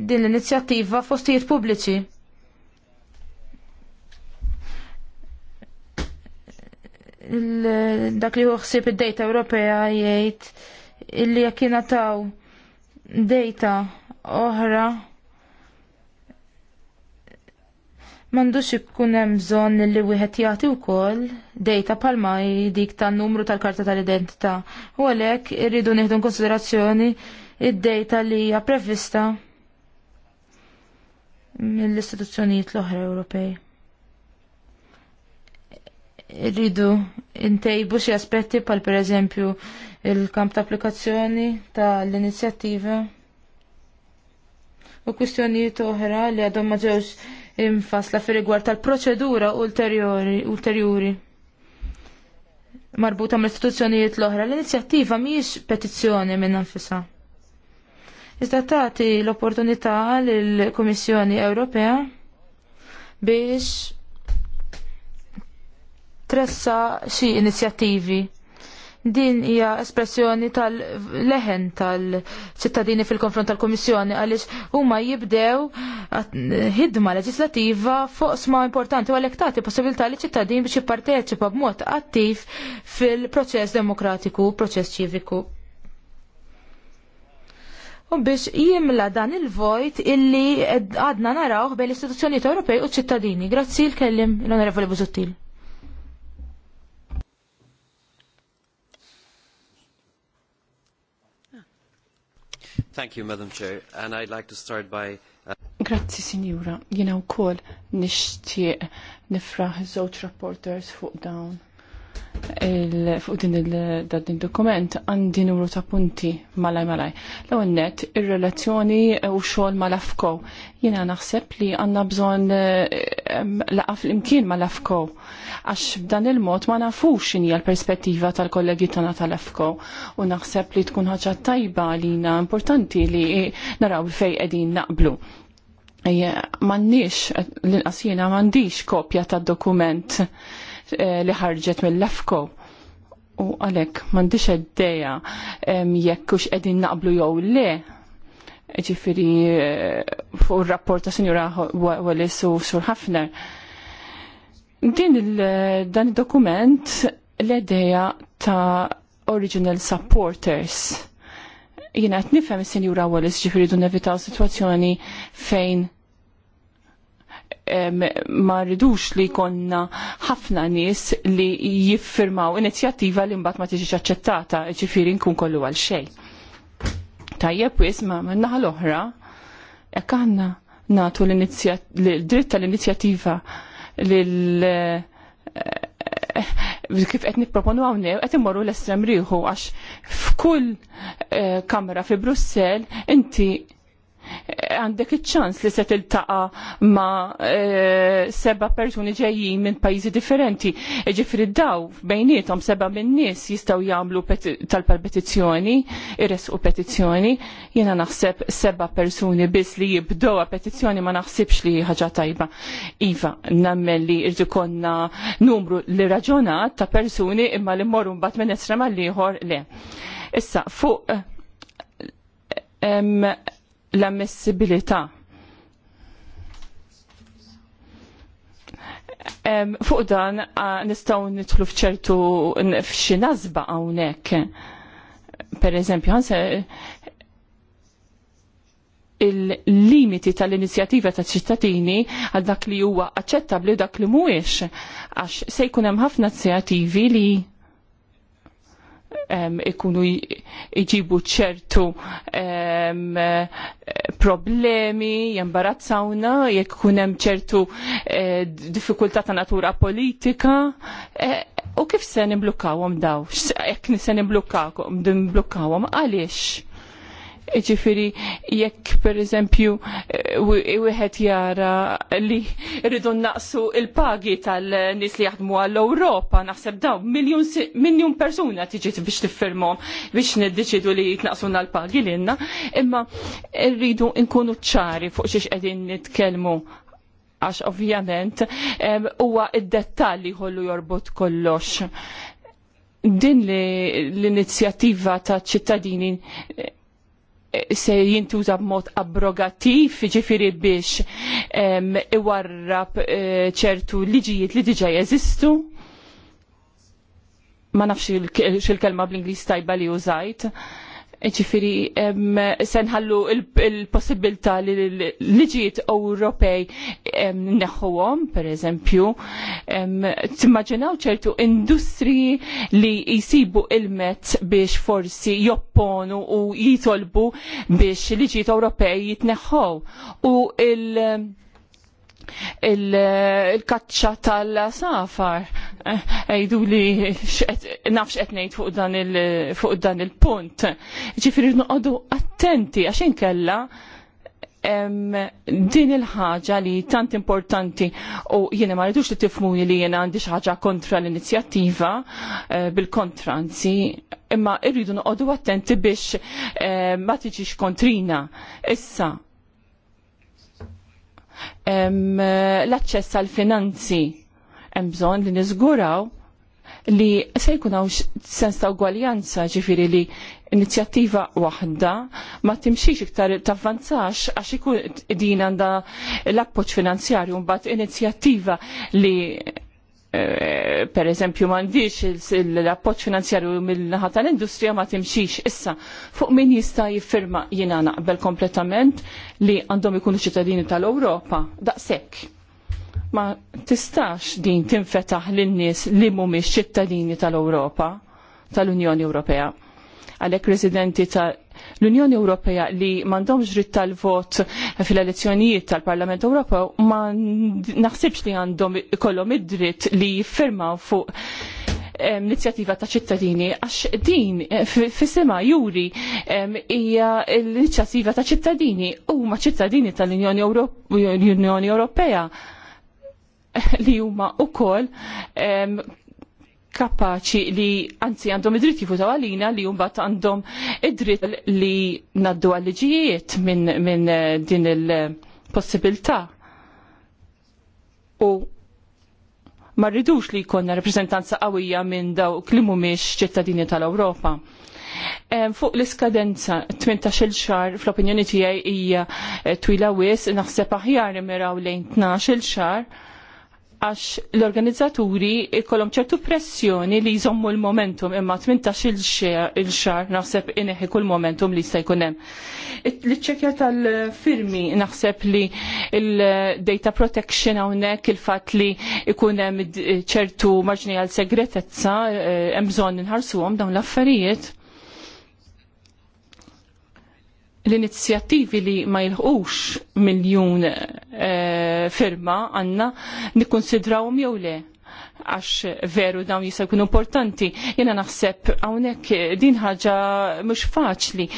din l-inizjattiva fostijiet pubbliċi. dak li uħsib id-data Ewropea jgħid illi jekk jingħataw data oħra M'għandux ikun hemm bżonn li wieħed jagħti wkoll dejta palma dik tan-numru tal-karta tal-identità. U għalhekk irridu nieħdu konsiderazzjoni id-dejta li hija prevista mill-istituzzjonijiet l-oħra Ewropej. Irridu intejbu xi aspetti pal pereżempju il-kamp ta' applikazzjoni tal-inizjattiva u kwistjonijiet oħra li għadhom ma ġewx Infasla fi rigward tal-proċedura ulterjuri marbuta mill istituzzjonijiet l-oħra. L-inizjattiva mhijiex petizzjoni minn nfisha. Iżda tagħti l-opportunità lill-Kummissjoni Ewropea biex tressa xi inizjattivi Din hija espressjoni tal-leħen tal-ċittadini fil-konfront tal-Komissjoni għaliex huma jibdew ħidma leġislativa fuq sma importanti u għalhekk tagħti possibilità li ċittadin biex jipparteċipa b'mod attiv fil-proċess demokratiku, proċess ċiviku u biex jimla dan il-vojt illi għadna narawħ bejn l-istituzzjonijiet Ewropej u ċittadini. Grazzi l-kellim l-Onorevoli Buzuttil. Thank you, Madam Chair, and I'd like to start by uh, Grazzi, Sinjura. Jina u kol nishtiq nifraħ żewġ rapporters fuq dawn fuq din il dokument għandi numru ta' punti malaj malaj. Law net ir-relazzjoni u xogħol ma' lafko. Jiena naħseb li għandna bżonn laqaf l-imkien ma' lafko. Għax b'dan il-mod ma nafux inhi l-perspettiva tal-kollegi tagħna tal-afko. U naħseb li tkun ħaġa tajba lina importanti li naraw fejn qegħdin naqblu. n-nix, l-inqasjina mandiġ kopja ta' dokument Eh, li ħarġet mill-lefko. U għalek, mandiċ għeddeja jekk ux edin naqblu jew le, ġifiri eh, fuq il-rapport ta' Sinjura Wallis u Sur Hafner. Din eh, dan il-dokument l-edeja ta' original supporters. Jina għet nifem Sinjura Wallis ġifiri dun evitaw situazzjoni fejn ma rridux li konna ħafna nies li jiffirmaw inizjattiva li mbagħad ma tiġix aċċettata, ġifieri nkun kollu għal xejn. Tajjeb isma' min-naħa l-oħra, jekk għandna nagħtu l-dritt tal-inizjattiva lil eh, eh, kif qed nipproponu hawnhekk qed immorru l-estrem rieħu għax f'kull eh, kamra fi Brussell inti għandek iċ-ċans li se tiltaqa ma e, seba persuni ġejjin minn pajjiżi differenti. Ġifri daw bejnietom seba minn nies jistgħu jagħmlu tal-petizzjoni, irresqu petizzjoni, jiena naħseb seba persuni biss li jibdowa petizzjoni ma naħsibx li ħaġa tajba. Iva, nammel li irġi konna numru li raġunat ta' persuni imma li morru mbagħad minn estrema ieħor le. Issa, fuq l-ammissibilità. Fuq dan nistgħu nidħlu fċertu f'xi nazba hawnhekk. Per eżempju, il-limiti tal-inizjativa ta' ċittadini għal dak li huwa aċċettabbli u dak li mhuwiex għax se jkun hemm ħafna inizjattivi li ikunu iġibu ċertu problemi, jembarazzawna, jekk kunem ċertu eh, diffikultà ta' natura politika. Eh, u kif se niblukkawhom daw? Jekk se niblukkawhom, niblukkawhom għaliex? Ġifiri, jekk per eżempju eh, wieħed jara li rridu naqsu il-pagi tal-nis li jaħdmu għall-Ewropa, naħseb daw miljon persuna tiġi biex tiffirmhom biex niddeċidu li jitnaqsuna l-pagi lilna, imma rridu nkunu ċari fuq xiex qegħdin nitkellmu għax ovvjament eh, huwa id-dettalji kollu jorbot kollox. Din l-inizjattiva ta' ċittadini eh, se jintuża b'mod abrogattiv, ġifiri biex iwarrab eh, ċertu liġijiet li diġa jeżistu. Ma nafx xil kelma bl-Inglis tajba li użajt ġifiri senħallu il-possibilta li l-liġijiet Ewropej neħħuhom, per eżempju, timmaġinaw ċertu industriji li jisibu il-met biex forsi jopponu u jitolbu biex liġiet Ewropej jitneħħu. U il- il-kaċċa tal-safar. Ejdu li nafx etnejt fuq dan il-punt. Ġifiri noqodu attenti, għaxin kella din il-ħaġa li tant importanti u jiena ma rridux li tifmuni li jiena għandi xi ħaġa kontra l-inizjattiva eh, bil kontranzi anzi imma irridu noqogħdu attenti biex eh, ma tiġix kontrina. Issa l-aċċess għal finanzi hemm bżonn li niżguraw li se jkun hawnx sens ta' ugwaljanza ġifieri li inizjattiva waħda ma timxix iktar tavvanzax għax ikun din għandha l-appoġġ finanzjarju mbagħad inizjattiva li Eh, per eżempju mandiċ l-appoċ finanzjarju mill-naħa tal-industrija ma timxix. Issa, fuq min jista' jiffirma jina naqbel kompletament li għandhom ikunu ċittadini tal-Ewropa, daqshekk. Ma tistax din tinfetaħ lin-nies li mhumiex ċittadini tal-Ewropa, tal-Unjoni Ewropea. Għalhekk residenti ta' L-Unjoni Ewropea li m'għandhomx dritt tal-vot fil-elezzjonijiet tal-Parlament Ewropew ma naħsibx li għandhom ikollhom id-dritt li jiffirmaw fuq l-inizjattiva ta' ċittadini għax din eh, fissima juri hija l-inizjattiva ta' ċittadini huma ċittadini tal-Unjoni Ewropea li huma wkoll kapaċi li anzi għandhom id-dritt jifutaw għalina li jumbat għandhom id-dritt li naddu għalliġijiet minn min eh, din il possibilta U ma rridux li jkollna rappreżentanza qawwija minn dawk li mhumiex ċittadini tal-Ewropa. Fuq l-iskadenza 18 xar fl-opinjoni tiegħi hija eh, twila wis naħseb aħjar imiraw lejn 12 xar għax l-organizzaturi ikollhom ċertu pressjoni li jżommu l-momentum imma 18 il-xar naħseb ineħi kull momentum li jista' jkun hemm. L-ċekja tal-firmi naħseb li il-data protection hawnhekk il-fatt li jkun hemm ċertu marġni għal segretezza eh, hemm bżonn inħarsuhom dawn l-affarijiet l-inizjattivi li ma jilħux miljun e, firma għanna nikkonsidrawhom jew le għax veru dawn jista' jkunu importanti. Jena naħseb hawnhekk din ħaġa mhux faċli,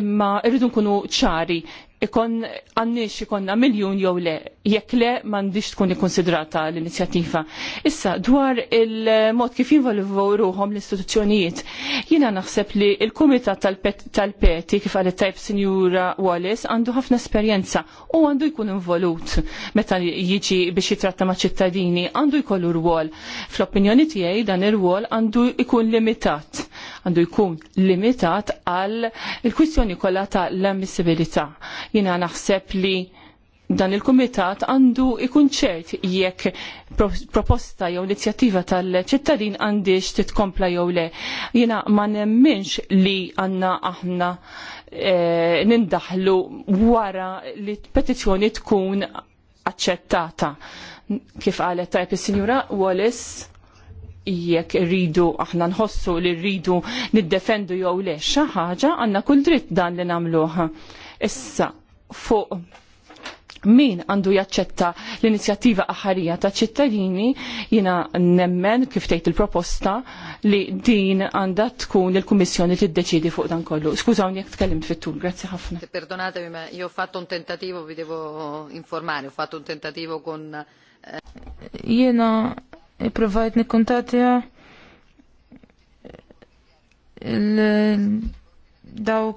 imma rridu nkunu ċari ikon għannix ikonna miljun jew le, jekk le m'għandix tkun ikkonsidrata l-inizjattiva. Issa, dwar il-mod kif jinvolvu ruhom l-istituzzjonijiet, jiena naħseb li il-Kumitat tal-Peti kif għalet tajb Sinjura Wallis għandu ħafna esperjenza u għandu jkun involut meta jiġi biex jitratta ma' ċittadini, għandu jkollu rwol. Fl-opinjoni tiegħi dan ir-rwol għandu jkun limitat għandu jkun limitat għal il-kwistjoni kollha ta' l-ammissibilità Jina naħseb li dan il-kumitat għandu ikun ċert jekk proposta jew inizjattiva tal-ċittadin għandix titkompla jew le. Jina ma nemminx li għanna aħna e, nindaħlu wara li petizzjoni tkun accettata. Kif għalet tajp il-Sinjura Wallace jekk rridu aħna nħossu li rridu niddefendu jew le xi ħaġa għandna kull dritt dan li nagħmluha. Issa, fuq min għandu jaċċetta l-inizjattiva aħarija ta' ċittadini jina nemmen kif tgħid il-proposta li din għandha tkun il-Kummissjoni tiddeċidi fuq dan kollu. Skużawni jekk tkellimt fit-tul, grazzi ħafna. Perdonatemi, ma io ho fatto un tentativo, vi devo informare, ho fatto un tentativo con eh, Jiena provajt nikkuntatja il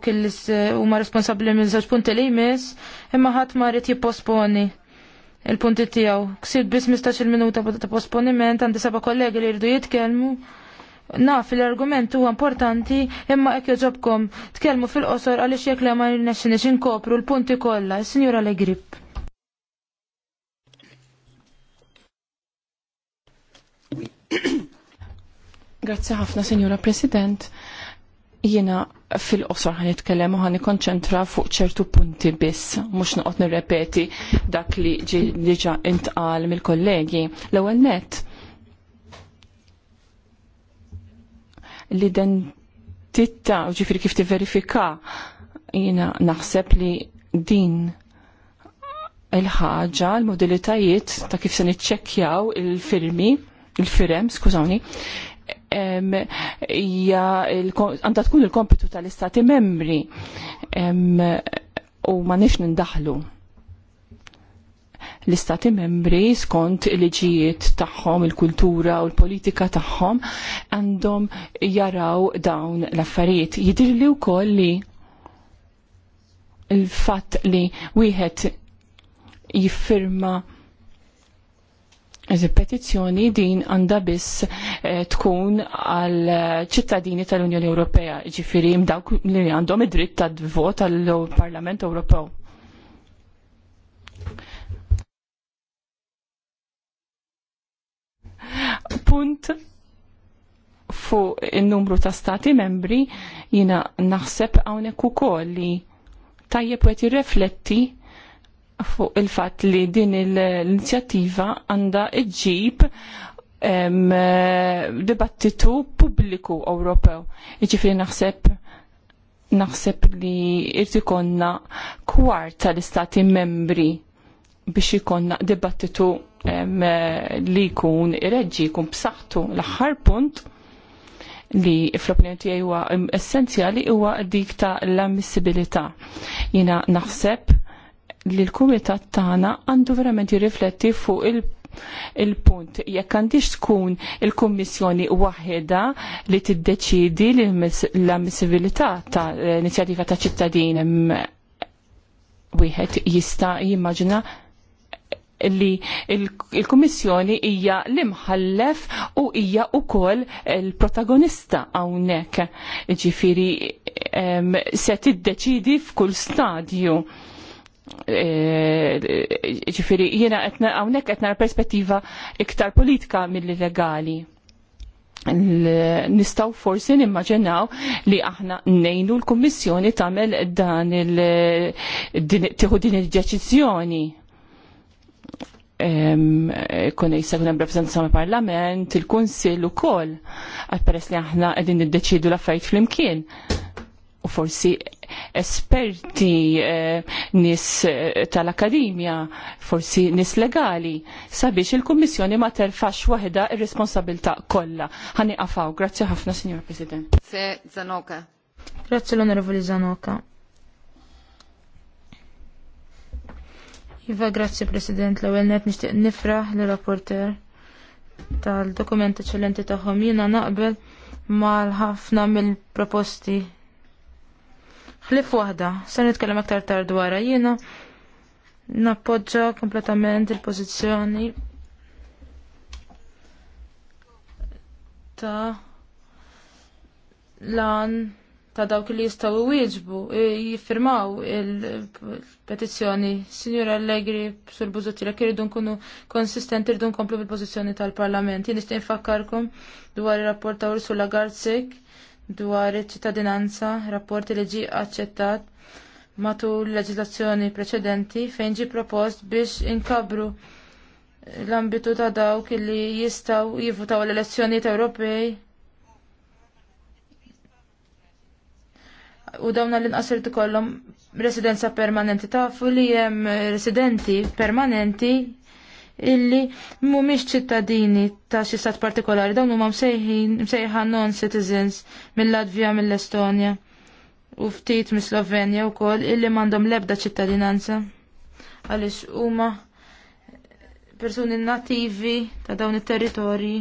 kellis u huma responsabbli minn żewġ punti li jmiss, imma ħadd ma rrid jipposponi il-punti tiegħu. Ksib biss mistax il-minuta ta' posponiment għandi seba' kollegi li rridu jitkellmu. Naf l-argument huwa importanti imma ekk joġobkom tkellmu fil-qosor għaliex jekk le ma jirnexxinix inkopru l-punti kollha, is-Sinjura Le Grip. Grazzi ħafna, Signora President. Jiena fil-qosor ħan nitkellem u ħan ikkonċentra fuq ċertu punti biss, mhux noqgħod nirrepeti dak li ġiġa intqal mill-kollegi. L-ewwel nett l-identità u ġifiri kif t-verifika jiena naħseb li din il-ħaġa, l modilitajiet ta' kif se niċċekkjaw il-firmi, il-firem, skużawni, għanda għandha tkun il-kompitu tal-istati membri u ma nix nindaħlu l-istati membri skont il-liġijiet tagħhom, il-kultura u l-politika tagħhom għandhom jaraw dawn l-affarijiet. Jidirli wkoll li l fatt li wieħed jiffirma Iżi petizzjoni din għanda biss eh, tkun għal ċittadini tal-Unjoni Ewropea, ġifiri mdawk li għandhom id-dritt tad vot għall-Parlament Ewropew. Punt fu il-numru ta' stati membri jina naħseb għawnek u li tajjeb għet jirrefletti fuq il-fat li din l-inizjattiva għanda iġġib dibattitu pubbliku Ewropew. Iġifiri naħseb naħseb li irtikonna kwart tal-istati membri biex ikonna dibattitu em, li jkun irreġi jkun b'saħħtu l-aħħar punt li fl-opinjoni huwa essenzjali huwa dik ta' l-ammissibilità. Jiena naħseb li l-kumitat tagħna għandu verament jirrifletti fuq il- il-punt jekk għandix tkun il-kummissjoni waħda li tiddeċidi l-ammissibilità ta' inizjattiva ta' ċittadin wieħed jista' jimmaġina li il-Kummissjoni hija l-imħallef u hija wkoll il-protagonista hawnhekk. Ġifieri se tiddeċidi f'kull stadju Eh, ġifiri, jena għawnek għetna perspettiva iktar politika mill-legali. Nistaw forsi nimmaġinaw li aħna nejnu l-Kommissjoni tamel dan il-tiħu din il-deċizjoni. Kuna jissa kunem rappresentanza ma' parlament, il-Kunsil u kol, għal peress li aħna għedin id-deċidu l-affajt fl-imkien u forsi esperti eh, nis eh, tal-akademja, forsi nis legali, sabiex il-Kummissjoni ma terfax waħda ir-responsabilta kollha. Ħani qafaw, grazzi ħafna, Signor President. Se Zanoka. Grazzi l-Onorevoli Zanoka. Iva, grazzi President, l-ewwel net nixtieq nifraħ l rapporter tal-dokument eċċellenti tagħhom jiena naqbel mal-ħafna mill-proposti Ħlif waħda, se nitkellem aktar tard dwarha jiena nappoġġa kompletament il-pożizzjoni ta' lan ta' dawk li jistaw wieġbu, jiffirmaw il petizzjoni Signora Allegri, sur Buzotti, la kirridu nkunu konsistenti, rridu nkomplu bil pożizzjoni tal-Parlament. Jien nixtieq infakkarkom dwar ir-rapport ta' Ursula Garzik dwar iċ-ċittadinanza, rapport li ġie aċċettat matul leġislazzjoni preċedenti fejn ġie propost biex inkabru l-ambitu ta' dawk li jistgħu jivvutaw l-elezzjonijiet Ewropej u dawna l-inqasir tikollhom residenza permanenti tafu li hemm residenti permanenti illi mhumiex ċittadini ta' xi stat partikolari dawn huma msejħa non citizens mill-Latvja mill-Estonja u ftit mis-Slovenja wkoll illi m'għandhom l-ebda ċittadinanza għaliex huma persuni nativi ta' dawn it-territorji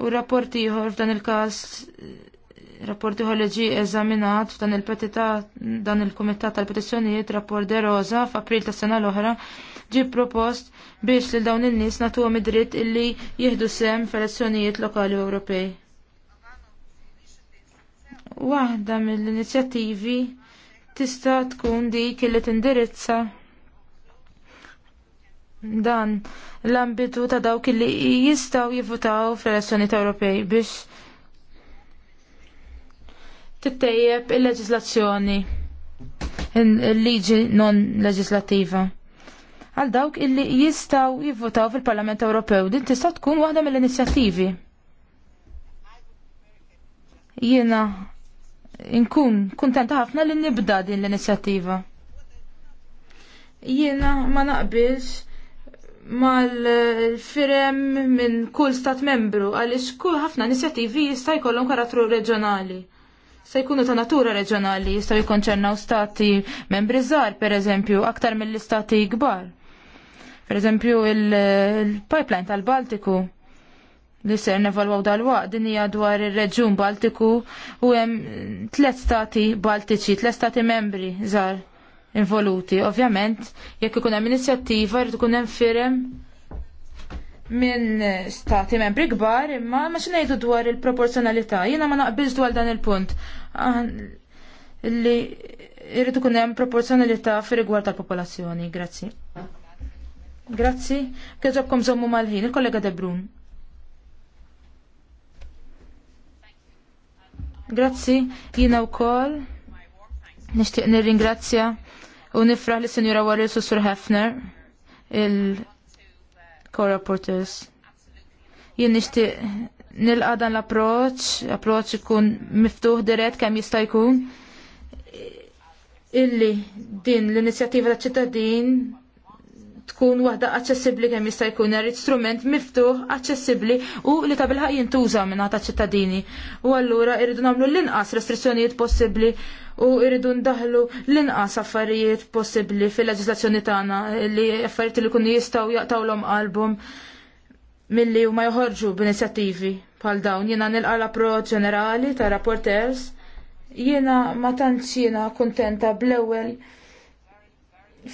u rapport ieħor f'dan il-każ Rapporti uħor eżaminat f'dan il-petita dan il-Kumitat tal-Petizzjonijiet rapport De Rosa f'April ta' sena l-oħra ġi propost biex lil dawn in-nies nagħtuhom id-dritt illi jieħdu sem f'elezzjonijiet lokali Ewropej. Waħda mill-inizjattivi tista' tkun dik illi tindirizza dan l-ambitu ta' dawk li jistaw jivutaw fl elezzjoni ta' Ewropej biex tittejjeb il-leġislazzjoni il-liġi non leġislativa. Għal dawk illi jistaw jivvotaw fil-Parlament Ewropew din tista' tkun waħda mill-inizjattivi. Jiena nkun kuntenta ħafna li nibda din l-inizjattiva. Jiena ma naqbilx mal-firem minn kull stat membru għaliex kull ħafna inizjattivi jista' jkollhom karattru reġjonali se jkunu ta' natura reġjonali jistgħu jikkonċernaw stati membri żgħar pereżempju aktar mill-istati kbar. Pereżempju il-pipeline tal-Baltiku li ser nevalwaw dal-waqt din hija dwar ir-Reġjun Baltiku u hemm tliet stati Baltiċi, tliet stati membri żgħar involuti. Ovvjament, jekk ikun hemm inizjattiva jrid ikun hemm firem minn stati membri kbar imma ma xinejdu dwar il-proporzjonalità. Jiena ma naqbilx dwar dan il-punt li irridu kunem hemm proporzjonalità fir rigward tal-popolazzjoni. Grazzi. Grazzi. Kieġobkom żommu mal-ħin, il-kollega De Brun. Grazzi, jiena wkoll nixtieq nirringrazzja u nifraħ li Sinjura u Sur Hefner il- co rapporteurs Jien nixtieq nilqa dan l-approċ, approċ ikun miftuħ dirett kemm jista' jkun illi din l-inizjattiva ta' ċittadin tkun waħda aċċessibbli kemm jista' jkun hemm istrument miftuħ aċċessibbli u li ta' bilħaq jintuża minn ta' ċittadini. U allura irridu nagħmlu l-inqas restrizzjonijiet possibbli u irridu ndaħlu l-inqas affarijiet possibbli fil-leġislazzjoni tagħna li affarijiet li jkunu jistgħu jaqtawlhom qalbhom milli huma joħorġu b'inizjattivi bħal dawn. Jiena nilqa l ġenerali ta' rapporters. Jiena ma tantx jiena kuntenta bl-ewwel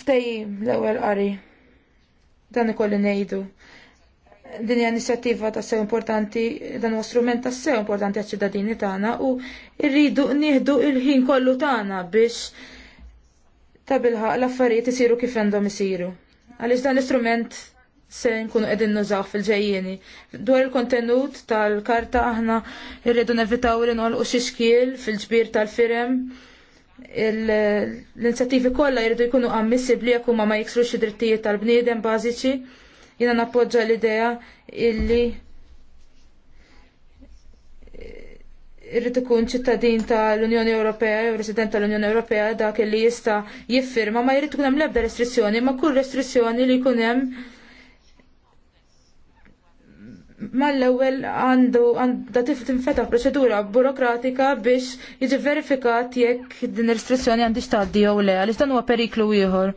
ftejim l-ewwel qari Dan ikolli ngħidu. Din hija inizjattiva ta' sew importanti, dan huwa strument ta' sew importanti għaċ-ċittadini tagħna u rridu nieħdu il-ħin kollu tagħna biex tabilħaq l-affarijiet isiru kif għandhom isiru. Għaliex dan l-istrument se nkunu qegħdin nużaw fil-ġejjieni. Dwar il-kontenut tal-karta aħna rridu nevitaw li nolqu xi xkiel fil-ġbir tal-firem l-inizjattivi kollha jridu jkunu ammissibbli jekk huma ma jiksrux id-drittijiet tal-bniedem bażiċi. Jiena nappoġġa l-idea illi irrid ikun ċittadin tal-Unjoni Ewropea jew resident tal-Unjoni Ewropea dak li jista' jiffirma ma jrid ikun hemm l-ebda restrizzjoni, ma kull restrizzjoni li jkun hemm mal-ewwel għandu għandha tinfetaħ proċedura burokratika biex jiġi verifikat jekk din restrizzjoni għandi x'taddi jew le għaliex dan huwa periklu ieħor.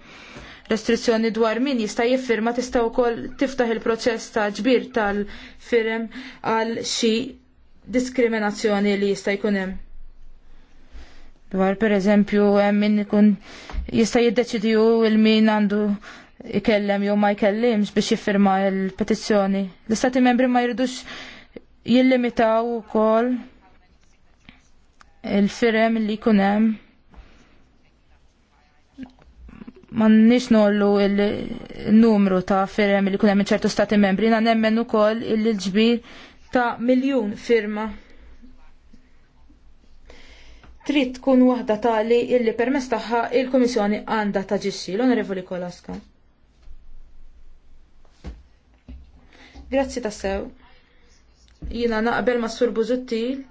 Restrizzjoni dwar min jista' jiffirma tista' wkoll tiftaħ il-proċess ta' ġbir tal firm għal xi diskriminazzjoni li jista' jkun hemm. Dwar pereżempju hemm min ikun jista' jiddeċidiju il min għandu ikellem jew ma jkellimx biex jiffirma l-petizzjoni. L-istati membri ma jridux jillimitaw ukoll il-firem li jkun hemm. Ma nix nollu il-numru ta' firem li jkun hemm ċertu stati membri, na nemmen ukoll il-ġbir ta' miljun firma trid tkun waħda tali illi permess tagħha il-Kummissjoni għandha taġixxi l-Onorevoli Kolaska. Grazzi tassew. Jina naqbel ma' Sur Buzuttil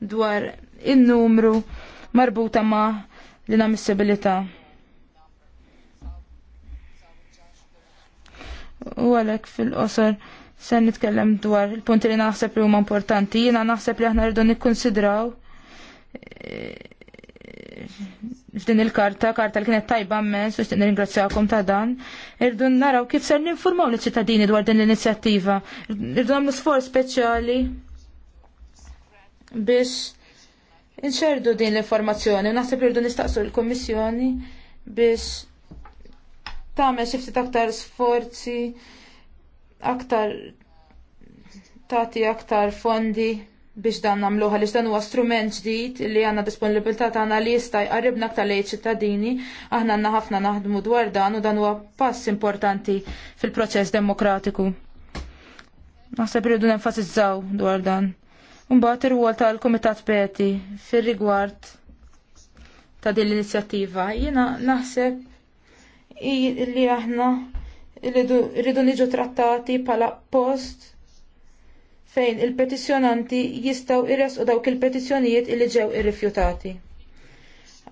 dwar in-numru marbuta ma' l-inammissibilità. U għalek fil-qosor se nitkellem dwar il-punti li naħseb li huma importanti. Jina naħseb li aħna rridu nikkonsidraw f'din il-karta, karta li kienet tajba mmen, u xtiq ringrazzjakom ta' dan. Irdu naraw kif ser ninformaw li ċittadini dwar din l-inizjattiva. Irdu għamlu sforz speċjali biex inċerdu din l-informazzjoni. Naħseb irdu nistaqsu l-Kommissjoni biex tagħmel xifti ftit aktar sforzi, aktar tagħti aktar fondi biex dan namluħa li dan huwa strument ġdid li għandna disponibilità tagħna li jista' jqarribna naktar lejn ċittadini, aħna għandna ħafna naħdmu dwar dan u dan huwa pass importanti fil-proċess demokratiku. Naħseb irridu nenfasizzaw dwar dan. Mbagħad ir-rwol tal-Kumitat Peti fir-rigward ta' din l-inizjattiva. Jiena naħseb li aħna rridu niġu trattati bħala post fejn il-petizjonanti jistaw u dawk il-petizjonijiet illi ġew irrifjutati.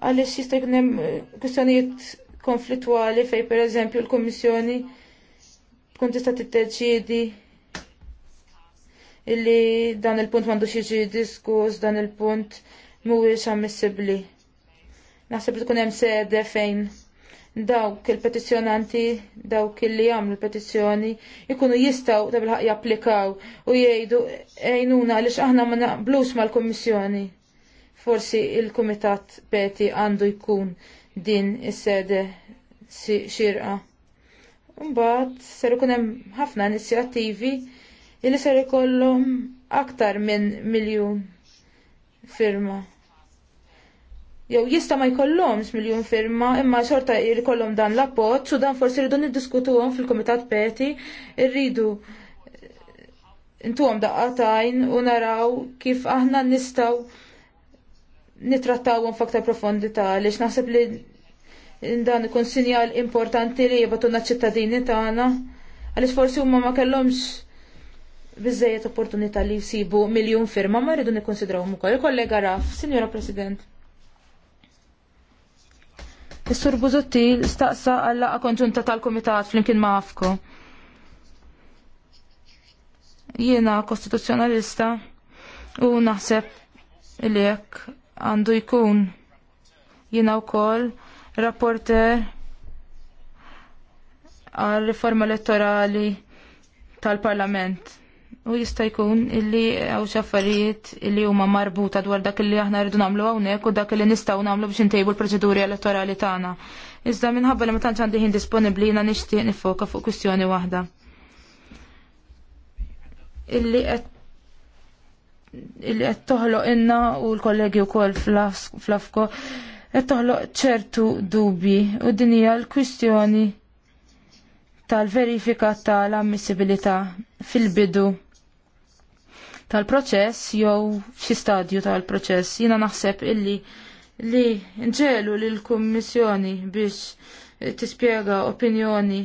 Għaliex jista' jkun hemm eh, kwistjonijiet konflittwali fejn pereżempju l-Kummissjoni kun tista' tiddeċiedi illi dan il-punt m'għandux jiġi diskuss, dan il-punt mhuwiex ammissibbli. Naħseb li tkun hemm sede fejn dawk il-petizjonanti, dawk il-li għamlu petizjoni, ikunu jistaw dabilħaq japplikaw u jgħidu għajnuna li aħna ma naqblux mal-Kommissjoni. Forsi il-Komitat Peti għandu jkun din is-sede xirqa. Mbagħad ser ikun hemm ħafna inizjattivi li ser ikollhom aktar minn miljun firma jew jista' ma jkollhomx miljun firma imma xorta jkollhom dan l-appoġġ u dan forsi rridu niddiskutuhom fil-Kumitat Peti, rridu intuhom daqqatajn u naraw kif aħna nistgħu nitrattawhom f'aktar profondità għaliex naħseb li dan ikun sinjal importanti li jibatuna ċittadini tagħna għaliex forsi huma ma kellhomx bizzejiet opportunità li jsibu miljun firma ma rridu nikkonsidrawhom ukoll. Il-kollega Raf, Sinjora President. Is-Sur Buzuttil staqsa għall-laqa konġunta tal-Kumitat flimkien ma' afko. Jiena kostituzzjonalista u naħseb li jekk għandu jkun jiena wkoll rapporter għal riforma elettorali tal-Parlament u jista' jkun illi hawn xi affarijiet illi huma marbuta dwar dak illi aħna rridu nagħmlu hawnhekk u dak illi nistgħu nagħmlu biex intejbu l-proċeduri elettorali tagħna. Iżda minħabba li ma tantx għandi ħin disponibbli jiena nixtieq nifoka fuq kwistjoni waħda. Illi qed illi qed toħloq inna u l-kollegi wkoll fl-afko qed toħloq ċertu dubji u din hija l-kwistjoni tal-verifika tal-ammissibilità fil-bidu tal-proċess jew xi stadju tal-proċess. Jiena naħseb illi li nġelu l kummissjoni biex eh, tispjega opinjoni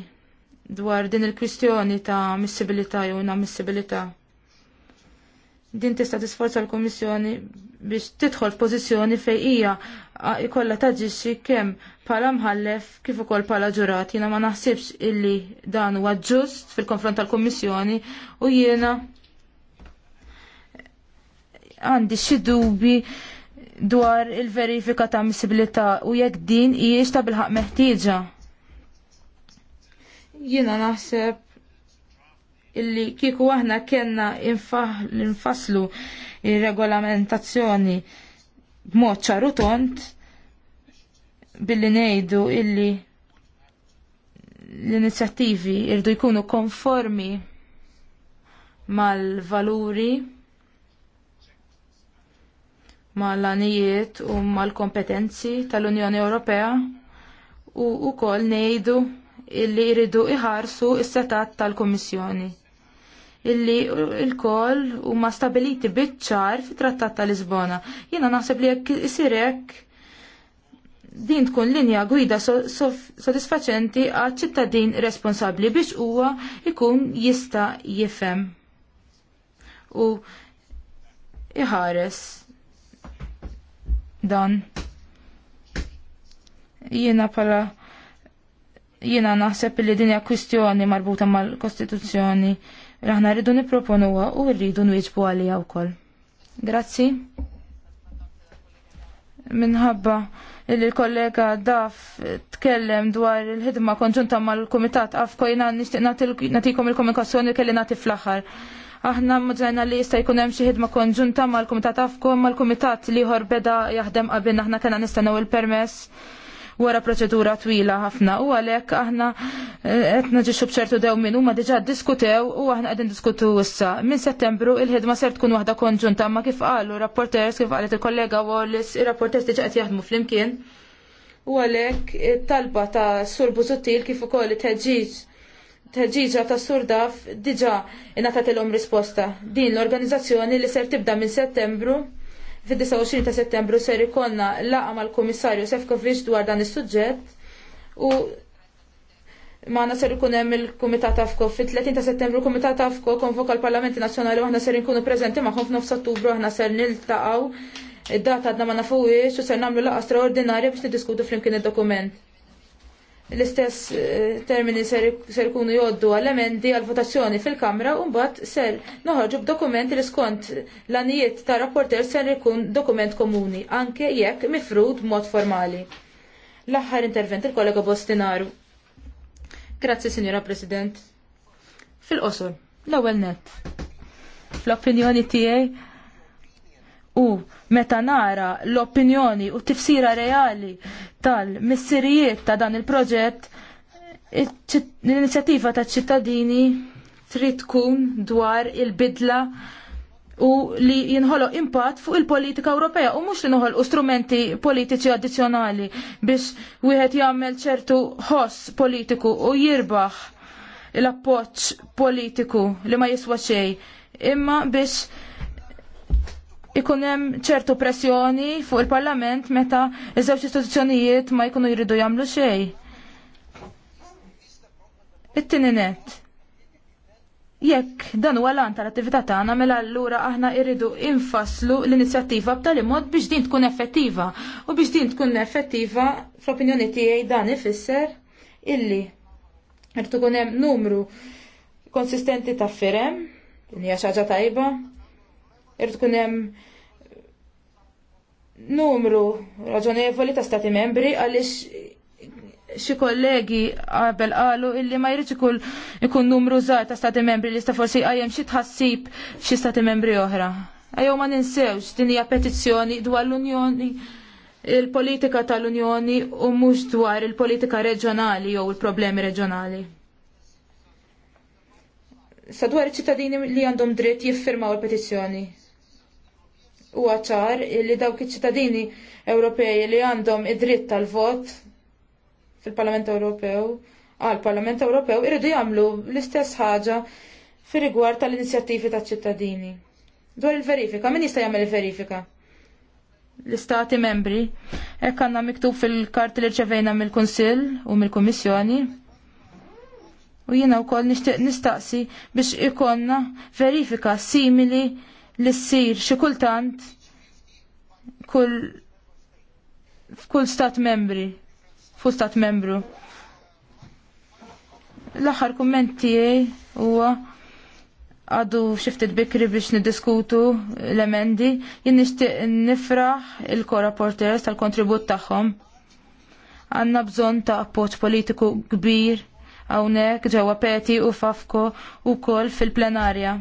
dwar din il-kwistjoni ta' ammissibilità jew inammissibilità. Din tista' tisforza l-Kummissjoni biex tidħol f'pożizzjoni fejn hija ikolla taġixxi kemm bħala mħallef kif ukoll bħala ġurat. Jiena ma naħsibx illi dan huwa ġust fil-konfront tal-Kummissjoni u jiena għandi xi dubi dwar il-verifika ta' ammissibilità u jekk din hijiex ta' bilħaq meħtieġa. Jiena naħseb illi kieku aħna kellna infaslu ir-regolamentazzjoni b'mod ċaru tont billi ngħidu illi l-inizjattivi irdu jkunu konformi mal-valuri mal-anijiet u mal-kompetenzi tal-Unjoni Ewropea u wkoll ngħidu illi jridu iħarsu s setat tal-Kummissjoni illi il huma stabiliti biċ-ċar fit-Trattat ta' Lisbona. Jiena naħseb li jekk isir hekk din tkun linja gwida sodisfaċenti għal ċittadin responsabli biex huwa ikun jista' jifhem u iħares dan. Jiena pala jiena naħseb li dinja kwistjoni marbuta mal-Kostituzzjoni aħna rridu nipproponuha u rridu nwieġbu għalija wkoll. Grazzi. Minħabba li l-kollega Daf tkellem dwar il-ħidma konġunta mal-Kumitat għafko jiena nixtieq nagħtikom il-komunikazzjoni kelli nagħti fl-aħħar. Aħna mudżajna li jista' jkun hemm xi ħidma konġunta mal-kumitat afkom mal-kumitat li ieħor beda jaħdem qabel aħna kena nistennew il-permess wara proċedura twila ħafna u għalhekk aħna eh, qed naġixxu b'ċertu dew minn huma diġà ddiskutew u aħna qegħdin diskutu issa. Minn Settembru il-ħidma ser tkun waħda konġunta ma kif qalu rapporters kif qalet il-kollega Wallis, ir-rapporters diġà qed jaħdmu flimkien. U għalhekk it-talba ta' Sur Busuttil kif ukoll it-teġġiġ teġiġa ta' surdaf diġa inatat l-om risposta. Din l-organizzazzjoni li ser tibda minn settembru, fid-29 ta' settembru ser ikonna laqa mal komissarju Sefkovic dwar dan is-suġġett u maħna ser ikun hemm il-Kumitat Afko. Fit-30 ta' settembru Kumitat Afko konvoka l-Parlamenti Nazzjonali u aħna ser inkunu preżenti magħhom f'nofs Ottubru aħna ser niltaqgħu id-data għadna ma nafuwiex u ser nagħmlu laqgħa straordinarja biex nidiskutu flimkien id-dokument l-istess eh, termini ser ikunu joddu għall-emendi għal-votazzjoni fil-Kamra u mbagħad ser noħorġu b'dokument li skont l-anijiet ta' rapporter ser ikun dokument komuni, anke jekk mifrud b'mod formali. L-aħħar intervent il-kollega Bostinaru. Grazzi, signora President. Fil-qosor, l-ewwel net. Fl-opinjoni tiegħi u meta nara l-opinjoni u tifsira reali tal-missirijiet ta' dan il-proġett, l-inizjattiva ta' ċittadini trid tkun dwar il-bidla u li jinħoloq impatt fuq il-politika Ewropea u mhux li u strumenti politiċi addizzjonali biex wieħed jagħmel ċertu ħoss politiku u jirbaħ l-appoġġ politiku li ma jiswa xejn imma biex ikun hemm ċertu pressjoni fuq il-Parlament meta iż-żewġ istituzzjonijiet ma jkunu jridu jagħmlu xejn. It-tieni net. Jekk dan huwa lan tal-attività tagħna mela allura aħna jridu infasslu l-inizjattiva b'tali mod biex din tkun effettiva u biex din tkun effettiva fl-opinjoni tiegħi dan ifisser illi qed ikun hemm numru konsistenti ta' firem, li hija xi ħaġa tajba, Irrid tkun hemm numru raġonevoli ta' stati membri għaliex xi kollegi qabel qalu illi ma jridx ikun ikun numru żgħar ta' stati membri li sta forsi qajjem xi tħassib xi stati membri oħra. Ejjew ma ninsewx din hija petizzjoni dwar l-Unjoni il-politika tal-Unjoni u mhux dwar il-politika reġjonali jew il-problemi reġjonali dwar iċ-ċittadini li għandhom dritt jiffirmaw il-petizzjoni u ċar li dawk iċ-ċittadini Ewropej li għandhom id-dritt tal-vot fil-Parlament Ewropew għal Parlament Ewropew irridu jagħmlu l-istess ħaġa fir rigward tal-inizjattivi taċ-ċittadini. Dwar il-verifika, min jista' jagħmel il-verifika? L-istati membri. Hekk għandna miktub fil karti li rċevejna mill-Kunsill u mill-Kummissjoni. U jiena wkoll nixtieq nistaqsi biex ikonna verifika simili li ssir xi kultant kull f'kull stat membri, fuq stat membru. L-aħħar kumment tiegħi huwa għadu xiftit bikri biex nidiskutu l-emendi, jien nixtieq nifraħ il korraporters tal-kontribut tagħhom. Għandna bżonn ta' appoġġ politiku kbir hawnhekk ġewwa Peti u Fafko wkoll fil-plenarja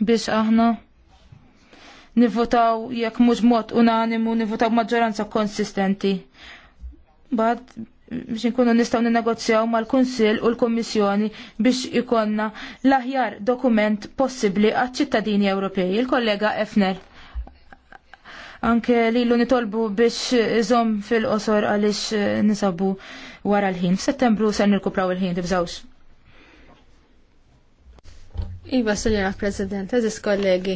biex aħna nivvotaw jekk mhux mod unanimu nivvotaw maġġoranza konsistenti. Bad biex nkunu nistgħu ninnegozjaw mal-Kunsill u l-Kummissjoni biex ikonna l-aħjar dokument possibbli għaċ-ċittadini Ewropej. Il-kollega Efner anke li l nitolbu biex iżom fil-qosor għalix nisabu wara l-ħin. F'Settembru ser nirkupraw il-ħin, tibżawx. Iva, Sinjora President, eżis kollegi.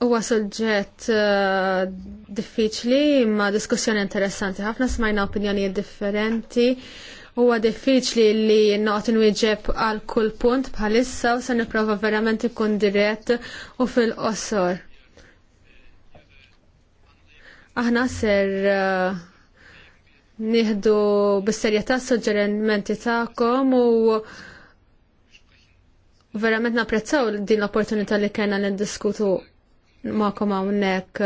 Huwa suġġett eh, diffiċli, imma diskussjoni interessanti. Ħafna smajna opinjonijiet differenti. Huwa diffiċli li noqgħod inwieġeb għal kull punt bħalissa u se nipprova verament ikun dirett u fil-qosor. Aħna ser uh, nieħdu bis-serjetà suġġerimenti tagħkom u verament napprezzaw din l-opportunità li kena li ma koma hawnhekk.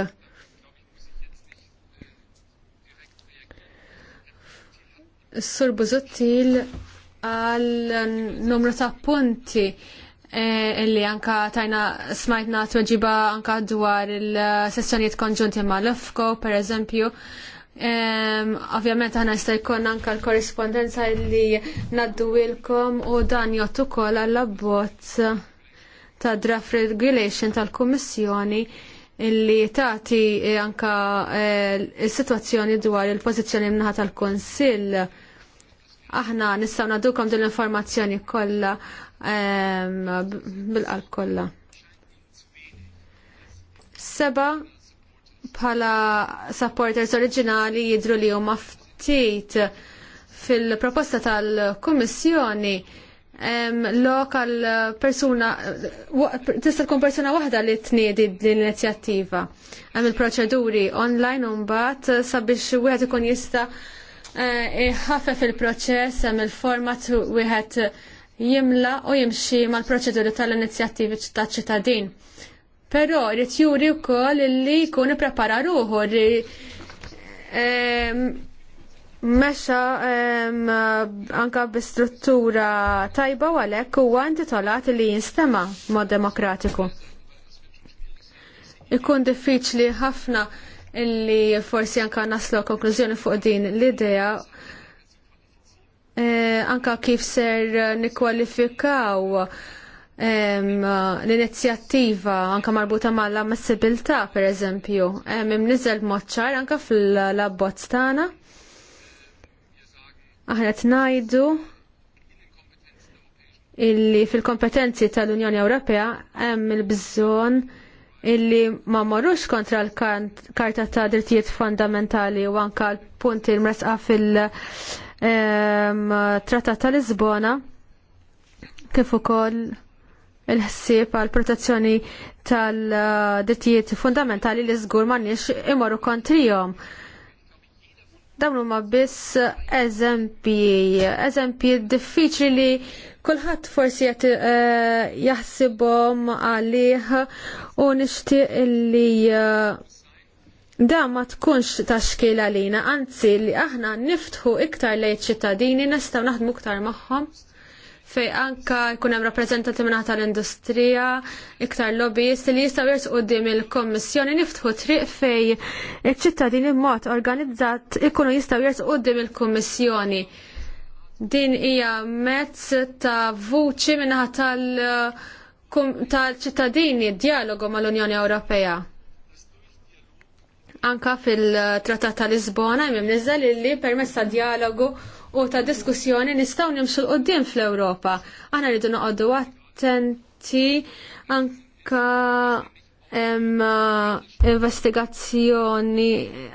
Sur Buzuttil għal numru ta' punti e, illi anka tajna smajtna tweġiba anka dwar il-sessjonijiet konġunti ma' l ufko per eżempju, Ovvjament aħna jista' jkun anke l-korrispondenza li wilkom u dan jottu ukoll għall-abbozz ta' draft regulation tal-Kummissjoni illi tati eh, anka eh, il-sitwazzjoni dwar il-pożizzjoni mnaħa tal-Konsill. Aħna nistgħu nadukom din l-informazzjoni kollha bil-qalb kollha. Seba' bħala supporters oriġinali jidru li huma ftit fil-proposta tal-Kummissjoni lokal persuna tista' tkun persuna waħda li tniedi din l-inizjattiva. Hemm il-proċeduri online u mbagħad sabiex wieħed ikun jista' eh, ħafef il-proċess hemm il-format wieħed jimla u jimxi mal-proċeduri tal-inizjattivi ta' ċittadin. Però rrit juri wkoll illi jkunu ipprepara ruħu li ehm, mexa ehm, anka bi struttura tajba u għalhekk huwa intitolat li jinstema' mod demokratiku. Ikun diffiċli ħafna illi forsi anka naslu konklużjoni fuq din l-idea eh, anka kif ser nikwalifikaw l-inizjattiva anka marbuta ma' l-ammissibilità per eżempju, imniżel moċċar anka fil-labbozz tagħna. Aħna tnajdu illi fil-kompetenzi tal-Unjoni Ewropea hemm il-bżonn illi ma marrux kontra l-Karta ta' Drittijiet Fundamentali u anka l-punti l-mresqa fil-Trattat ta' Lisbona kif ukoll il-ħsieb għal protezzjoni tal-drittijiet fundamentali li żgur m'għandniex imorru kontrihom. Dawn huma biss eżempji, eżempji diffiċli li kulħadd forsi qed eh, jaħsibhom għalih u nixtieq li eh, da ma tkunx ta' xkila lina, anzi li aħna niftħu iktar lejt ċittadini nistgħu naħdmu iktar magħhom fej anka jkun hemm rappreżentanti minn tal-industrija, iktar lobbyist li jistgħu jersqu qudiem il-Kommissjoni niftħu triq fej iċ-ċittadini b'mod organizzat ikunu jistgħu jersqu qudiem il-Kummissjoni. Din hija mezz ta' vuċi minnaħa tal-ċittadini tal dialogu mal-Unjoni Ewropea anka fil-Trattat ta' Lisbona jmim nizzel illi ta' dialogu u ta' diskussjoni nistgħu nimxu l-qoddim fl-Ewropa. Aħna rridu noqogħdu attenti anka investigazzjoni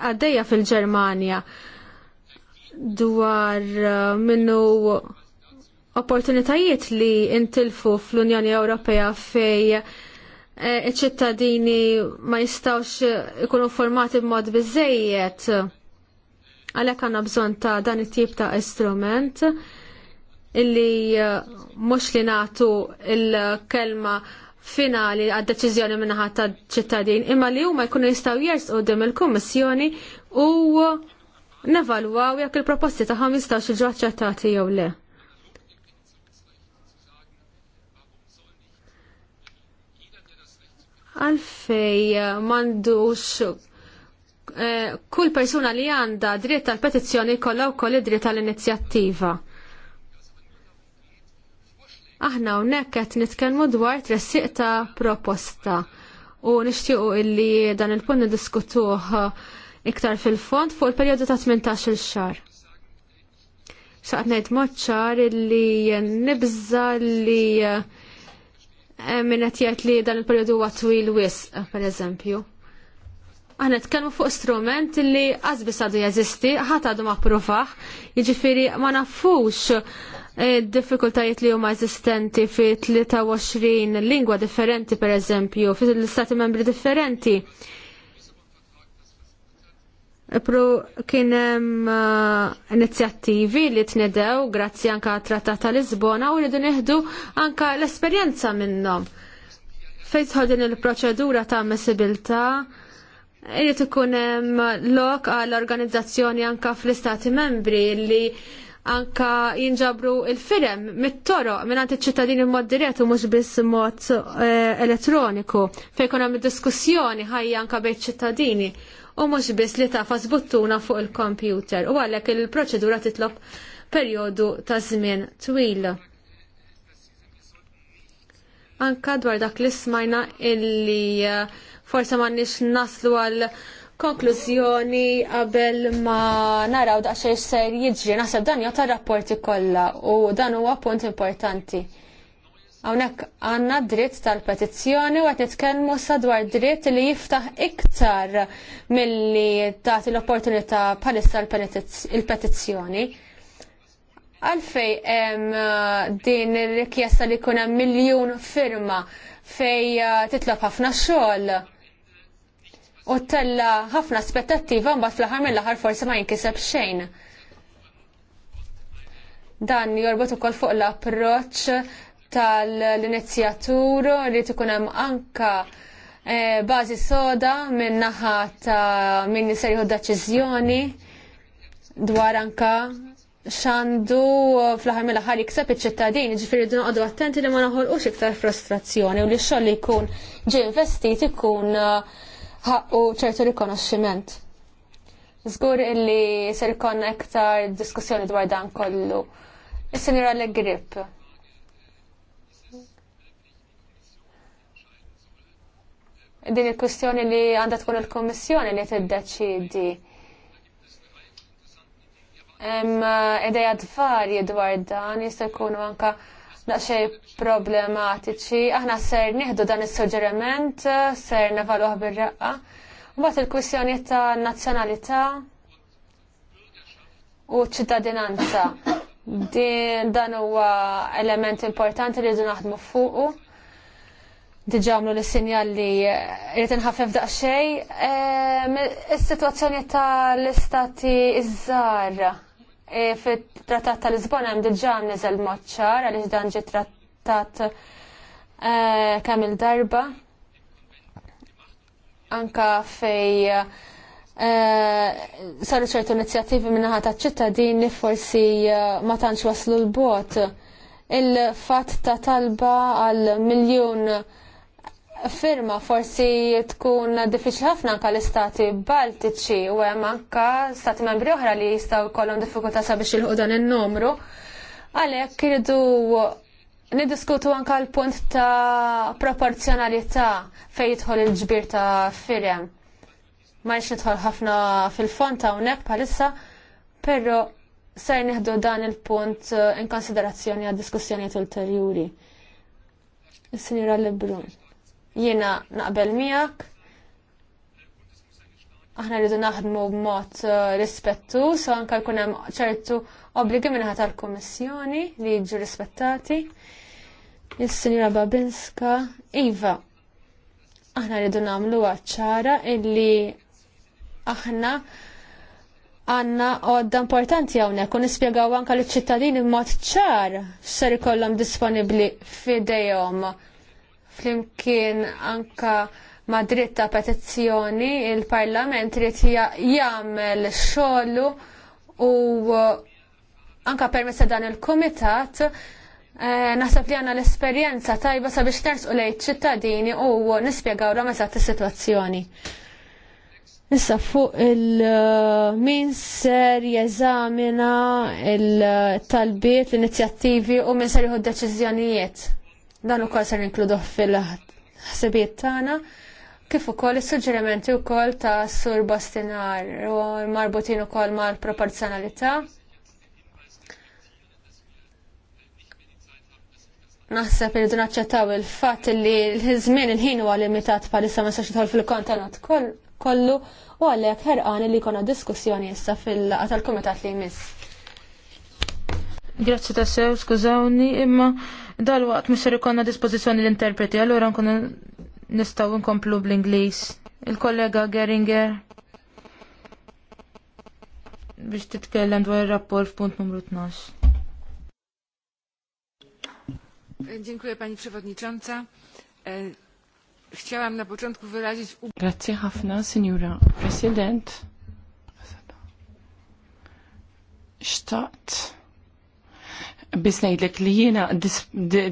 għaddejja fil-Ġermanja dwar minnu opportunitajiet li intilfu fl-Unjoni Ewropea fej e, iċ-ċittadini ma jistawx ikunu formati b'mod biżejjed Għalhekk għandna bżonn ta' dan it-tip ta' istrument illi uh, mhux li nagħtu il-kelma finali għad deċiżjoni minnaħat ta' ċittadin imma li huma jkunu jistgħu u dim il-kummissjoni u nevalwaw jekk il-proposti tagħhom jistaw jiġu aċċettati jew le. Għalfej uh, m'għandux kull persuna li għanda dritt tal petizzjoni kollha wkoll id-dritt tal-inizjattiva. Aħna hawnhekk qed nitkellmu dwar tressieq ta' proposta u nixtiequ illi dan il-punt niddiskutuh iktar fil-fond fuq il-perjodu ta' 18-il xahar. Xaqt ngħid moċċar illi nibża li eh, min qed jgħid li dan il-perjodu huwa twil wisq, pereżempju. Għana tkellmu fuq strument li għazbis għadu jazisti, ħat għadu ma' provaħ, jġifiri ma' nafux eh, diffikultajiet li huma eżistenti fi 23 lingwa differenti per eżempju, fi l-istati membri differenti. Pro kienem eh, inizjattivi li tnedew grazzi anka trattata Lisbona u ridu neħdu anka l-esperjenza minnhom. Fejn il-proċedura ta' ammissibilta' Jiet ikun hemm lok għall organizzazzjoni anka fl-istati membri li anka jinġabru il-firem mit toro minn iċ-ċittadini mod dirett u mhux biss mod eh, elettroniku fejn ikun diskussjoni ħajja anka bejt ċittadini u mhux biss li tafas buttuna fuq il-kompjuter u għalhekk il-proċedura titlob perjodu ta' żmien twil anka dwar dak li smajna illi eh, forse ma nix naslu għal konklużjoni qabel ma naraw daqsxejn ser jiġri naħseb dan jota rapporti kollha u dan huwa punt importanti. Hawnhekk għandna dritt tal-petizzjoni u qed nitkellmu sa dwar dritt li jiftaħ iktar milli tagħti l-opportunità bħalissa l-petizzjoni għalfej hemm din ir-rikjesta li jkun hemm miljun firma fej eh, titlob ħafna xogħol u tella ħafna aspettattiva mbagħad fl-aħħar mill-aħħar forsi ma jinkiseb xejn. Dan jorbot ukoll fuq l-approċċ tal-inizjatur li tkun hemm anka eh, bażi soda minn naħa ta' min jisir deċiżjoni dwar anka xandu eh, fl-ħar mill-ħar jiksab iċ-ċittadin, ġifiri d-dun għadu attenti li ma u iktar frustrazzjoni u li xoll li jkun ġi investit ikun eh, ħaqqu ċertu rikonoxximent. Zgur illi ser ikon iktar diskussjoni dwar dan kollu. Is-sinjora l-grip. Din il-kwistjoni li għandha tkun il-Kommissjoni li tiddeċidi Edeja varji dwar dan jista' jkunu anka naqxej problematiċi. Aħna ser nieħdu dan is-suġġeriment, ser nevaluh bir-raqqa. Mbagħad il-kwissjoni ta' nazzjonalità u ċittadinanza. Dan huwa element importanti li rridu naħdmu fuqu diġamlu li sinjalli rrit nħaffef daqxej. is sitwazzjoni tal-istati iż żgħar E, fit-trattat tal-Lisbona hemm diġà niżel moċċar għaliex dan ġie trattat e, kemm il-darba. Anka fej e, saru ċertu inizjattivi minnaħa ta' ċittadini forsi ma tantx waslu l-bot. Il-fatt ta' talba għal miljun firma forsi tkun diffiċli ħafna anka l-istati baltiċi u hemm anka stati membri oħra li jistgħu jkollhom diffikultà sabiex ilħu dan in-numru. Għalhekk jridu niddiskutu anka l-punt ta' proporzjonalità fejn jidħol il-ġbir ta' firem. Ma jiex nidħol ħafna fil-fond hawnhekk bħalissa, però ser nieħdu dan il-punt in konsiderazzjoni għad diskussjonijiet ulterjuri. Is-Sinjura Lebrun. Jiena naqbel miegħek. Aħna rridu naħdmu b'mod eh, rispettu, so anke jkun hemm ċertu obbligi minħat tal-Kummissjoni li jiġu rispettati. Is-Sinjura Babinska, Iva, aħna rridu nagħmlu ċara illi aħna għanna għodda importanti hawnhekk u nispjegaw anka l-ċittadini mod ċar xser ikollhom disponibli fidejhom flimkien anka ma' ta' petizzjoni il-Parlament trid jagħmel xogħlu u uh, anka ta' dan il-Kumitat eh, naħseb li għanna l-esperienza tajba sabiex nersqu lejt ċittadini u uh, nispjegaw rom eżatt is-sitwazzjoni. Issa fuq il-min uh, ser jeżamina il-talbiet, l-inizjattivi u min ser d deċiżjonijiet. Dan ukoll se ninkluduh fil-ħsibiet tagħna kif ukoll is-suġġerimenti wkoll ta' Sur Bostinar u marbutin ukoll mal-proporzjonalità. Naħseb li naċċettaw il-fatt li l-żmien il-ħin huwa limitat bħalissa ma sax jidħol fil-kontenat kollu u għalhekk ħerqani li jkollna diskussjoni issa fil-laqgħa tal-kumitat li jmiss. Grazzi ta' sew, skużawni, imma dal-waqt mux ikonna dispozizjoni l-interpreti, allura nkunu nistaw nkomplu bl-Inglis. Il-kollega Geringer biex titkellem dwar il-rapport f'punt numru 12. Dziękuję Pani Przewodnicząca. E, chciałam na początku wyrazić... Grazie ħafna, Signora President. Xtaqt bisnejdlek li jiena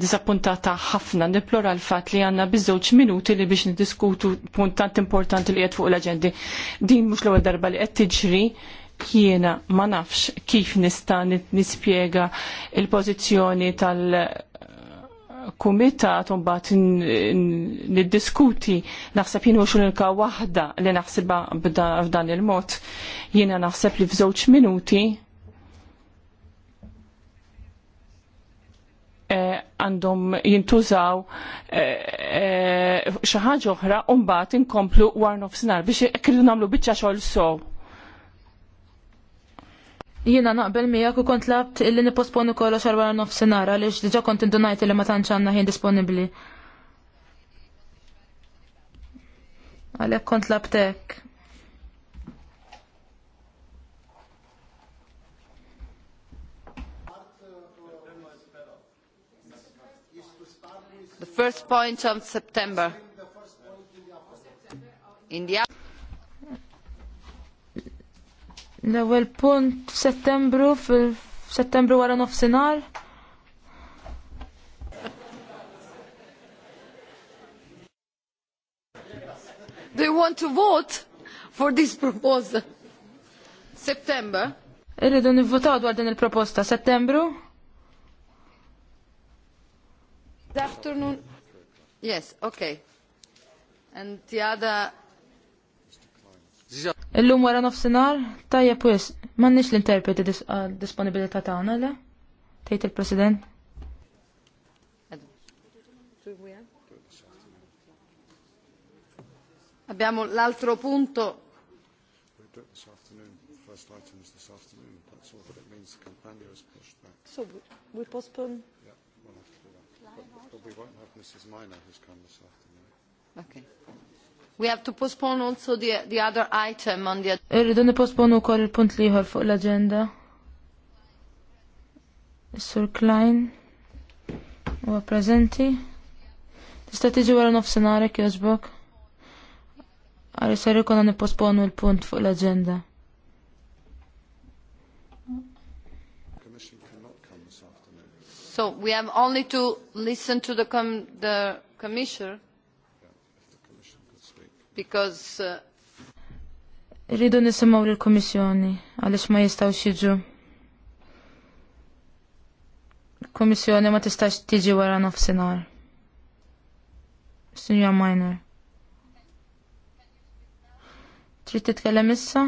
disappuntata ħafna niplora l-fat li għanna bizzoċ minuti li biex nidiskutu punt tant importanti li qed fuq l-aġendi. Din mhux l-ewwel darba li qed tiġri jiena ma nafx kif nista' nispjega il-pożizzjoni tal- kumitat un bat niddiskuti naħseb jien mhux l-unika waħda li naħsibha f'dan il-mod. Jiena naħseb li f'żewġ minuti Eh, għandhom jintużaw eh, eh, xi ħaġa oħra u mbagħad inkomplu war nofsinhar biex kirdu nagħmlu biċċa xogħol sow. Jiena naqbel miegħek u kont labt illi nipposponu xar għal wara nofsinhar għaliex diġà kont indunajt li ma tantx għandna ħin disponibbli. Għalhekk kont labtek. first point of September. India. L-ewwel punt f'Settembru fil-Settembru wara nofsinhar. Do you want to vote for this proposal? September. Irridu nivvotaw dwar din il-proposta Settembru? Good afternoon. Yes, okay. And the other... Illum wara nofsinar, tajja pwis, mannix l-interpreti dis disponibilità tagħna le? Tgħid il-President. Abbiamo l'altro punto. So we postpone we won't have Mrs. Minor who's come this afternoon. Okay. We have to postpone also the, the other item on the... Irridu niposponu kol il-punt liħor fuq l-agenda. Sir Klein. U prezenti. Tista tiġi wara nofsinarek joġbok. Għarri ser konna nipostponu l-punt fuq l-agenda. So we have only to listen to the, com the commissioner because uh, Rridu nisimaw l-Komissjoni għaliex ma jistaw jiġu. Komissjoni ma tistax tiġi wara nofsinhar. Sinja Minor. Trid titkellem issa?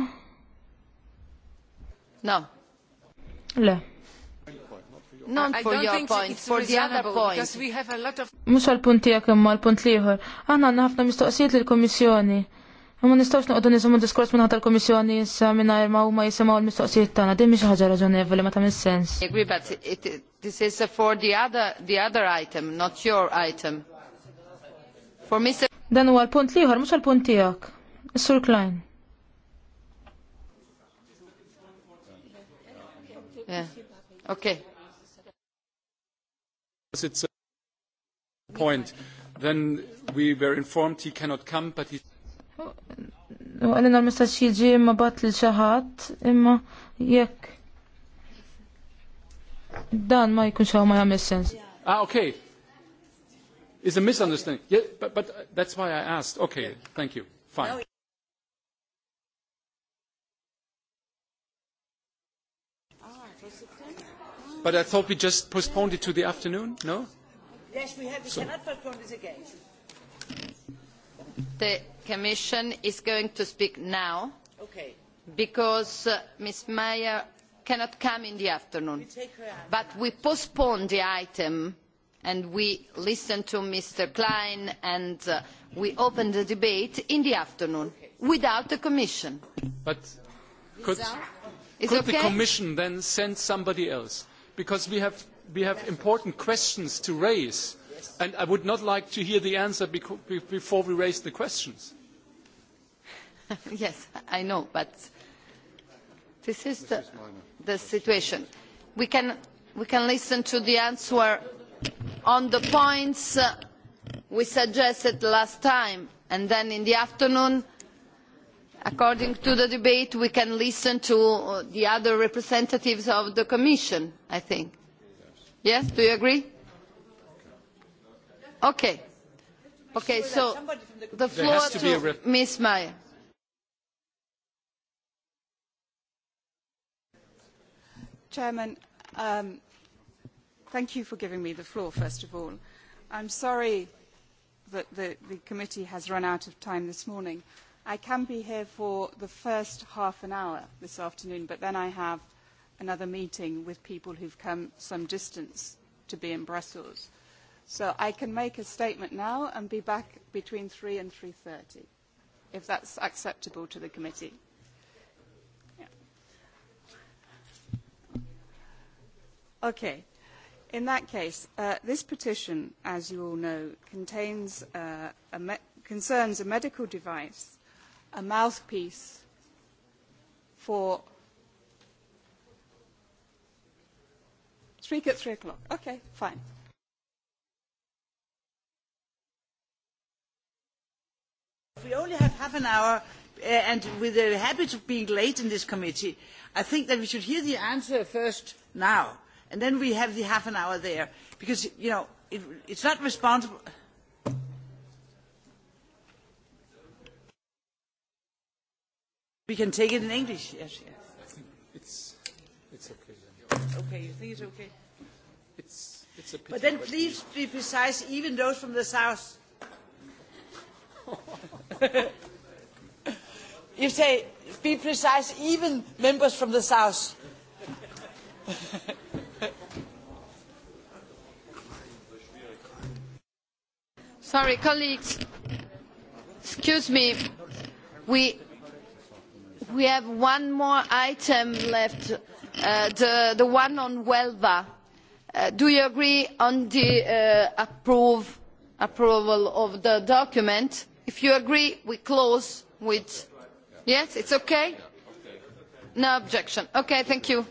No. Le. Not for your point, for the other point. Mux għal-punt tijak imma għal-punt liħor. Għanna għanna ħafna mistoqsijiet l-Komissjoni. Ma nistawx noqdu nisimu diskors minn ħata l-Komissjoni issa minna ma huma jisimaw l-mistoqsijiet tagħna, din mhix ħaġa raġonevoli ma tagħmel sens. Agree, but it, this is for the other the other item, not your item. For Mr. Dan huwa l-punt liħor, mhux għal-punt tiegħek. Sur Klein. Yeah. Okay because It's a point. Then we were informed he cannot come, but he... Għalina l-mistax jieġi imma bat l ċaħat, imma jekk. Dan ma jkun xaw ma jgħamil sens. Ah, okay. It's a misunderstanding. Yeah, but, but that's why I asked. Okay, thank you. Fine. But I thought we just postponed it to the afternoon, no? Yes, we have. We so. cannot postpone this again. The Commission is going to speak now. Okay. Because uh, Ms. Meyer cannot come in the afternoon. We take her out. But we postpone the item and we listen to Mr. Klein and uh, we open the debate in the afternoon okay. without the Commission. But could, could okay? the Commission then send somebody else? because we have, we have important questions to raise. And I would not like to hear the answer before we raise the questions. yes, I know, but this is the, the situation. We can, we can listen to the answer on the points uh, we suggested last time, and then in the afternoon according to the debate, we can listen to the other representatives of the Commission, I think. Yes, do you agree? Okay. Okay, so the floor to Ms. Meyer. Chairman, um, thank you for giving me the floor, first of all. I'm sorry that the, the committee has run out of time this morning. I can be here for the first half an hour this afternoon, but then I have another meeting with people who've come some distance to be in Brussels. So I can make a statement now and be back between 3 and 3.30, if that's acceptable to the committee. Yeah. Okay. In that case, uh, this petition, as you all know, contains, uh, a me concerns a medical device a mouthpiece for Speak at three o'clock. Okay, fine. We only have half an hour, uh, and with the habit of being late in this committee, I think that we should hear the answer first now, and then we have the half an hour there, because, you know, it, it's not responsible. We can take it in English. Yes, yes. I think it's, it's okay. Then. Okay, you think it's okay? It's, it's a pity, but then please be precise, even those from the south. you say, be precise, even members from the south. Sorry, colleagues. Excuse me. We we have one more item left, uh, the, the one on WELVA. Uh, do you agree on the uh, approve, approval of the document? If you agree, we close with... Yes, it's okay? No objection. Okay, thank you.